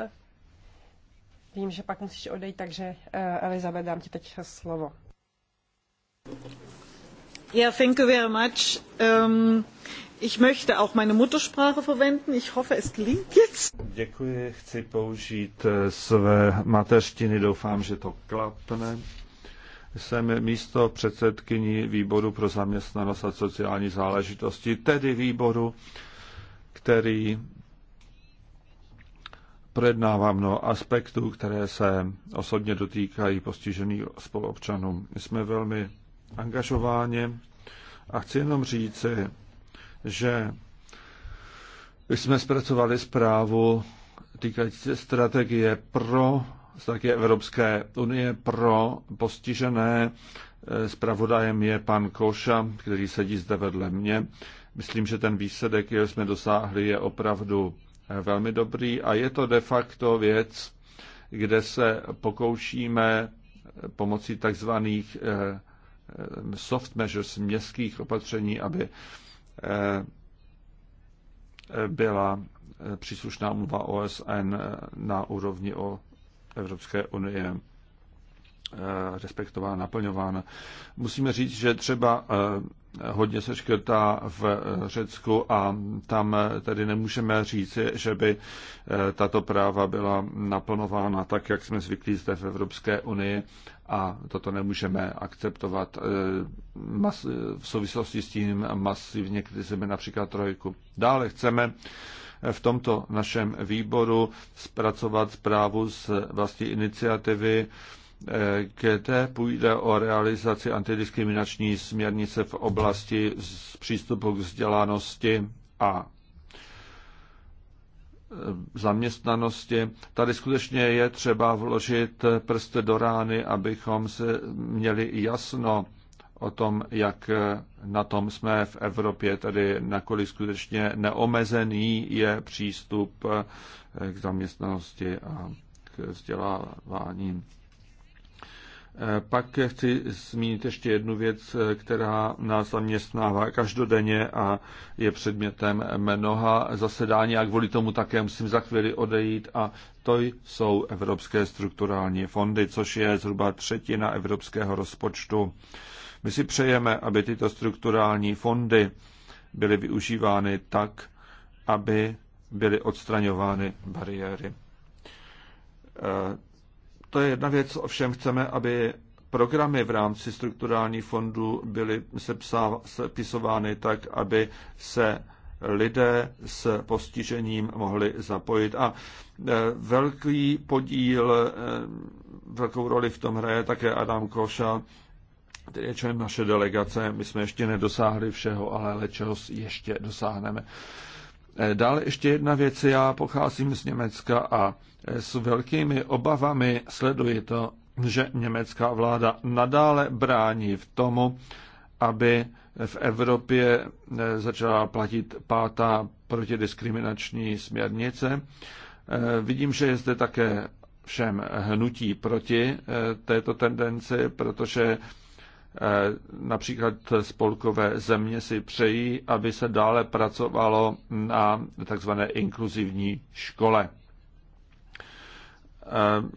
Vím, že pak musíš odejít, takže eh, Elizabeth, dám ti teď slovo. Yeah, thank you very much. Um, Ich möchte auch meine Muttersprache verwenden. Ich hoffe, es gelingt jetzt. Děkuji, chci použít eh, své mateřštiny, doufám, že to klapne. Jsem místo předsedkyní výboru pro zaměstnanost a sociální záležitosti, tedy výboru, který projednává mnoho aspektů, které se osobně dotýkají postižených spoluobčanů. jsme velmi angažováni a chci jenom říci, že jsme zpracovali zprávu týkající se strategie pro strategie Evropské unie pro postižené. Spravodajem eh, je pan Koša, který sedí zde vedle mě. Myslím, že ten výsledek, který jsme dosáhli, je opravdu eh, velmi dobrý a je to de facto věc, kde se pokoušíme eh, pomocí takzvaných soft measures, městských opatření, aby Eh, byla eh, příslušná mluva OSN eh, na úrovni o Evropské unie respektována, naplňována. Musíme říct, že třeba hodně se škrtá v Řecku a tam tedy nemůžeme říct, že by tato práva byla naplnována tak, jak jsme zvyklí zde v Evropské unii a toto nemůžeme akceptovat. Eh, v souvislosti s tím masivně kritizujeme například trojku. Dále chceme eh, v tomto našem výboru zpracovat zprávu z vlastní iniciativy, eh, kde půjde o realizaci antidiskriminační směrnice v oblasti přístupu k vzdělanosti a Eh, zaměstnanosti. Tady skutečně je třeba vložit prst do rány, abychom se měli jasno o tom, jak na tom jsme v Evropě, tedy nakolik skutečně neomezený je přístup eh, k zaměstnanosti a k vzdělávání. Eh, pak chci zmínit ještě jednu věc, eh, která nás zaměstnává každodenně a je předmětem mnoha zasedání a kvůli tomu také musím za chvíli odejít a to jsou Evropské strukturální fondy, což je zhruba třetina evropského rozpočtu. My si přejeme, aby tyto strukturální fondy byly využívány tak, aby byly odstraňovány bariéry eh, to je jedna věc, ovšem chceme, aby programy v rámci strukturální fondu byly sepisovány tak, aby se lidé s postižením mohli zapojit. A e, velký podíl, e, velkou roli v tom hraje také Adam Koša, který je člen naše delegace. My jsme ještě nedosáhli všeho, ale čeho ještě dosáhneme. Eh, dále ještě jedna věc. Já pocházím z Německa a eh, s velkými obavami sleduji to, že německá vláda nadále brání v tomu, aby v Evropě eh, začala platit pátá protidiskriminační směrnice. Vidím, že je zde také všem hnutí proti této tendenci, protože Eh, například spolkové země si přejí, aby se dále pracovalo na takzvané inkluzivní škole. Eh,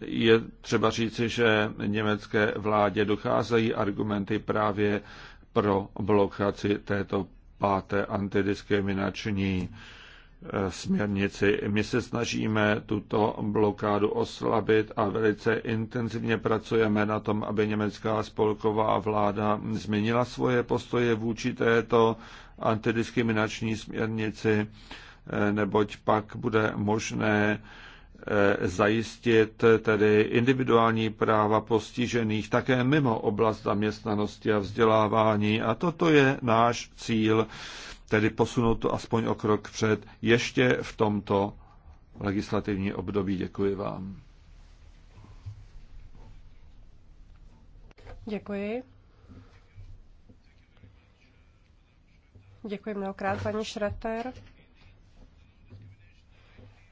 je třeba říci, že německé vládě docházejí argumenty právě pro blokaci této páté antidiskriminační směrnici. My se snažíme tuto blokádu oslabit a velice intenzivně pracujeme na tom, aby německá spolková vláda změnila svoje postoje vůči této antidiskriminační směrnici, eh, neboť pak bude možné eh, zajistit tedy individuální práva postižených také mimo oblast zaměstnanosti a vzdělávání. A toto je náš cíl tedy posunout to aspoň o krok před ještě v tomto legislativní období. Děkuji vám. Děkuji. Děkuji mnohokrát, paní Šreter.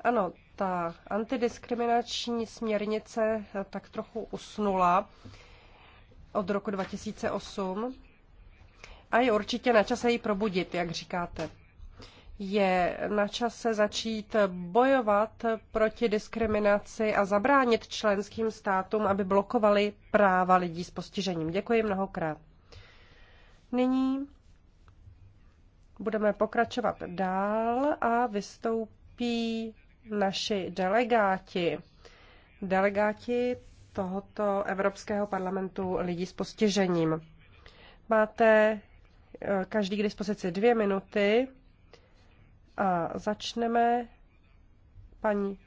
Ano, ta antidiskriminační směrnice tak trochu usnula od roku 2008 a je určitě na čase ji probudit, jak říkáte. Je na čase začít bojovat proti diskriminaci a zabránit členským státům, aby blokovali práva lidí s postižením. Děkuji mnohokrát. Nyní budeme pokračovat dál a vystoupí naši delegáti. Delegáti tohoto Evropského parlamentu lidí s postižením. Máte Eh, každý k dispozici dvě minuty a začneme paní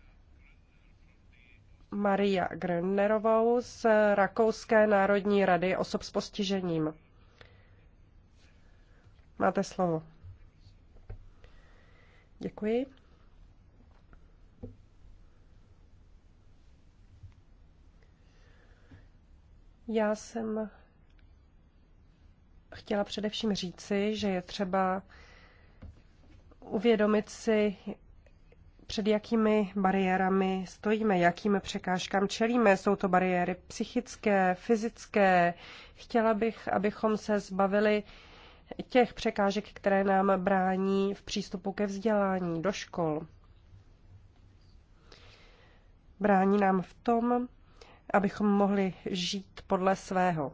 Maria Grennerovou z Rakouské národní rady osob s postižením. Máte slovo. Děkuji. Já jsem chtěla především říci, že je třeba uvědomit si, před jakými bariérami stojíme, jakým překážkám čelíme. Jsou to bariéry psychické, fyzické. Chtěla bych, abychom se zbavili těch překážek, které nám brání v přístupu ke vzdělání do škol. Brání nám v tom, abychom mohli žít podle svého.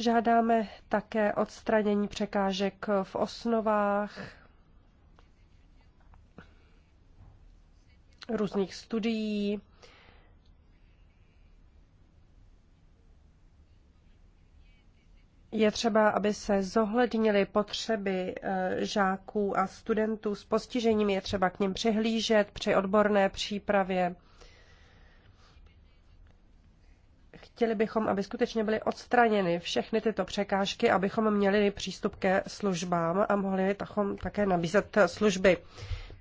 Žádáme také odstranění překážek v osnovách, různých studií, Je třeba, aby se zohlednily potřeby eh, žáků a studentů s postižením, je třeba k ním přihlížet při odborné přípravě. Chtěli bychom, aby skutečně byly odstraněny všechny tyto překážky, abychom měli přístup ke službám a mohli tachom také nabízet služby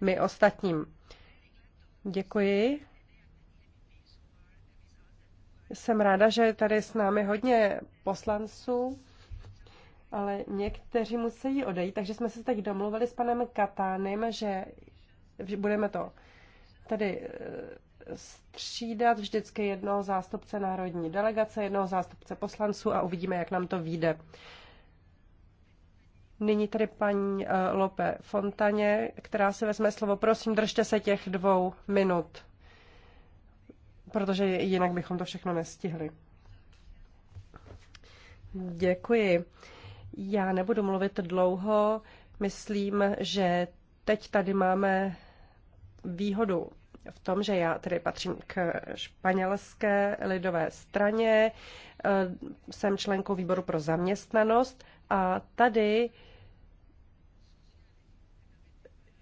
my ostatním. Děkuji. Jsem ráda, že je tady s námi hodně poslanců, ale někteří musí odejít, takže jsme se teď domluvili s panem Katánem, že budeme to tady. Eh, střídat vždycky jednoho zástupce národní delegace, jednoho zástupce poslanců a uvidíme, jak nám to vyjde. Nyní tedy paní eh, Lope Fontaně, která si vezme slovo. Prosím, držte se těch dvou minut, protože jinak bychom to všechno nestihli. Děkuji. Já nebudu mluvit dlouho. Myslím, že teď tady máme výhodu v tom, že já tedy patřím k španělské lidové straně, e, jsem členkou výboru pro zaměstnanost a tady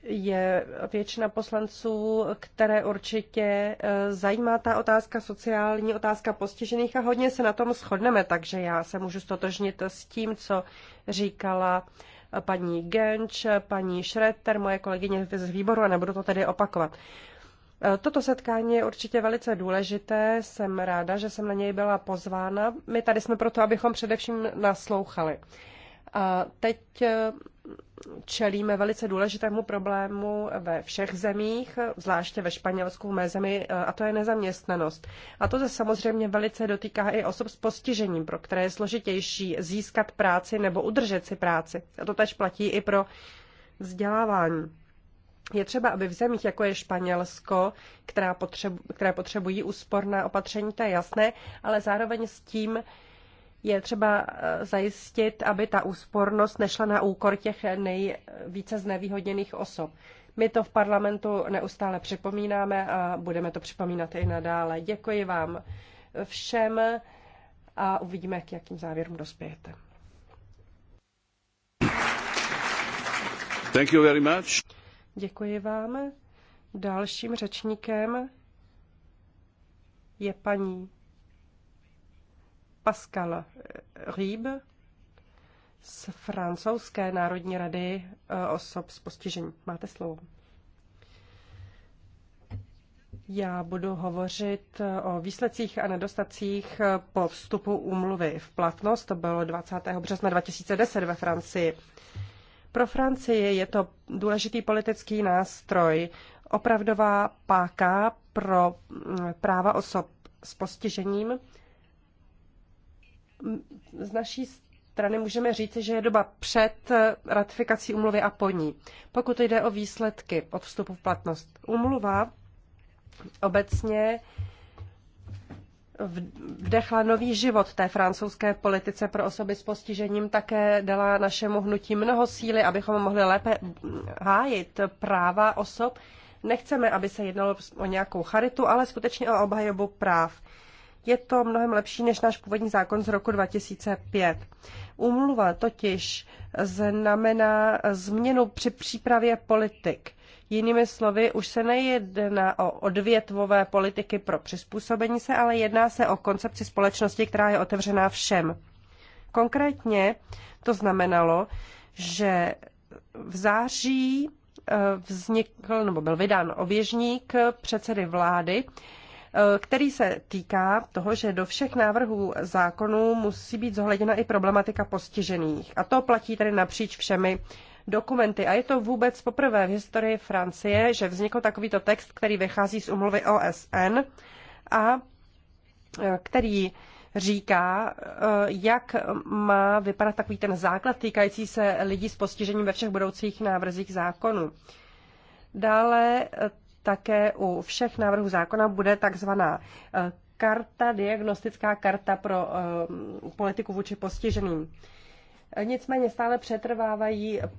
je většina poslanců, které určitě e, zajímá ta otázka sociální, otázka postižených a hodně se na tom shodneme, takže já se můžu stotožnit s tím, co říkala paní Genč, paní Šreter, moje kolegyně z výboru a nebudu to tedy opakovat. Toto setkání je určitě velice důležité, jsem ráda, že jsem na něj byla pozvána. My tady jsme proto, abychom především naslouchali. A teď eh, čelíme velice důležitému problému ve všech zemích, zvláště ve Španělsku, v mé zemi, eh, a to je nezaměstnanost. A to se samozřejmě velice dotýká i osob s postižením, pro které je složitější získat práci nebo udržet si práci. A to tež platí i pro vzdělávání. Je třeba, aby v zemích, jako je Španělsko, která potřebu, které potřebují úsporná opatření, to je jasné, ale zároveň s tím je třeba eh, zajistit, aby ta úspornost nešla na úkor těch nejvíce znevýhodněných osob. My to v parlamentu neustále připomínáme a budeme to připomínat i nadále. Děkuji vám všem a uvidíme, k jakým závěrům dospějete. Thank you very much. Děkuji vám. Dalším řečníkem je paní Pascal Rieb z Francouzské národní rady eh, osob s postižením. Máte slovo. Já budu hovořit eh, o výsledcích a nedostacích eh, po vstupu úmluvy v platnost. To bylo 20. března 2010 ve Francii. Pro Francii je to důležitý politický nástroj, opravdová páka pro mm, práva osob s postižením. Z naší strany můžeme říci, že je doba před eh, ratifikací umluvy a po ní. Pokud jde o výsledky od vstupu v platnost, umluva obecně vdechla nový život té francouzské politice pro osoby s postižením, také dala našemu hnutí mnoho síly, abychom mohli lépe hájit práva osob. Nechceme, aby se jednalo o nějakou charitu, ale skutečně o obhajobu práv. Je to mnohem lepší než náš původní zákon z roku 2005. Úmluva totiž znamená změnu při přípravě politik. Jinými slovy, už se nejedná o odvětvové politiky pro přizpůsobení se, ale jedná se o koncepci společnosti, která je otevřená všem. Konkrétně to znamenalo, že v září eh, vznikl nebo byl vydán ověžník předsedy vlády, eh, který se týká toho, že do všech návrhů zákonů musí být zohledněna i problematika postižených. A to platí tedy napříč všemi dokumenty. A je to vůbec poprvé v historii Francie, že vznikl takovýto text, který vychází z umluvy OSN a e, který říká, e, jak má vypadat takový ten základ týkající se lidí s postižením ve všech budoucích návrzích zákonů. Dále e, také u všech návrhů zákona bude takzvaná karta, diagnostická karta pro politiku vůči postiženým. Nicméně stále přetrvávají eh,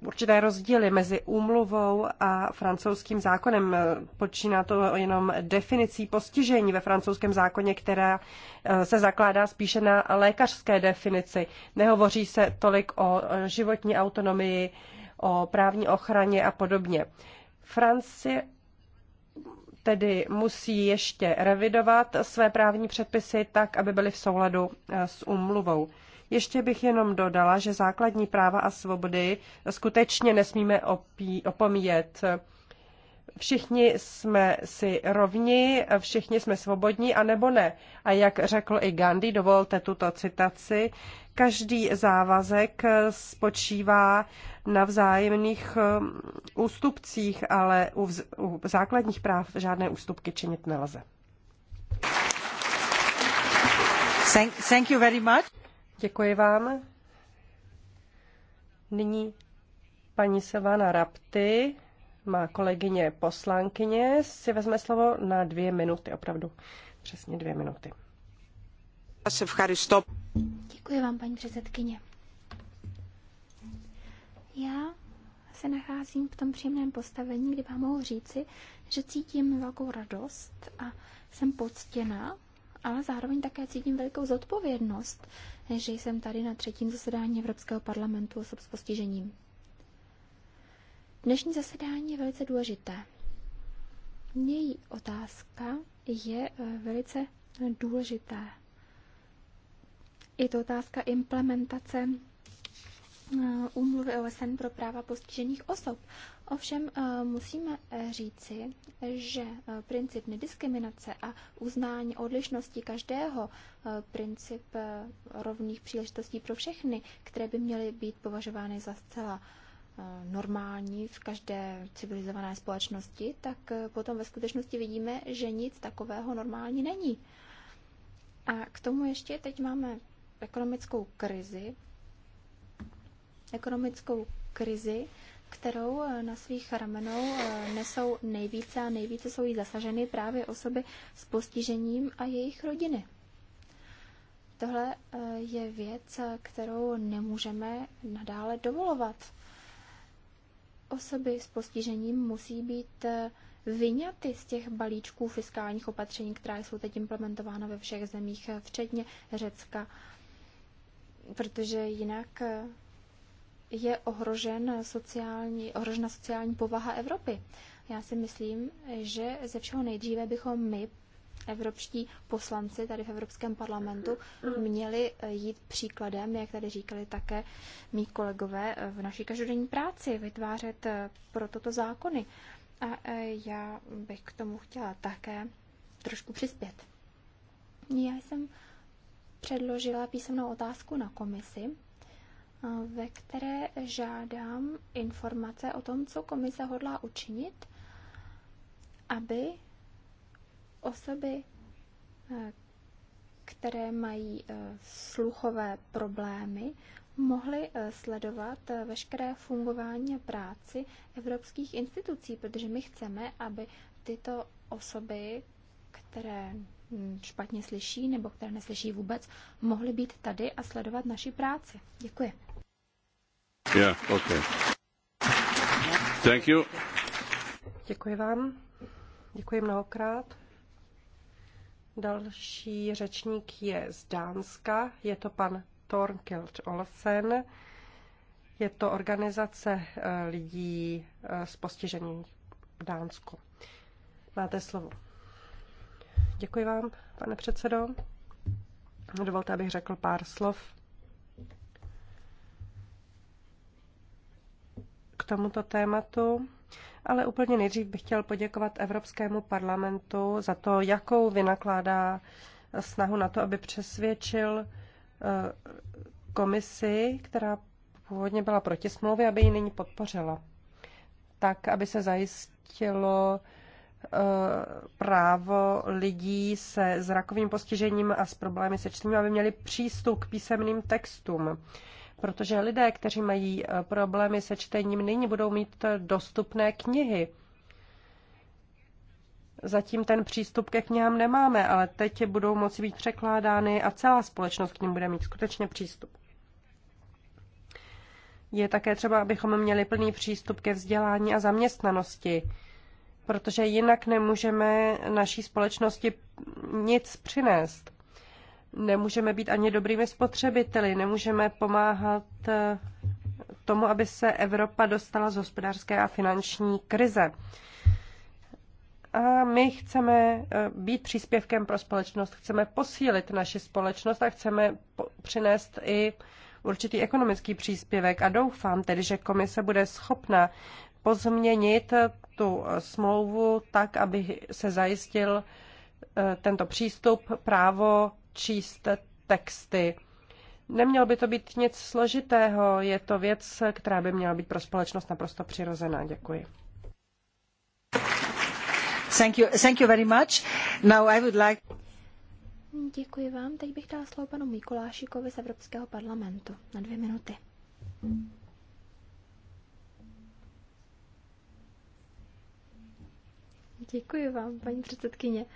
určité rozdíly mezi úmluvou a francouzským zákonem. Počíná to jenom definicí postižení ve francouzském zákoně, která eh, se zakládá spíše na lékařské definici. Nehovoří se tolik o eh, životní autonomii, o právní ochraně a podobně. Francie tedy musí ještě revidovat své právní předpisy tak, aby byly v souladu s úmluvou. Ještě bych jenom dodala, že základní práva a svobody skutečně nesmíme opí, opomíjet. Všichni jsme si rovni, všichni jsme svobodní, a nebo ne. A jak řekl i Gandhi, dovolte tuto citaci, každý závazek spočívá na vzájemných um, ústupcích, ale u, vz, u základních práv žádné ústupky činit nelze. Thank, thank you very much. Děkuji vám. Nyní paní Silvana Rapty, má kolegyně poslankyně, si vezme slovo na dvě minuty, opravdu přesně dvě minuty. Děkuji vám, paní předsedkyně. Já se nacházím v tom příjemném postavení, kdy vám mohu říci, že cítím velkou radost a jsem poctěna ale zároveň také cítím velikou zodpovědnost, že jsem tady na třetím zasedání Evropského parlamentu osob s postižením. Dnešní zasedání je velice důležité. Její otázka je eh, velice důležitá. Je to otázka implementace eh, úmluvy OSN pro práva postižených osob. Ovšem eh, musíme eh, říci, že eh, princip nediskriminace a uznání odlišnosti každého, princip rovných příležitostí pro všechny, které by měly být považovány za zcela normální v každé civilizované společnosti, tak potom ve skutečnosti vidíme, že nic takového normální není. A k tomu ještě teď máme ekonomickou krizi. Ekonomickou krizi, kterou eh, na svých ramenou eh, nesou nejvíce a nejvíce jsou jí zasaženy právě osoby s postižením a jejich rodiny. Tohle eh, je věc, kterou nemůžeme nadále dovolovat. Osoby s postižením musí být vyňaty z těch balíčků fiskálních opatření, která jsou teď implementována ve všech zemích, včetně Řecka, protože jinak je ohrožen sociální, ohrožena sociální povaha Evropy. Já si myslím, že ze všeho nejdříve bychom my, evropští poslanci tady v Evropském parlamentu, měli eh, jít příkladem, jak tady říkali také mý kolegové, eh, v naší každodenní práci, vytvářet eh, pro toto zákony. A já bych k tomu chtěla také trošku přispět. Já jsem předložila písemnou otázku na komisi ve které žádám informace o tom, co komise hodlá učinit, aby osoby, eh, které mají eh, sluchové problémy, mohly eh, sledovat veškeré fungování a práci evropských institucí, protože my chceme, aby tyto osoby, které Hm, špatně slyší nebo které neslyší vůbec, mohli být tady a sledovat naši práci. Děkuji. Yeah, okay. Thank you. Děkuji vám. Děkuji mnohokrát. Další řečník je z Dánska, je to pan Thornkild Olsen. Je to organizace eh, lidí eh, s postižením v Dánsku. Máte slovo. Děkuji vám, pane předsedo. Dovolte, abych řekl pár slov k tomuto tématu, ale úplně nejdřív bych chtěl poděkovat Evropskému parlamentu za to, jakou vynakládá snahu na to, aby přesvědčil eh, komisi, která původně byla proti smlouvě, aby ji nyní podpořila. Tak, aby se zajistilo Eh, právo lidí se zrakovým postižením a s problémy se čtením, aby měli přístup k písemným textům. Protože lidé, kteří mají eh, problémy se čtením, nyní budou mít dostupné knihy. Zatím ten přístup ke knihám nemáme, ale teď budou moci být překládány a celá společnost k ním bude mít skutečně přístup. Je také třeba, abychom měli plný přístup ke vzdělání a zaměstnanosti protože jinak nemůžeme naší společnosti nic přinést. Nemůžeme být ani dobrými spotřebiteli, nemůžeme pomáhat eh, tomu, aby se Evropa dostala z hospodářské a finanční krize. A my chceme eh, být příspěvkem pro společnost, chceme posílit naši společnost a chceme přinést i určitý ekonomický příspěvek. A doufám tedy, že komise bude schopna pozměnit eh, tu eh, smlouvu tak, aby se zajistil eh, tento přístup, právo číst texty. Nemělo by to být nic složitého, je to věc, která by měla být pro společnost naprosto přirozená. Děkuji. Thank you, thank you very much. Now I would like... Děkuji vám. Teď bych dala slovo panu Mikulášikovi z Evropského parlamentu na dvě minuty. Mm. Děkuji vám, paní předsedkyně.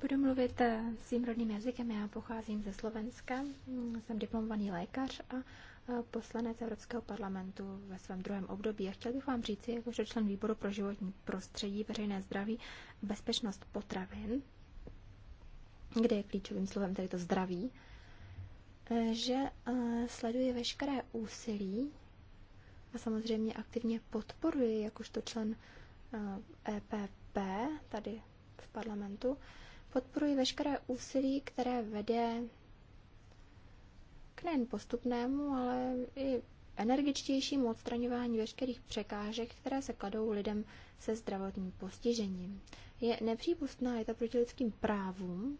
Budu mluvit tím eh, rodným jazykem. Já pocházím ze Slovenska, jsem diplomovaný lékař a eh, poslanec Evropského parlamentu ve svém druhém období. A chtěl bych vám říci, jako člen výboru pro životní prostředí, veřejné zdraví, bezpečnost potravin, kde je klíčovým slovem tedy to zdraví, eh, že sleduje veškeré úsilí a samozřejmě aktivně podporuji jakožto člen EPP eh, e tady v parlamentu, podporuji veškeré úsilí, které vede k nejen postupnému, ale i energičtějšímu odstraňování veškerých překážek, které se kladou lidem se zdravotním postižením. Je nepřípustná, je to proti lidským právům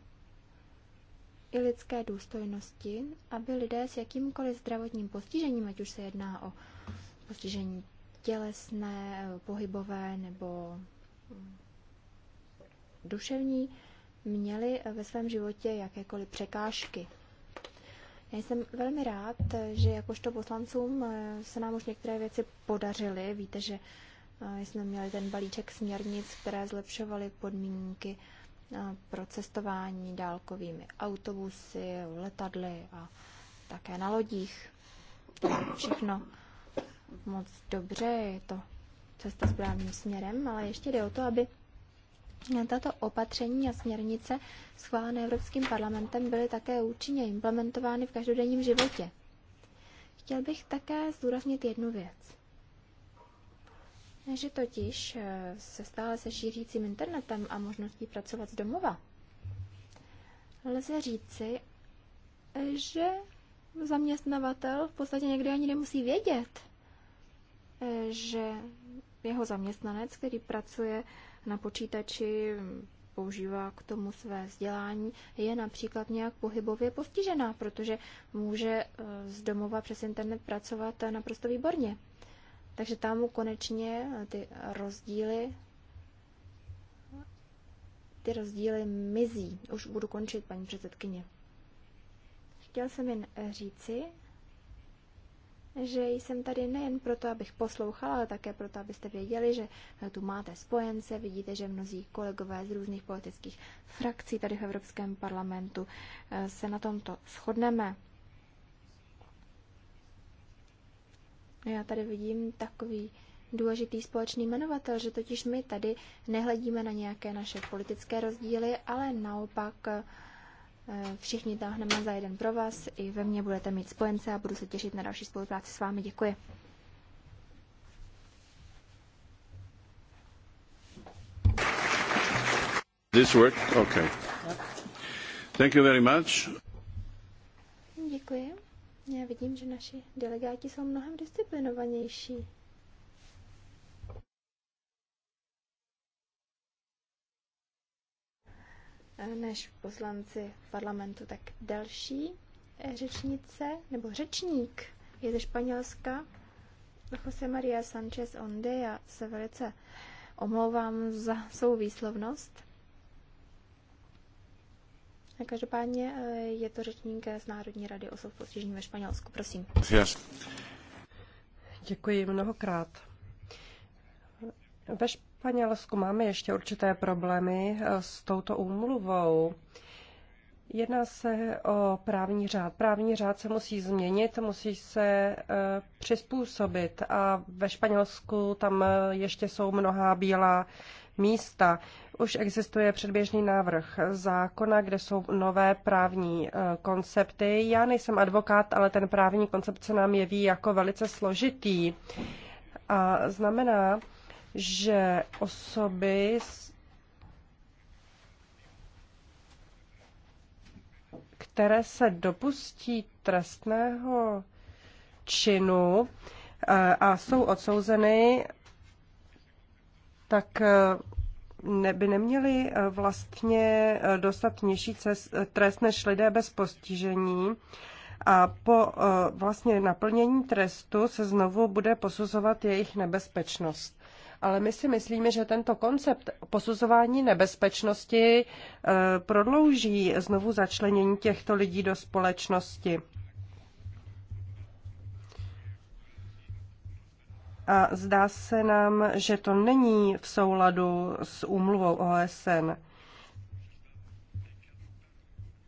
i lidské důstojnosti, aby lidé s jakýmkoliv zdravotním postižením, ať už se jedná o postižení tělesné, pohybové nebo duševní, měli ve svém životě jakékoliv překážky. Já jsem velmi rád, že jakožto poslancům eh, se nám už některé věci podařily. Víte, že eh, jsme měli ten balíček směrnic, které zlepšovaly podmínky eh, pro cestování dálkovými autobusy, letadly a také na lodích. všechno moc dobře, je to cesta správným směrem, ale ještě jde o to, aby tato opatření a směrnice schválené Evropským parlamentem byly také účinně implementovány v každodenním životě. Chtěl bych také zdůraznit jednu věc. Že totiž eh, se stále se šířícím internetem a možností pracovat z domova, lze říci, že zaměstnavatel v podstatě někdy ani nemusí vědět, že jeho zaměstnanec, který pracuje na počítači, používá k tomu své vzdělání, je například nějak pohybově postižená, protože může eh, z domova přes internet pracovat naprosto výborně. Takže tam konečně eh, ty rozdíly ty rozdíly mizí. Už budu končit, paní předsedkyně. Chtěl jsem jen eh, říci, že jsem tady nejen proto, abych poslouchala, ale také proto, abyste věděli, že eh, tu máte spojence. Vidíte, že mnozí kolegové z různých politických frakcí tady v Evropském parlamentu eh, se na tomto shodneme. Já tady vidím takový důležitý společný jmenovatel, že totiž my tady nehledíme na nějaké naše politické rozdíly, ale naopak eh, Eh, všichni táhneme za jeden pro vás, i ve mně budete mít spojence a budu se těšit na další spolupráci s vámi. Děkuji. This work? Okay. Thank you very much. Děkuji. Já vidím, že naši delegáti jsou mnohem disciplinovanější. než poslanci parlamentu, tak další eh, řečnice nebo řečník je ze Španělska. Jose Maria Sanchez Onde, já se velice omlouvám za svou výslovnost. A každopádně eh, je to řečník z Národní rady osob postižení ve Španělsku. Prosím. Yes. Děkuji mnohokrát. Ve Španělsku máme ještě určité problémy eh, s touto úmluvou. Jedná se o právní řád. Právní řád se musí změnit, musí se eh, přizpůsobit a ve Španělsku tam eh, ještě jsou mnohá bílá místa. Už existuje předběžný návrh zákona, kde jsou nové právní koncepty. Já nejsem advokát, ale ten právní koncept se nám jeví jako velice složitý. A znamená, že osoby, které se dopustí trestného činu eh, a jsou odsouzeny, tak eh, by neměli eh, vlastně dostat nižší trest než lidé bez postižení. A po vlastně naplnění trestu se znovu bude posuzovat jejich nebezpečnost ale my si myslíme, že tento koncept posuzování nebezpečnosti eh, prodlouží znovu začlenění těchto lidí do společnosti. A zdá se nám, že to není v souladu s úmluvou OSN.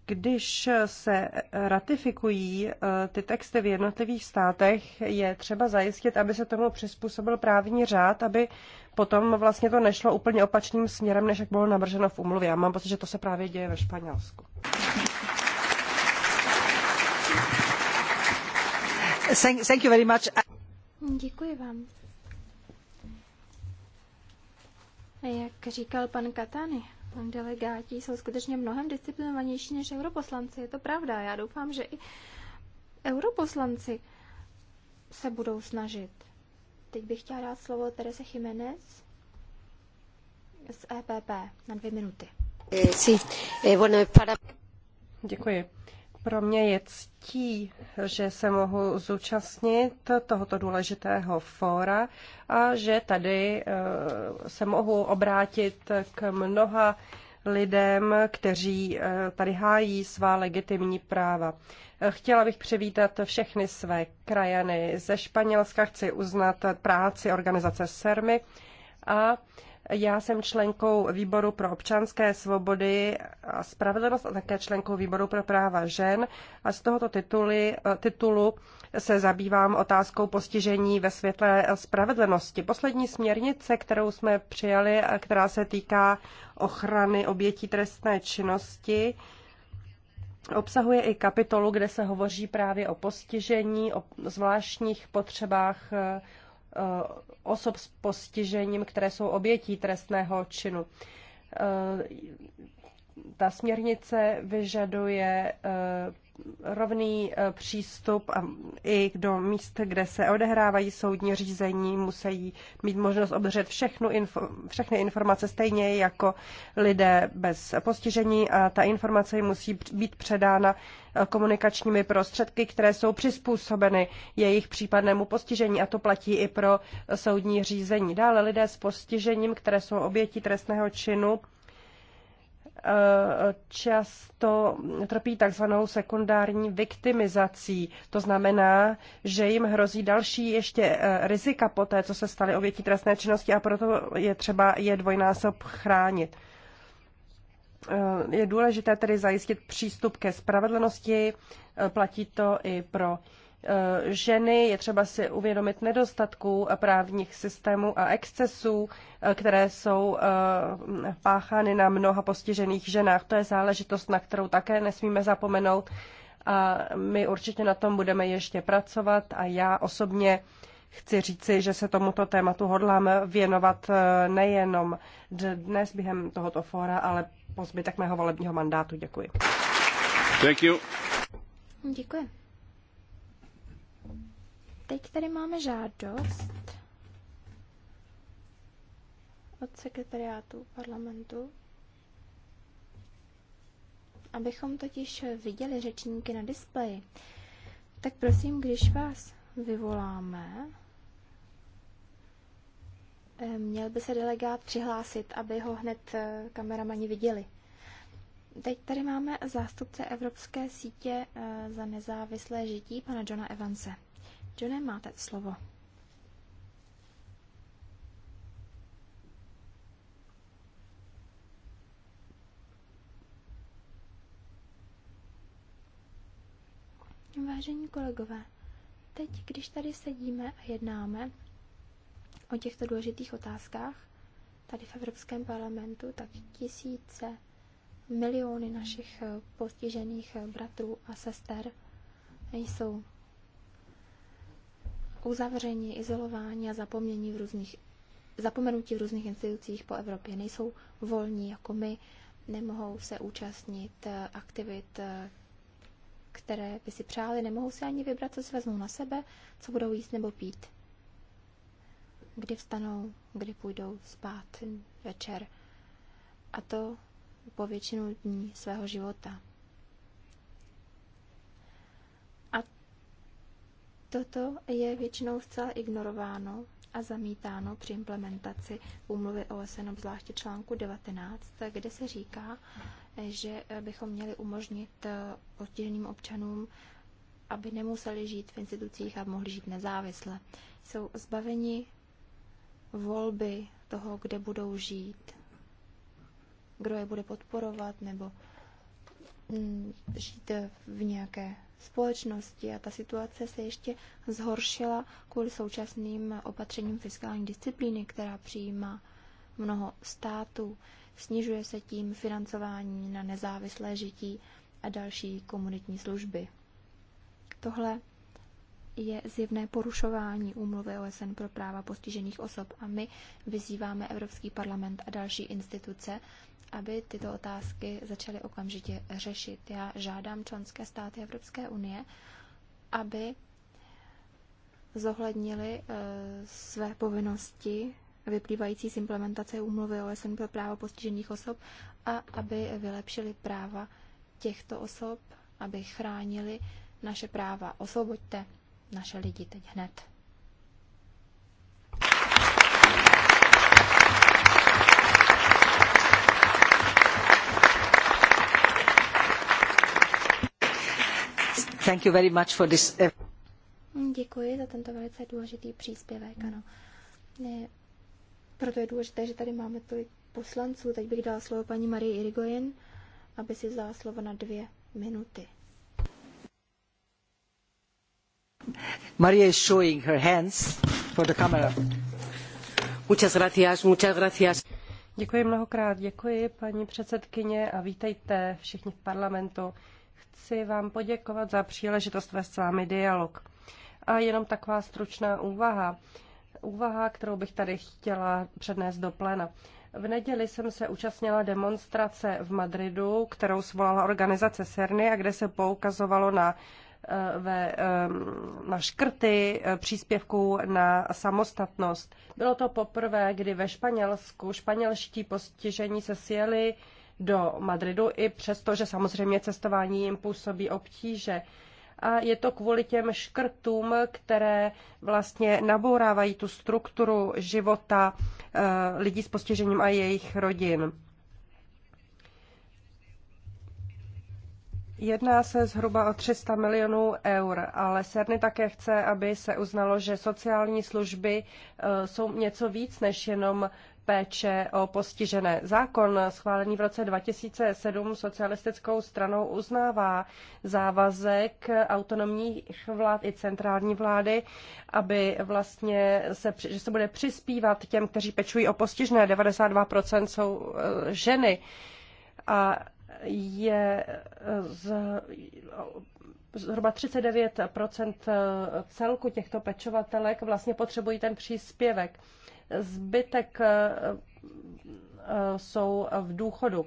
Když se ratifikují eh, ty texty v jednotlivých státech, je třeba zajistit, aby se tomu přizpůsobil právní řád, aby potom vlastně to nešlo úplně opačným směrem, než jak bylo navrženo v umluvě. Já mám pocit, že to se právě děje ve Španělsku. Thank, you very much. Děkuji vám. Jak říkal pan Katany, delegáti jsou skutečně mnohem disciplinovanější než europoslanci. Je to pravda. Já doufám, že i europoslanci se budou snažit. Teď bych chtěla dát slovo Terese Jiménez z EPP na dvě minuty. Eh, Děkuji. Pro mě je ctí, že se mohu zúčastnit tohoto důležitého fóra a že tady eh, se mohu obrátit k mnoha lidem, kteří eh, tady hájí svá legitimní práva. Chtěla bych přivítat všechny své krajany ze Španělska, chci uznat práci organizace SERMI a já jsem členkou výboru pro občanské svobody a spravedlnost a také členkou výboru pro práva žen a z tohoto tituly, titulu se zabývám otázkou postižení ve světle spravedlnosti. Poslední směrnice, kterou jsme přijali, která se týká ochrany obětí trestné činnosti, obsahuje i kapitolu, kde se hovoří právě o postižení, o zvláštních potřebách Eh, osob s postižením, které jsou obětí trestného činu. Eh, ta směrnice vyžaduje eh, rovný eh, přístup a i do míst, kde se odehrávají soudní řízení, musí mít možnost obdržet všechnu info, všechny informace stejně jako lidé bez postižení a ta informace musí být předána eh, komunikačními prostředky, které jsou přizpůsobeny jejich případnému postižení a to platí i pro soudní řízení. Dále lidé s postižením, které jsou obětí trestného činu, často trpí takzvanou sekundární viktimizací. To znamená, že jim hrozí další ještě eh, rizika po té, co se staly obětí trestné činnosti a proto je třeba je dvojnásob chránit. Eh, je důležité tedy zajistit přístup ke spravedlnosti, eh, platí to i pro Eh, ženy, je třeba si uvědomit nedostatků právních systémů a excesů, eh, které jsou eh, páchány na mnoha postižených ženách. To je záležitost, na kterou také nesmíme zapomenout a my určitě na tom budeme ještě pracovat a já osobně chci říci, že se tomuto tématu hodlám věnovat nejenom dnes během tohoto fóra, ale po zbytek mého volebního mandátu. Děkuji. Thank you. Děkuji. Teď tady máme žádost od sekretariátu parlamentu, abychom totiž viděli řečníky na displeji. Tak prosím, když vás vyvoláme, eh, měl by se delegát přihlásit, aby ho hned eh, kameramani viděli. Teď tady máme zástupce Evropské sítě eh, za nezávislé žití, pana Johna Evanse. Johne, máte slovo. Vážení kolegové, teď, když tady sedíme a jednáme o těchto důležitých otázkách, tady v Evropském parlamentu, tak tisíce, miliony našich postižených bratrů a sester jsou uzavření, izolování a zapomnění v různých, zapomenutí v různých institucích po Evropě. Nejsou volní jako my, nemohou se účastnit eh, aktivit, eh, které by si přáli, nemohou si ani vybrat, co si vezmou na sebe, co budou jíst nebo pít. Kdy vstanou, kdy půjdou spát večer. A to po většinu dní svého života. Toto je většinou zcela ignorováno a zamítáno při implementaci úmluvy OSN, obzvláště článku 19, kde se říká, že bychom měli umožnit postiženým eh, občanům, aby nemuseli žít v institucích a mohli žít nezávisle. Jsou zbaveni volby toho, kde budou žít, kdo je bude podporovat nebo Mm, žít v nějaké společnosti a ta situace se ještě zhoršila kvůli současným opatřením fiskální disciplíny, která přijímá mnoho států. Snižuje se tím financování na nezávislé žití a další komunitní služby. Tohle je zjevné porušování úmluvy OSN pro práva postižených osob a my vyzýváme Evropský parlament a další instituce, aby tyto otázky začaly okamžitě řešit. Já žádám členské státy Evropské unie, aby zohlednili eh, své povinnosti vyplývající z implementace úmluvy OSN pro právo postižených osob a aby vylepšili práva těchto osob, aby chránili naše práva. Osvoboďte naše lidi teď hned. Uh, děkuji za tento velice důležitý příspěvek. Ano. proto je důležité, že tady máme tolik poslanců. Teď bych dala slovo paní Marii Irigoyen, aby si vzala slovo na dvě minuty. Marie, is showing her hands for the camera. Muchas gracias, muchas gracias. Děkuji mnohokrát, děkuji paní předsedkyně a vítejte všichni v parlamentu. Chci vám poděkovat za příležitost vést s vámi dialog. A jenom taková stručná úvaha. Úvaha, kterou bych tady chtěla přednést do plena. V neděli jsem se účastnila demonstrace v Madridu, kterou svolala organizace Serny a kde se poukazovalo na, eh, ve, eh, na škrty eh, příspěvků na samostatnost. Bylo to poprvé, kdy ve Španělsku španělští postižení se sjeli do Madridu, i přesto, že samozřejmě cestování jim působí obtíže. A je to kvůli těm škrtům, které vlastně nabourávají tu strukturu života eh, lidí s postižením a jejich rodin. Jedná se zhruba o 300 milionů eur, ale Serny také chce, aby se uznalo, že sociální služby eh, jsou něco víc než jenom péče o postižené. Zákon schválený v roce 2007 socialistickou stranou uznává závazek autonomních vlád i centrální vlády, aby vlastně se, že se bude přispívat těm, kteří pečují o postižené. 92% jsou eh, ženy. A je z, zhruba 39 eh, celku těchto pečovatelek vlastně potřebují ten příspěvek zbytek eh, eh, jsou v důchodu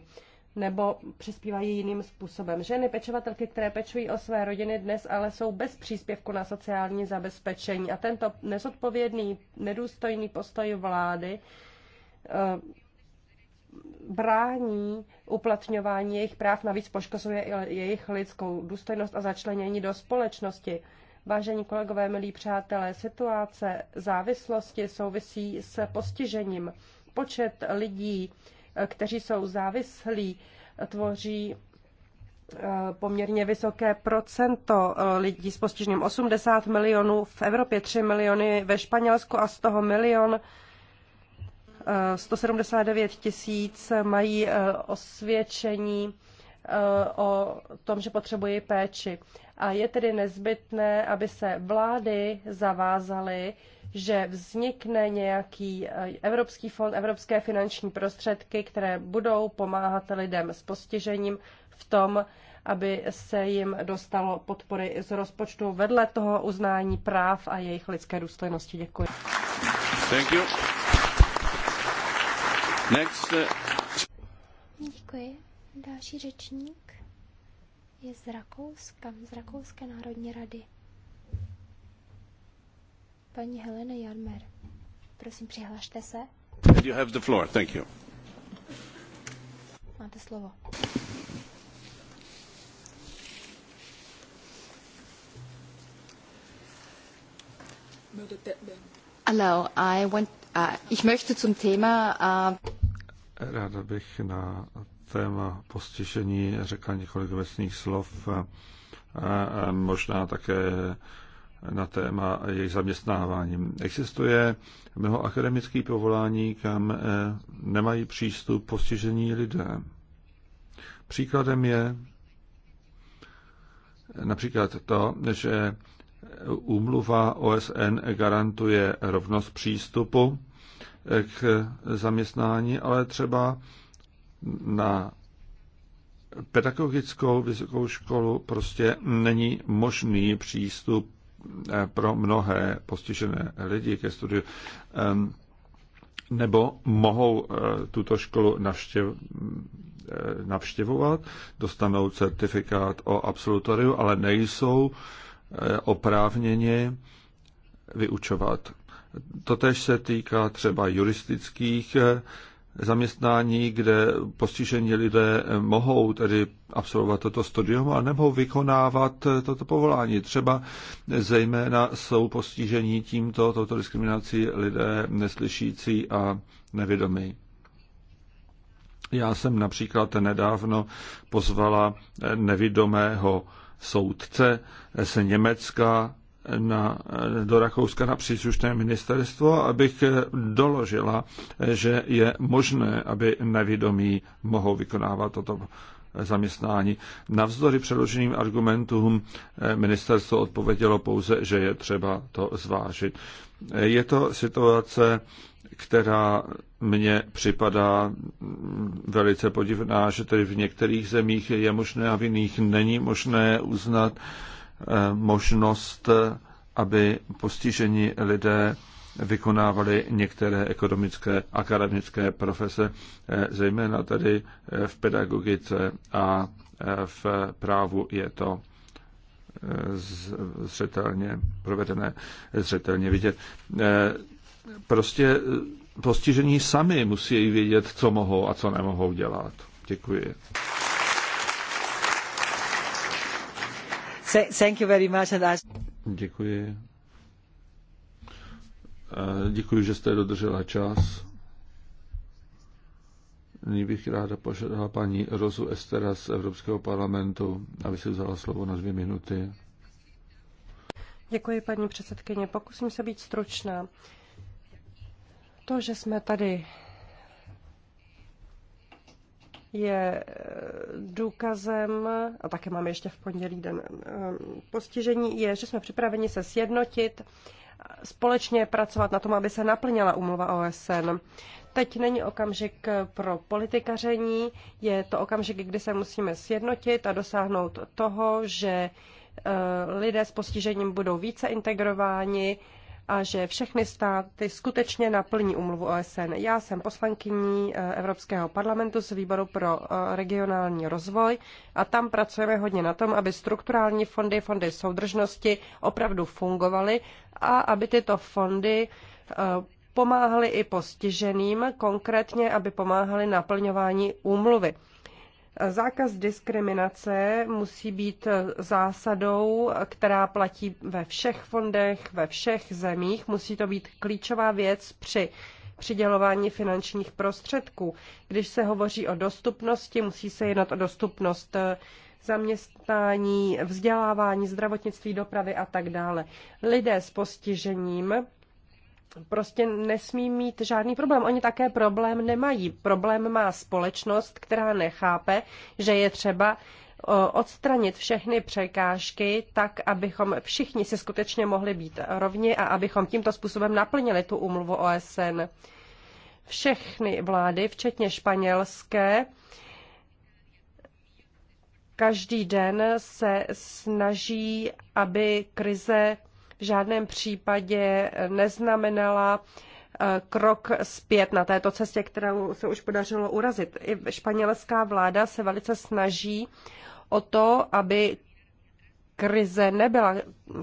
nebo přispívají jiným způsobem. Ženy pečovatelky, které pečují o své rodiny dnes, ale jsou bez příspěvku na sociální zabezpečení. A tento nezodpovědný, nedůstojný postoj vlády eh, brání uplatňování jejich práv, navíc poškozuje jejich lidskou důstojnost a začlenění do společnosti. Vážení kolegové, milí přátelé, situace závislosti souvisí s postižením. Počet lidí, kteří jsou závislí, tvoří eh, poměrně vysoké procento lidí s postižením. 80 milionů v Evropě, 3 miliony ve Španělsku a z toho milion 179 eh, tisíc mají eh, osvědčení o tom, že potřebují péči a je tedy nezbytné, aby se vlády zavázaly, že vznikne nějaký eh, Evropský fond, evropské finanční prostředky, které budou pomáhat lidem s postižením v tom, aby se jim dostalo podpory z rozpočtu vedle toho uznání práv a jejich lidské důstojnosti. Děkuji. Thank you. Next. Eh, Děkuji. Další řečník je z Rakouska, z Rakouské národní rady. Paní Helena Jarmer, prosím, přihlašte se. you have the floor. Thank you. Máte slovo. Hello, I want, uh, ich möchte zum Thema... Uh... Ráda bych na téma postižení řekla několik věcných slov a, a možná také na téma jejich zaměstnávání. Existuje mnoho akademických povolání, kam e, nemají přístup postižení lidé. Příkladem je například to, že úmluva OSN garantuje rovnost přístupu k zaměstnání, ale třeba na pedagogickou vysokou školu prostě není možný přístup eh, pro mnohé postižené lidi ke studiu. Ehm, nebo mohou eh, tuto školu eh, navštěvovat, dostanou certifikát o absolutoriu, ale nejsou oprávněni vyučovat. Totež se týká třeba juristických zaměstnání, kde postižení lidé mohou tedy absolvovat toto studium a nemohou vykonávat toto povolání. Třeba zejména jsou postižení tímto, touto diskriminací lidé neslyšící a nevědomí. Já jsem například nedávno pozvala nevidomého soudce z Německa na, do Rakouska na příslušné ministerstvo, abych doložila, že je možné, aby nevědomí mohou vykonávat toto zaměstnání. Navzdory předloženým argumentům eh, ministerstvo odpovědělo pouze, že je třeba to zvážit. Eh, je to situace, která mně připadá mm, velice podivná, že tedy v některých zemích je možné a v jiných není možné uznat Eh, možnost, eh, aby postižení lidé vykonávali některé ekonomické akademické profese, eh, zejména tady v pedagogice a v právu je to zřetelně provedené, zřetelně vidět. Prostě postižení sami musí vědět, co mohou a co nemohou dělat. Děkuji. Děkuji. Děkuji, že jste dodržela čas. Nyní bych ráda požádala paní Rozu Estera z Evropského parlamentu, aby si vzala slovo na dvě minuty. Děkuji, paní předsedkyně. Pokusím se být stručná. To, že jsme tady je eh, důkazem, a také máme ještě v pondělí den eh, postižení, je, že jsme připraveni se sjednotit, společně pracovat na tom, aby se naplněla umluva OSN. Teď není okamžik pro politikaření, je to okamžik, kdy se musíme sjednotit a dosáhnout toho, že eh, lidé s postižením budou více integrováni, a že všechny státy skutečně naplní umluvu OSN. Já jsem poslankyní eh, Evropského parlamentu z výboru pro eh, regionální rozvoj a tam pracujeme hodně na tom, aby strukturální fondy, fondy soudržnosti opravdu fungovaly a aby tyto fondy eh, pomáhaly i postiženým, konkrétně aby pomáhaly naplňování úmluvy. Zákaz diskriminace musí být zásadou, která platí ve všech fondech, ve všech zemích. Musí to být klíčová věc při přidělování finančních prostředků. Když se hovoří o dostupnosti, musí se jednat o dostupnost eh, zaměstnání, vzdělávání, zdravotnictví, dopravy a tak dále. Lidé s postižením prostě nesmí mít žádný problém. Oni také problém nemají. Problém má společnost, která nechápe, že je třeba odstranit všechny překážky tak, abychom všichni si skutečně mohli být rovni a abychom tímto způsobem naplnili tu umluvu OSN. Všechny vlády, včetně španělské, každý den se snaží, aby krize v žádném případě neznamenala eh, krok zpět na této cestě, kterou se už podařilo urazit. I španělská vláda se velice snaží o to, aby krize nebyla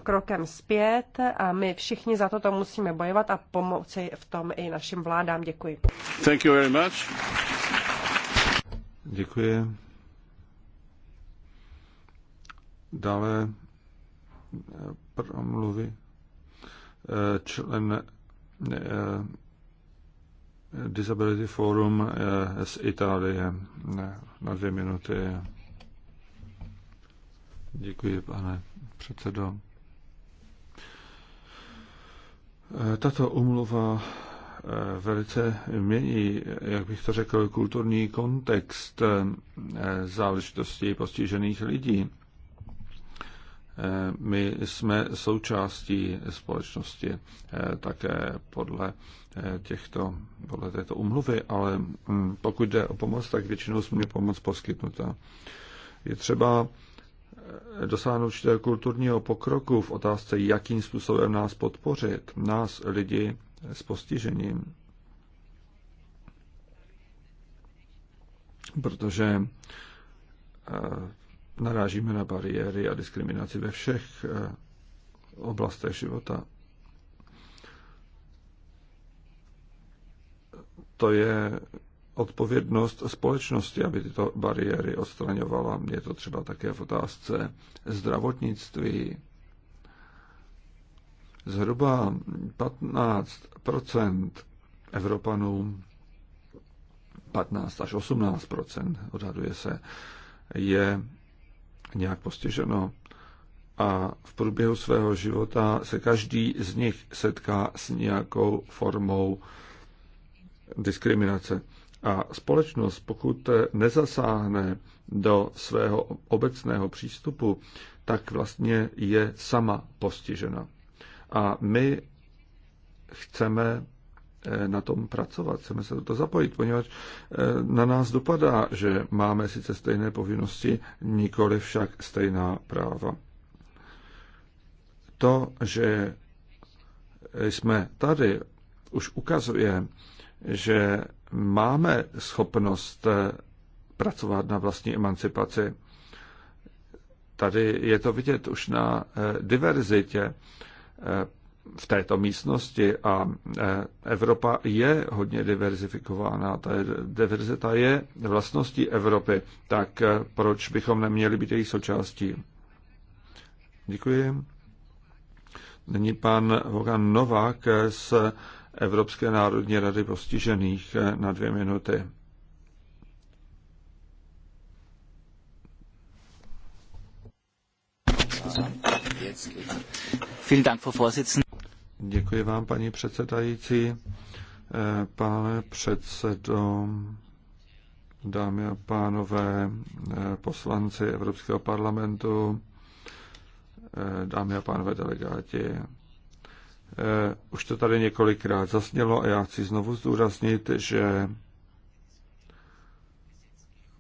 krokem zpět a my všichni za toto musíme bojovat a pomoci v tom i našim vládám. Děkuji. Thank you very much. Děkuji. Dále promluvy eh, člen eh, Disability Forum eh, z Itálie na dvě minuty. Děkuji, pane předsedo. Tato umluva velice mění, jak bych to řekl, kulturní kontext záležitostí postižených lidí. Eh, my jsme součástí společnosti eh, také podle, eh, těchto, podle této umluvy, ale mm, pokud jde o pomoc, tak většinou jsme pomoc poskytnuta. Je třeba dosáhnout určitého kulturního pokroku v otázce, jakým způsobem nás podpořit, nás lidi s postižením. Protože narážíme na bariéry a diskriminaci ve všech eh, oblastech života. To je odpovědnost společnosti, aby tyto bariéry odstraňovala. Je to třeba také v otázce zdravotnictví. Zhruba 15 Evropanů, 15 až 18 odhaduje se, je nějak postiženo a v průběhu svého života se každý z nich setká s nějakou formou diskriminace. A společnost, pokud nezasáhne do svého obecného přístupu, tak vlastně je sama postižena. A my chceme Eh, na tom pracovat, chceme se do toho zapojit, poněvadž eh, na nás dopadá, že máme sice stejné povinnosti, nikoli však stejná práva. To, že eh, jsme tady, už ukazuje, že máme schopnost pracovat na vlastní emancipaci. Tady je to vidět už na diverzitě v této místnosti a e, Evropa je hodně diverzifikována. Ta diverzita je vlastností Evropy, tak e, proč bychom neměli být její součástí? Děkuji. Není pan Hogan Novák z Evropské národní rady postižených e, na dvě minuty. Vielen Dank, Frau Vorsitzende. Děkuji vám, paní předsedající. Eh, pane předsedo, dámy a pánové, eh, poslanci Evropského parlamentu, eh, dámy a pánové delegáti. Už to tady několikrát zasnělo a já chci znovu zdůraznit, že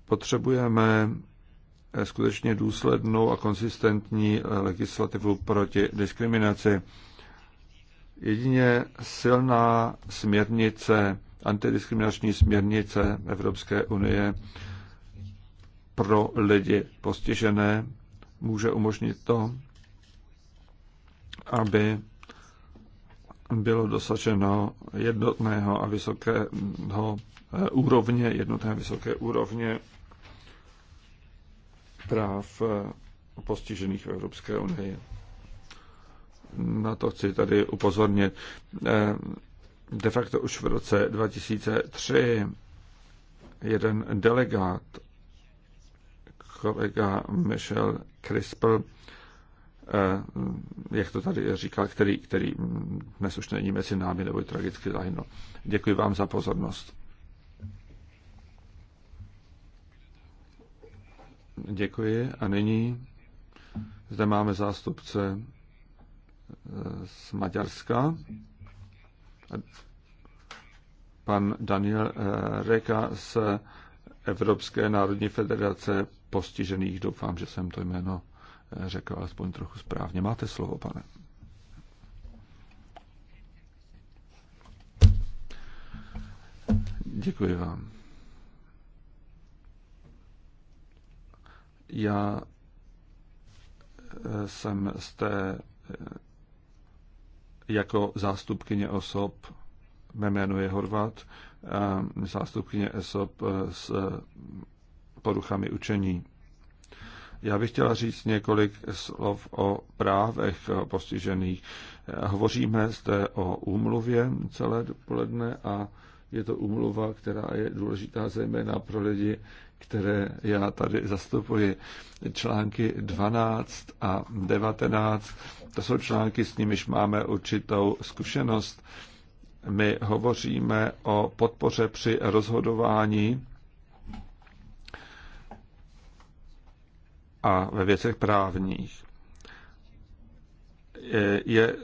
potřebujeme skutečně důslednou a konsistentní legislativu proti diskriminaci. Jedině silná směrnice, antidiskriminační směrnice Evropské unie pro lidi postižené může umožnit to, aby bylo dosaženo jednotného a vysokého úrovně, jednotné vysoké úrovně práv postižených v Evropské unii na to chci tady upozornit. Eh, de facto už v roce 2003 jeden delegát, kolega Michel Crispel, eh, jak to tady říkal, který, který dnes už není mezi námi, nebo tragicky zahynul. Děkuji vám za pozornost. Děkuji a nyní zde máme zástupce z Maďarska. Pan Daniel eh, Reka z Evropské národní federace postižených. Doufám, že jsem to jméno eh, řekl alespoň trochu správně. Máte slovo, pane. Děkuji vám. Já eh, jsem z té jako zástupkyně osob, mé jméno je Horvat, zástupkyně osob e, s e, poruchami učení. Já bych chtěla říct několik slov o právech e, postižených. Hovoříme zde o úmluvě celé dopoledne a je to úmluva, která je důležitá zejména pro lidi, které já tady zastupuji. Články 12 a 19 to jsou články, s nimiž máme určitou zkušenost. My hovoříme o podpoře při rozhodování a ve věcech právních. Je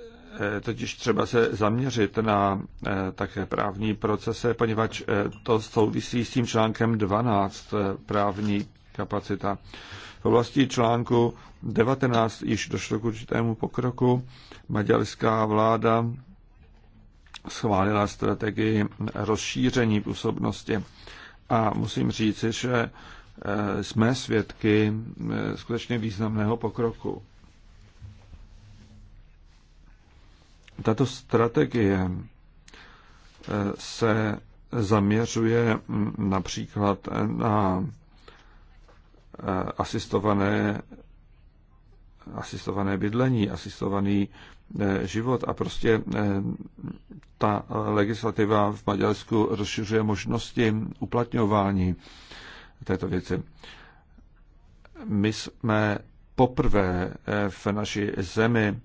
totiž třeba se zaměřit na eh, také právní procese, poněvadž eh, to souvisí s tím článkem 12 eh, právní kapacita. V oblasti článku 19 již došlo k určitému pokroku. Maďarská vláda schválila strategii rozšíření působnosti. A musím říci, že e, jsme svědky e, skutečně významného pokroku. Tato strategie e, se zaměřuje například na asistované asistované bydlení, asistovaný eh, život a prostě eh, ta legislativa v Maďarsku rozšiřuje možnosti uplatňování této věci. My jsme poprvé eh, v naší zemi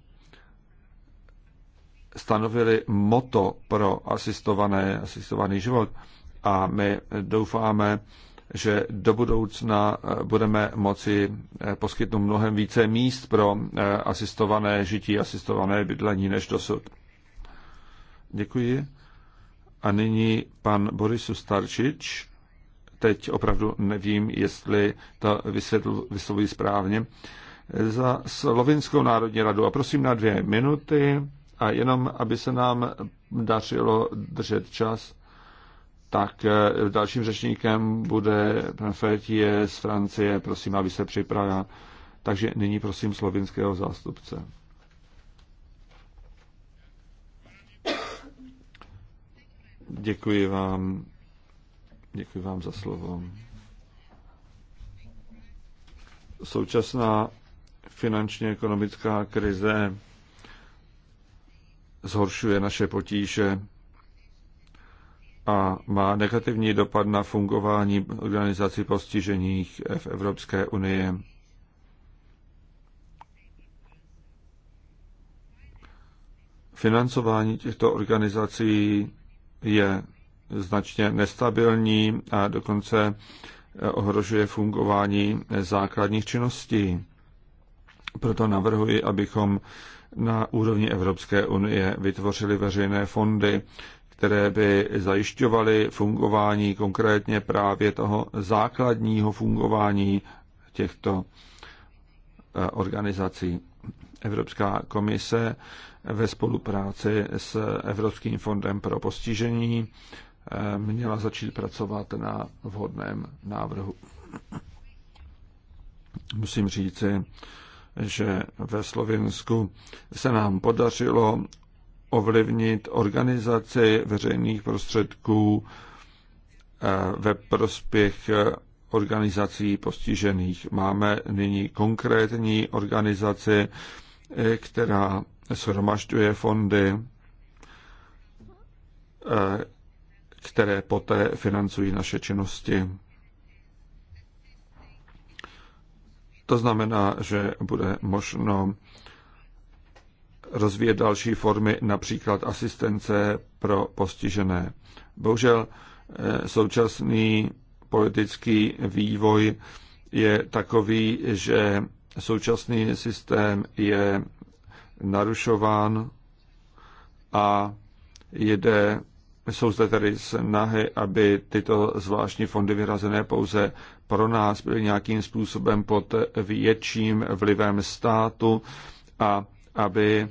stanovili moto pro asistované, asistovaný život a my doufáme, že do budoucna eh, budeme moci eh, poskytnout mnohem více míst pro eh, asistované žití, asistované bydlení než dosud. Děkuji. A nyní pan Borisu Starčič. Teď opravdu nevím, jestli to vysvětlu, vyslovuji správně. Za Slovinskou národní radu. A prosím na dvě minuty a jenom, aby se nám dařilo držet čas tak eh, dalším řečníkem bude pan Fertie z Francie. Prosím, aby se připravil. Takže nyní prosím slovinského zástupce. Děkuji vám. Děkuji vám za slovo. Současná finančně ekonomická krize zhoršuje naše potíže a má negativní dopad na fungování organizací postižených v Evropské unii. Financování těchto organizací je značně nestabilní a dokonce eh, ohrožuje fungování základních činností. Proto navrhuji, abychom na úrovni Evropské unie vytvořili veřejné fondy, které by zajišťovaly fungování konkrétně právě toho základního fungování těchto eh, organizací. Evropská komise ve spolupráci s Evropským fondem pro postižení eh, měla začít pracovat na vhodném návrhu. Musím říci, že ve Slovinsku se nám podařilo ovlivnit organizaci veřejných prostředků eh, ve prospěch eh, organizací postižených. Máme nyní konkrétní organizaci, eh, která shromažďuje fondy, které poté financují naše činnosti. To znamená, že bude možno rozvíjet další formy, například asistence pro postižené. Bohužel eh, současný politický vývoj je takový, že současný systém je narušován a jde, jsou zde tedy snahy, aby tyto zvláštní fondy vyrazené pouze pro nás byly nějakým způsobem pod větším vlivem státu a aby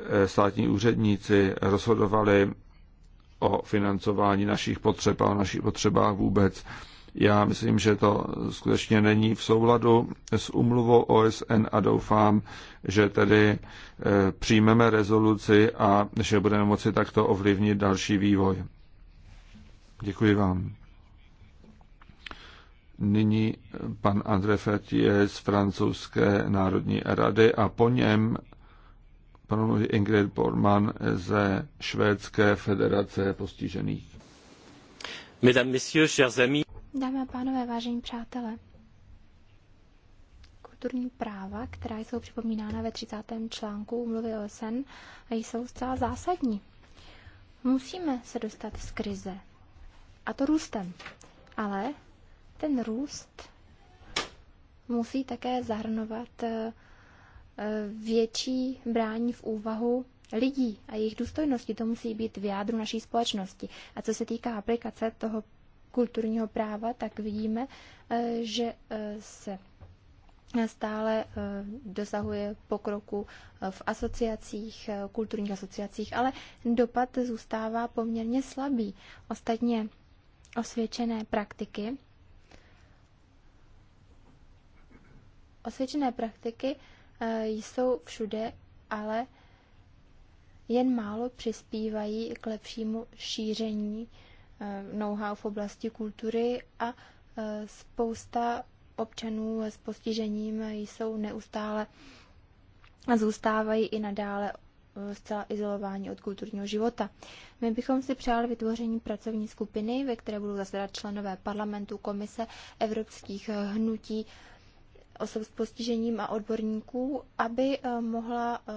eh, státní úředníci rozhodovali o financování našich potřeb a o našich potřebách vůbec. Já myslím, že to skutečně není v souladu s umluvou OSN a doufám, že tedy eh, přijmeme rezoluci a že budeme moci takto ovlivnit další vývoj. Děkuji vám nyní pan André je z francouzské národní rady a po něm promluví Ingrid Bormann ze švédské federace postižených. Mesdames, messieurs, chers amis. Dámy a pánové, vážení přátelé, kulturní práva, která jsou připomínána ve 30. článku umluvy OSN, jsou zcela zásadní. Musíme se dostat z krize. A to růstem. Ale ten růst musí také zahrnovat eh, eh, větší brání v úvahu lidí a jejich důstojnosti. To musí být v jádru naší společnosti. A co se týká aplikace toho kulturního práva, tak vidíme, eh, že se stále dosahuje pokroku v asociacích, kulturních asociacích, ale dopad zůstává poměrně slabý. Ostatně osvědčené praktiky Osvědčené praktiky eh, jsou všude, ale jen málo přispívají k lepšímu šíření eh, know-how v oblasti kultury a eh, spousta občanů s postižením jsou neustále a zůstávají i nadále zcela izolování od kulturního života. My bychom si přáli vytvoření pracovní skupiny, ve které budou zasedat členové parlamentu, komise, evropských hnutí, osob s postižením a odborníků, aby eh, mohla eh,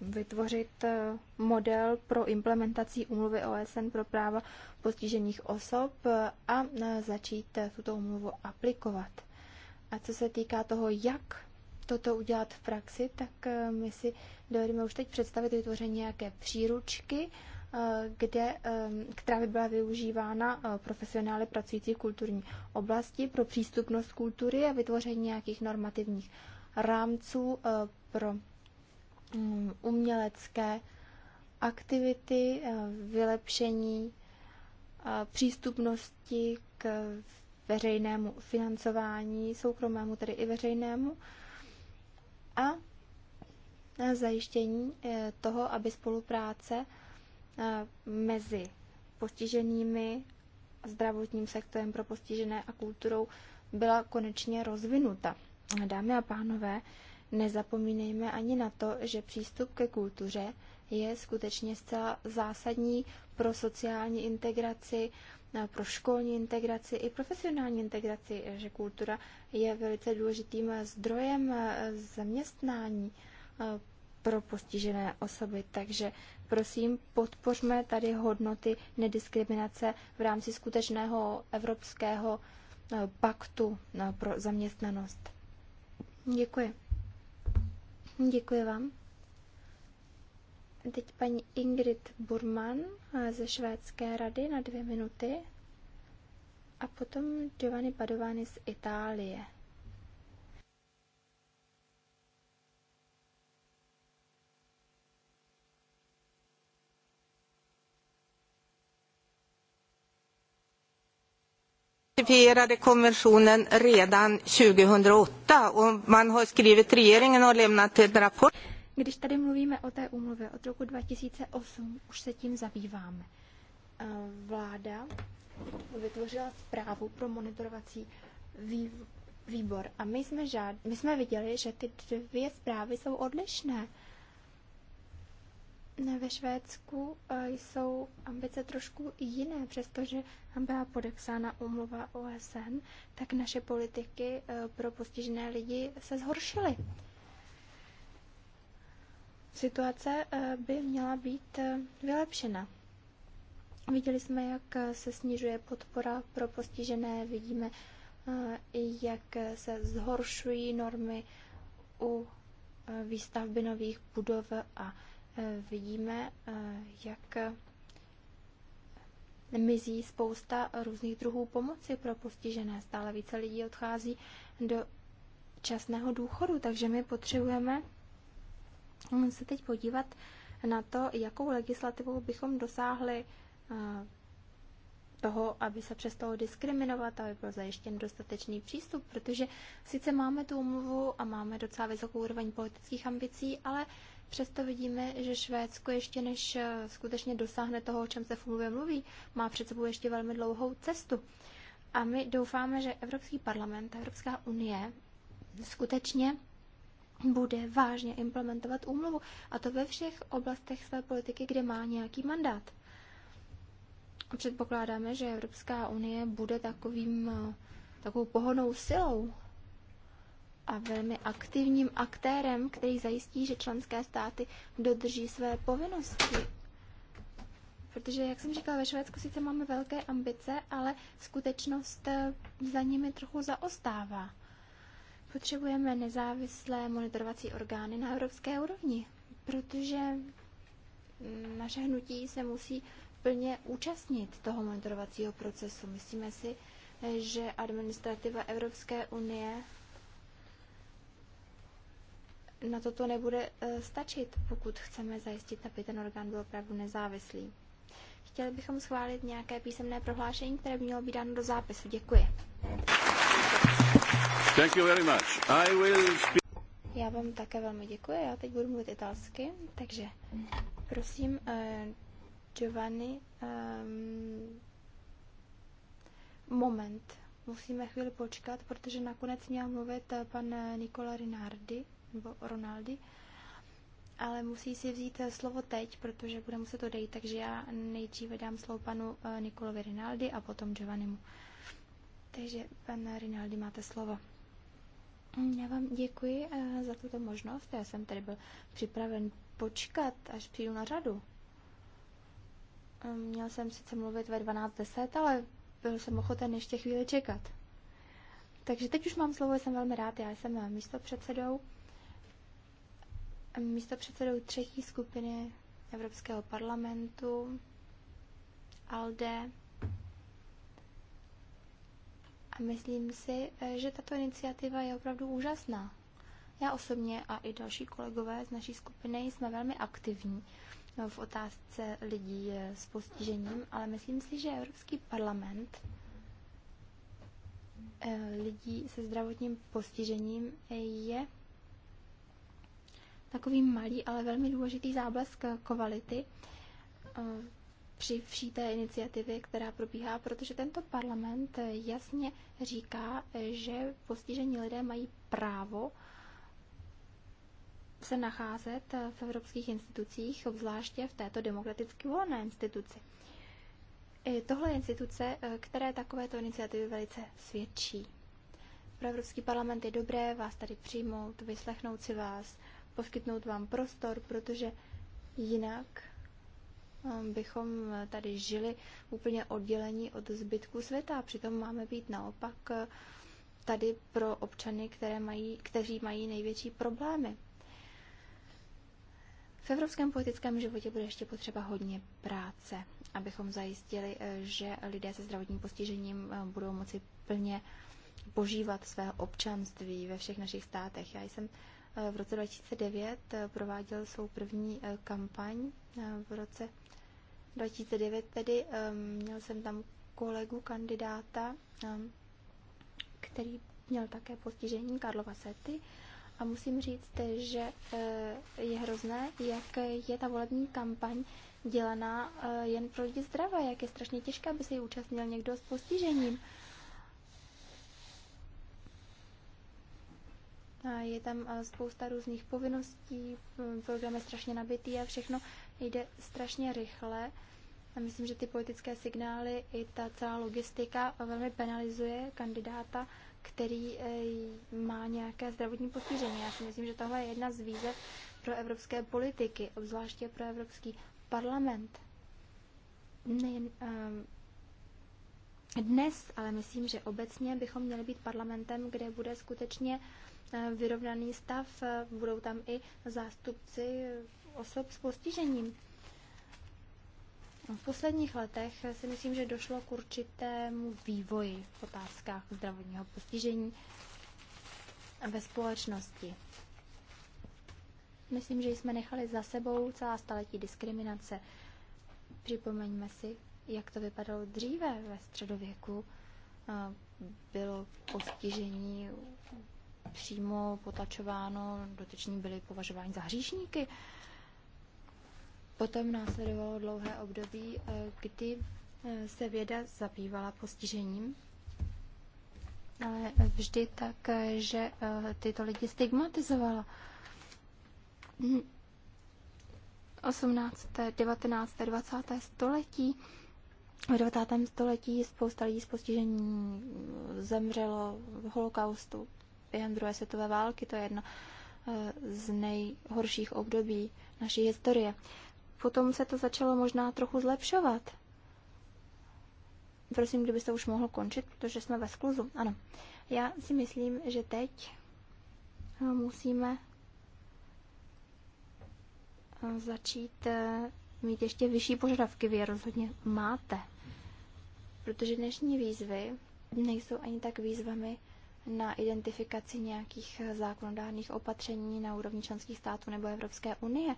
vytvořit eh, model pro implementaci umluvy OSN pro práva postižených osob a začít tuto umluvu aplikovat. A co se týká toho, jak toto udělat v praxi, tak my si dovedeme už teď představit vytvoření nějaké příručky, kde, která by byla využívána eh, profesionály pracující v kulturní oblasti pro přístupnost kultury a vytvoření nějakých normativních rámců eh, pro mm, umělecké aktivity, eh, vylepšení přístupnosti k veřejnému financování, soukromému tedy i veřejnému a zajištění toho, aby spolupráce Eh, mezi postiženými zdravotním sektorem pro postižené a kulturou byla konečně rozvinuta. Dámy a pánové, nezapomínejme ani na to, že přístup ke kultuře je skutečně zcela zásadní pro sociální integraci, eh, pro školní integraci i profesionální integraci, že kultura je velice důležitým zdrojem eh, zaměstnání pro postižené osoby. Takže prosím, podpořme tady hodnoty nediskriminace v rámci skutečného evropského eh, paktu eh, pro zaměstnanost. Děkuji. Děkuji vám. Teď paní Ingrid Burman eh, ze Švédské rady na dvě minuty a potom Giovanni Padovány z Itálie. ratificerade konventionen redan 2008 och man har skrivit regeringen har lämnat en rapport. Když tady mluvíme o té úmluvě od roku 2008, už se tím zabýváme. Eh, vláda vytvořila zprávu pro monitorovací výbor a my jsme, žád, my jsme viděli, že ty dvě zprávy jsou odlišné ve Švédsku e, jsou ambice trošku jiné, přestože byla podepsána umluva OSN, tak naše politiky e, pro postižené lidi se zhoršily. Situace e, by měla být vylepšena. Viděli jsme, jak se snižuje podpora pro postižené, vidíme, jak se zhoršují normy u výstavby nových budov a vidíme, eh, jak mizí spousta různých druhů pomoci pro postižené. Stále více lidí odchází do časného důchodu, takže my potřebujeme se teď podívat na to, jakou legislativou bychom dosáhli eh, toho, aby se přestalo diskriminovat, aby byl zajištěn dostatečný přístup, protože sice máme tu umluvu a máme docela vysokou úroveň politických ambicí, ale Přesto vidíme, že Švédsko ještě než eh, skutečně dosáhne toho, o čem se v umluvě mluví, má před sebou ještě velmi dlouhou cestu. A my doufáme, že Evropský parlament, Evropská unie skutečně bude vážně implementovat úmluvu, a to ve všech oblastech své politiky, kde má nějaký mandát. Předpokládáme, že Evropská unie bude takovým, eh, takovou pohonou silou a velmi aktivním aktérem, který zajistí, že členské státy dodrží své povinnosti. Protože, jak jsem říkala, ve Švédsku sice máme velké ambice, ale skutečnost eh, za nimi trochu zaostává. Potřebujeme nezávislé monitorovací orgány na evropské úrovni, protože mm, naše hnutí se musí plně účastnit toho monitorovacího procesu. Myslíme si, eh, že administrativa Evropské unie na toto nebude eh, stačit, pokud chceme zajistit, aby ten orgán byl opravdu nezávislý. Chtěli bychom schválit nějaké písemné prohlášení, které by mělo být dáno do zápisu. Děkuji. Thank you very much. I will speak... Já vám také velmi děkuji. Já teď budu mluvit italsky, takže prosím uh, Giovanni um, moment. Musíme chvíli počkat, protože nakonec měl mluvit eh, pan Nicola Rinardi nebo Ronaldi, ale musí si vzít eh, slovo teď, protože bude muset to dejít, takže já nejdříve dám slovo panu eh, Nikolovi Rinaldi a potom Giovannimu. Takže, pan Rinaldi, máte slovo. Já vám děkuji eh, za tuto možnost. Já jsem tady byl připraven počkat, až přijdu na řadu. Ehm, měl jsem sice mluvit ve 12.10, ale byl jsem ochoten ještě chvíli čekat. Takže teď už mám slovo, jsem velmi rád. Já jsem místo předsedou místo předsedou třetí skupiny Evropského parlamentu, ALDE. A myslím si, že tato iniciativa je opravdu úžasná. Já osobně a i další kolegové z naší skupiny jsme velmi aktivní v otázce lidí s postižením, ale myslím si, že Evropský parlament eh, lidí se zdravotním postižením je takový malý, ale velmi důležitý záblesk kvality eh, při vší té iniciativy, která probíhá, protože tento parlament jasně říká, že postižení lidé mají právo se nacházet v evropských institucích, obzvláště v této demokraticky volné instituci. I tohle je instituce, eh, které takovéto iniciativy velice svědčí. Pro Evropský parlament je dobré vás tady přijmout, vyslechnout si vás, poskytnout vám prostor, protože jinak um, bychom tady žili úplně oddělení od zbytku světa. Přitom máme být naopak uh, tady pro občany, které mají, kteří mají největší problémy. V evropském politickém životě bude ještě potřeba hodně práce, abychom zajistili, uh, že lidé se zdravotním postižením uh, budou moci plně požívat svého občanství ve všech našich státech. Já jsem Eh, v roce 2009 eh, prováděl svou první eh, kampaň. V roce 2009 tedy ehm, měl jsem tam kolegu kandidáta, ehm, který měl také postižení Karlova Sety. A musím říct, že je hrozné, jak je ta volební kampaň dělaná jen pro lidi zdravé, jak je strašně těžké, aby se ji účastnil někdo s postižením. je tam eh, spousta různých povinností, program je strašně nabitý a všechno jde strašně rychle. A myslím, že ty politické signály i ta celá logistika velmi penalizuje kandidáta, který eh, má nějaké zdravotní postižení. Já si myslím, že tohle je jedna z výzev pro evropské politiky, obzvláště pro Evropský parlament. Nejen, eh, dnes, ale myslím, že obecně bychom měli být parlamentem, kde bude skutečně uh, Eh, vyrovnaný stav, eh, budou tam i zástupci osob s postižením. V posledních letech eh, si myslím, že došlo k určitému vývoji v otázkách zdravotního postižení ve společnosti. Myslím, že jsme nechali za sebou celá staletí diskriminace. Připomeňme si, jak to vypadalo dříve ve středověku. Bylo postižení přímo potlačováno, dotyční byli považováni za hříšníky. Potom následovalo dlouhé období, eh, kdy eh, se věda zabývala postižením, ale vždy tak, eh, že tyto lidi stigmatizovala. 18., 19., 20. století v 20. století spousta lidí s postižením zemřelo v holokaustu, během druhé světové války. To je jedno eh, z nejhorších období naší historie. Potom se to začalo možná trochu zlepšovat. Prosím, kdybyste už mohl končit, protože jsme ve skluzu. Ano. Já si myslím, že teď eh, musíme eh, začít mít ještě vyšší požadavky. Vy je rozhodně máte. Protože dnešní výzvy nejsou ani tak výzvami, na identifikaci nějakých zákonodárných opatření na úrovni členských států nebo Evropské unie.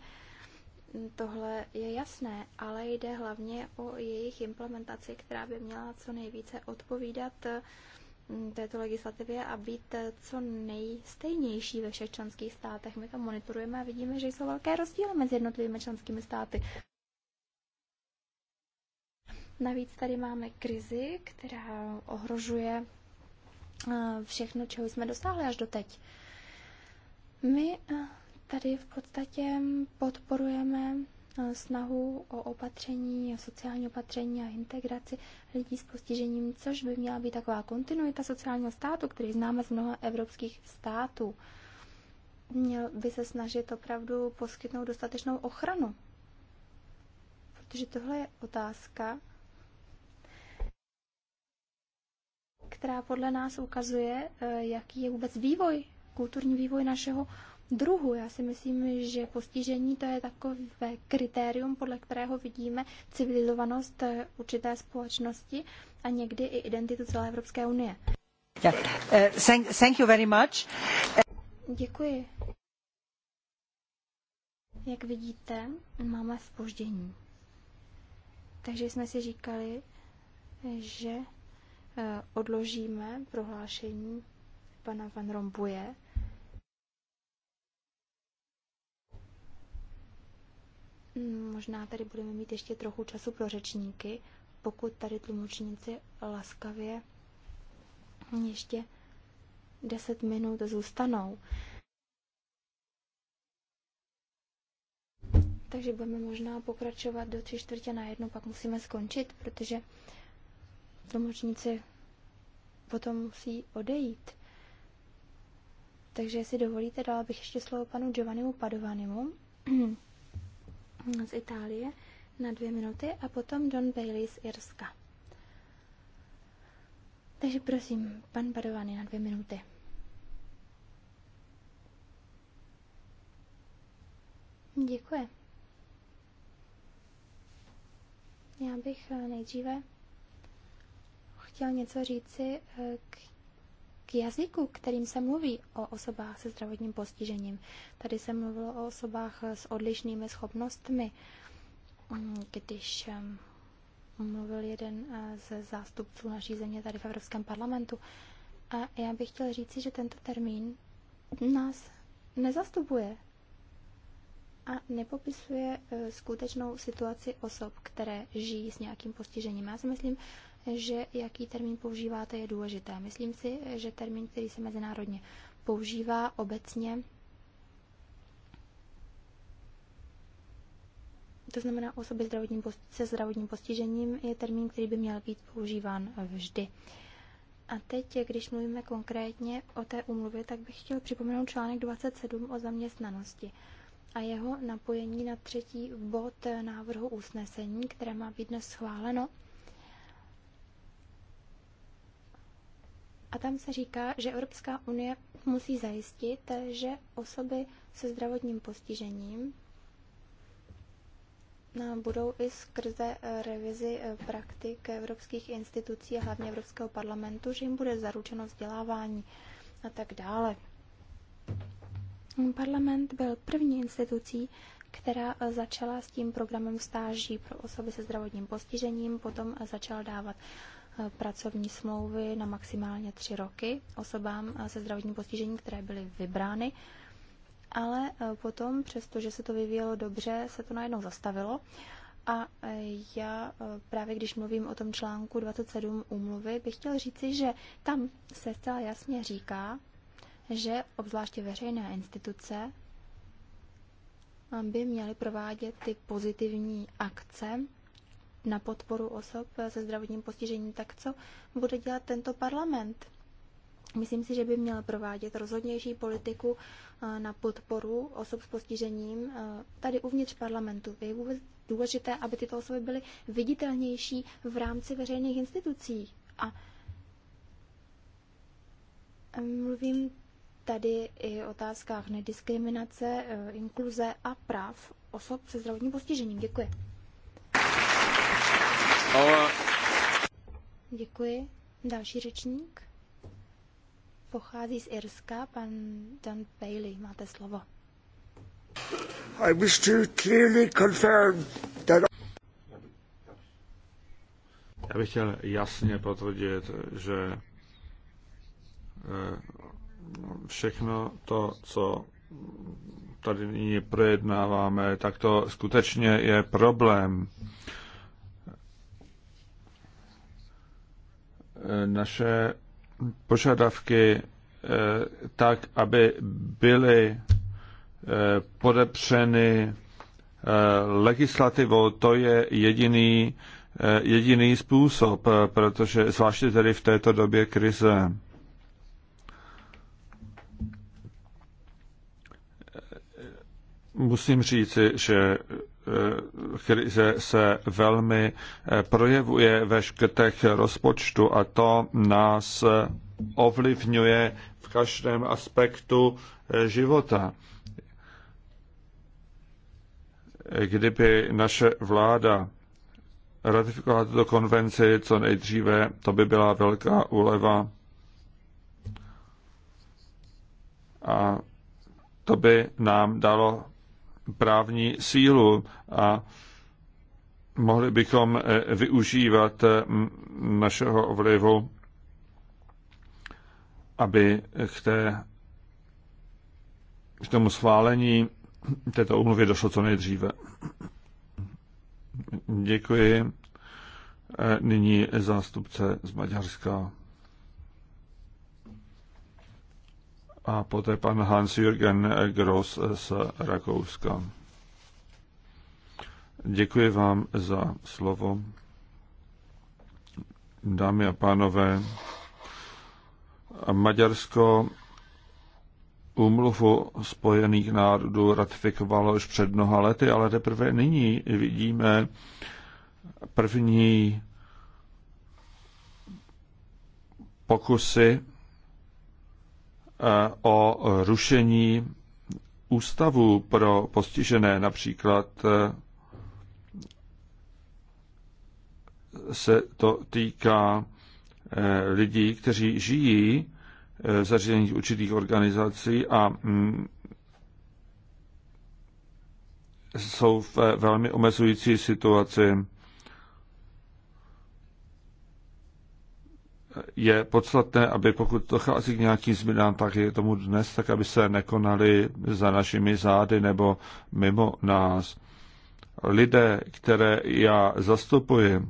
Tohle je jasné, ale jde hlavně o jejich implementaci, která by měla co nejvíce odpovídat mm, této legislativě a být co nejstejnější ve všech členských státech. My to monitorujeme a vidíme, že jsou velké rozdíly mezi jednotlivými členskými státy. Navíc tady máme krizi, která ohrožuje Eh, všechno, čeho jsme dosáhli až doteď. My eh, tady v podstatě podporujeme eh, snahu o opatření, o sociální opatření a integraci lidí s postižením, což by měla být taková kontinuita sociálního státu, který známe z mnoha evropských států. Měl by se snažit opravdu poskytnout dostatečnou ochranu. Protože tohle je otázka, která podle nás ukazuje, eh, jaký je vůbec vývoj, kulturní vývoj našeho druhu. Já si myslím, že postižení to je takové kritérium, podle kterého vidíme civilizovanost eh, určité společnosti a někdy i identitu celé Evropské unie. Yeah. Uh, thank, thank you very much. Děkuji. Jak vidíte, máme spoždění. Takže jsme si říkali, že Eh, odložíme prohlášení pana Van Rompuje. Hmm, možná tady budeme mít ještě trochu času pro řečníky, pokud tady tlumočníci laskavě ještě 10 minut zůstanou. Takže budeme možná pokračovat do tři čtvrtě na jednu, pak musíme skončit, protože tlumočníci potom musí odejít. Takže jestli dovolíte, dala bych ještě slovo panu Giovannimu Padovanimu z Itálie na dvě minuty a potom Don Bailey z Irska. Takže prosím, pan Padovany na dvě minuty. Děkuji. Já bych eh, nejdříve chtěl něco říci eh, k, k jazyku, kterým se mluví o osobách se zdravotním postižením. Tady se mluvilo o osobách s odlišnými schopnostmi. Mm, když mluvil jeden eh, ze zástupců naší země tady v Evropském parlamentu, a já bych chtěl říci, že tento termín nás nezastupuje a nepopisuje eh, skutečnou situaci osob, které žijí s nějakým postižením. Já si myslím, že jaký termín používáte je důležité. Myslím si, že termín, který se mezinárodně používá obecně, to znamená osoby zdravotním se zdravotním postižením, je termín, který by měl být používán vždy. A teď, když mluvíme konkrétně o té umluvě, tak bych chtěl připomenout článek 27 o zaměstnanosti a jeho napojení na třetí bod návrhu usnesení, které má být dnes schváleno A tam se říká, že Evropská unie musí zajistit, že osoby se zdravotním postižením budou i skrze e, revizi e, praktik evropských institucí a hlavně Evropského parlamentu, že jim bude zaručeno vzdělávání a tak dále. Parlament byl první institucí, která e, začala s tím programem stáží pro osoby se zdravotním postižením, potom začala dávat E, pracovní smlouvy na maximálně tři roky osobám e, se zdravotním postižením, které byly vybrány. Ale e, potom, přestože se to vyvíjelo dobře, se to najednou zastavilo. A já právě když mluvím o tom článku 27 úmluvy, bych chtěl říci, že tam se zcela jasně říká, že obzvláště veřejné instituce by měly provádět ty pozitivní akce na podporu osob se zdravotním postižením, tak co bude dělat tento parlament? Myslím si, že by měl provádět rozhodnější politiku eh, na podporu osob s postižením eh, tady uvnitř parlamentu. Je vůbec důležité, aby tyto osoby byly viditelnější v rámci veřejných institucí. A eh, mluvím tady i o otázkách nediskriminace, inkluze a práv osob se zdravotním postižením. Děkuji. Děkuji. Další řečník pochází z Irska, pan Dan Bailey. Máte slovo. I wish to clearly confirm that... Já bych chtěl jasně potvrdit, že eh, všechno to, co tady nyní projednáváme, tak to skutečně je problém. naše požadavky eh, tak, aby byly eh, podepřeny eh, legislativou. To je jediný, jediný způsob, protože zvláště tedy v této době krize. Musím říci, že krize se velmi eh, projevuje ve škrtech rozpočtu a to nás eh, ovlivňuje v každém aspektu eh, života. Kdyby naše vláda ratifikovala tuto konvenci co nejdříve, to by byla velká úleva a to by nám dalo právní sílu a mohli bychom eh, využívat eh, našeho vlivu, aby k, té, k tomu schválení této umluvy došlo co nejdříve. Děkuji. Eh, nyní zástupce z Maďarska. a poté pan Hans-Jürgen Gross z Rakouska. Děkuji vám za slovo. Dámy a pánové, Maďarsko úmluvu Spojených národů ratifikovalo už před mnoha lety, ale teprve nyní vidíme první pokusy Eh, o rušení ústavu pro postižené například eh, se to týká eh, lidí, kteří žijí v zařízení určitých organizací a mm, jsou v velmi omezující situaci je podstatné, aby pokud dochází k nějakým změnám, tak je tomu dnes, tak aby se nekonali za našimi zády nebo mimo nás. Lidé, které já zastupuji,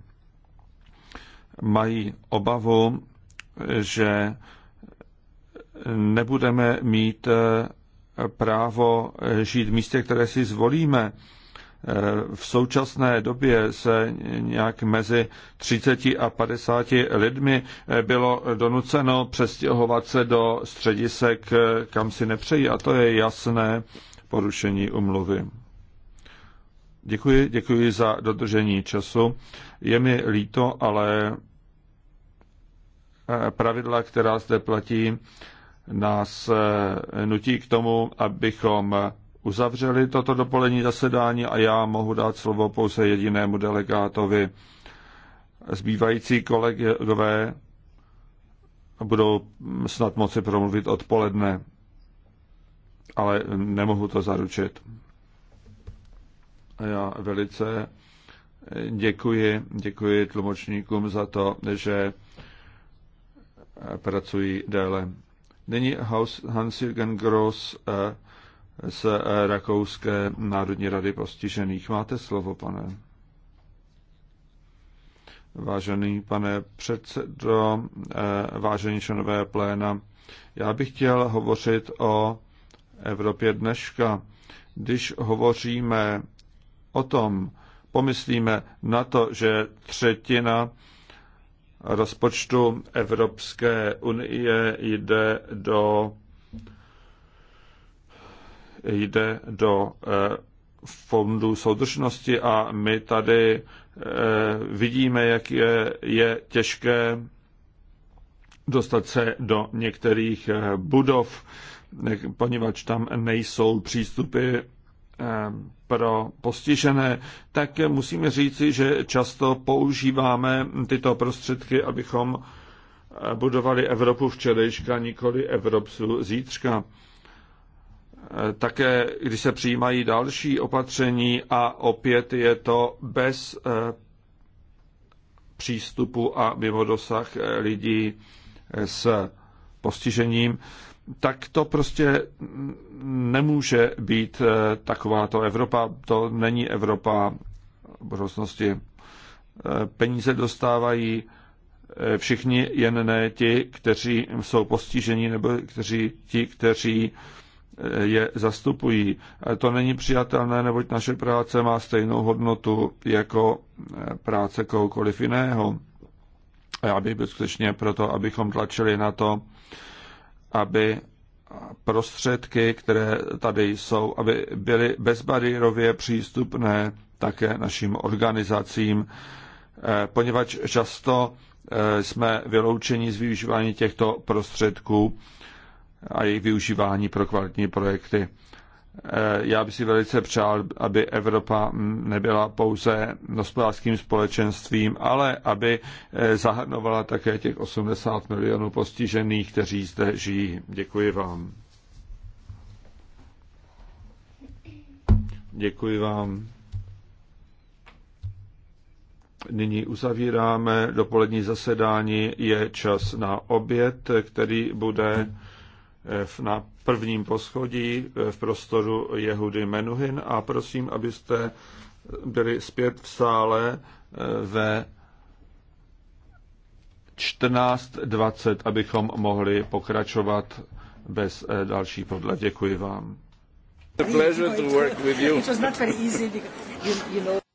mají obavu, že nebudeme mít eh, právo žít v místě, které si zvolíme, Eh, v současné době se nějak mezi 30 a 50 lidmi eh, bylo donuceno přestěhovat se do středisek, eh, kam si nepřejí a to je jasné porušení umluvy. Děkuji, děkuji za dodržení času. Je mi líto, ale pravidla, která zde platí, nás nutí k tomu, abychom uzavřeli toto dopolední zasedání a já mohu dát slovo pouze jedinému delegátovi. Zbývající kolegové budou snad moci promluvit odpoledne, ale nemohu to zaručit. A já velice děkuji, děkuji tlumočníkům za to, že pracují déle. Nyní Hans-Jürgen Gross eh, z eh, Rakouské národní rady postižených. Máte slovo, pane. Vážený pane předsedo, eh, vážení členové pléna, já bych chtěl hovořit o Evropě dneška. Když hovoříme o tom, pomyslíme na to, že třetina rozpočtu Evropské unie jde do jde do eh, fondu soudržnosti a my tady eh, vidíme, jak je, je těžké dostat se do některých eh, budov, poněvadž tam nejsou přístupy pro postižené, tak musíme říci, že často používáme tyto prostředky, abychom budovali Evropu včerejška, nikoli Evropu zítřka také, když se přijímají další opatření a opět je to bez eh, přístupu a mimo dosah eh, lidí eh, s postižením, tak to prostě nemůže být takováto Evropa. To není Evropa v budoucnosti. Peníze dostávají všichni, jen ne ti, kteří jsou postiženi, nebo kteří, ti, kteří je zastupují. To není přijatelné, neboť naše práce má stejnou hodnotu jako eh, práce kohokoliv jiného. A já bych byl skutečně proto, abychom tlačili na to, aby prostředky, které tady jsou, aby byly bezbariérově přístupné také našim organizacím, eh, poněvadž často eh, jsme vyloučeni z využívání těchto prostředků a jejich využívání pro kvalitní projekty. E, já bych si velice přál, aby Evropa nebyla pouze hospodářským společenstvím, ale aby e, zahrnovala také těch 80 milionů postižených, kteří zde žijí. Děkuji vám. Děkuji vám. Nyní uzavíráme dopolední zasedání. Je čas na oběd, který bude na prvním poschodí eh, v prostoru Jehudy Menuhin a prosím, abyste byli zpět v sále eh, ve 14.20, abychom mohli pokračovat bez eh, další podle. Děkuji vám. It's a pleasure to work with you. It was not very easy, you, you know.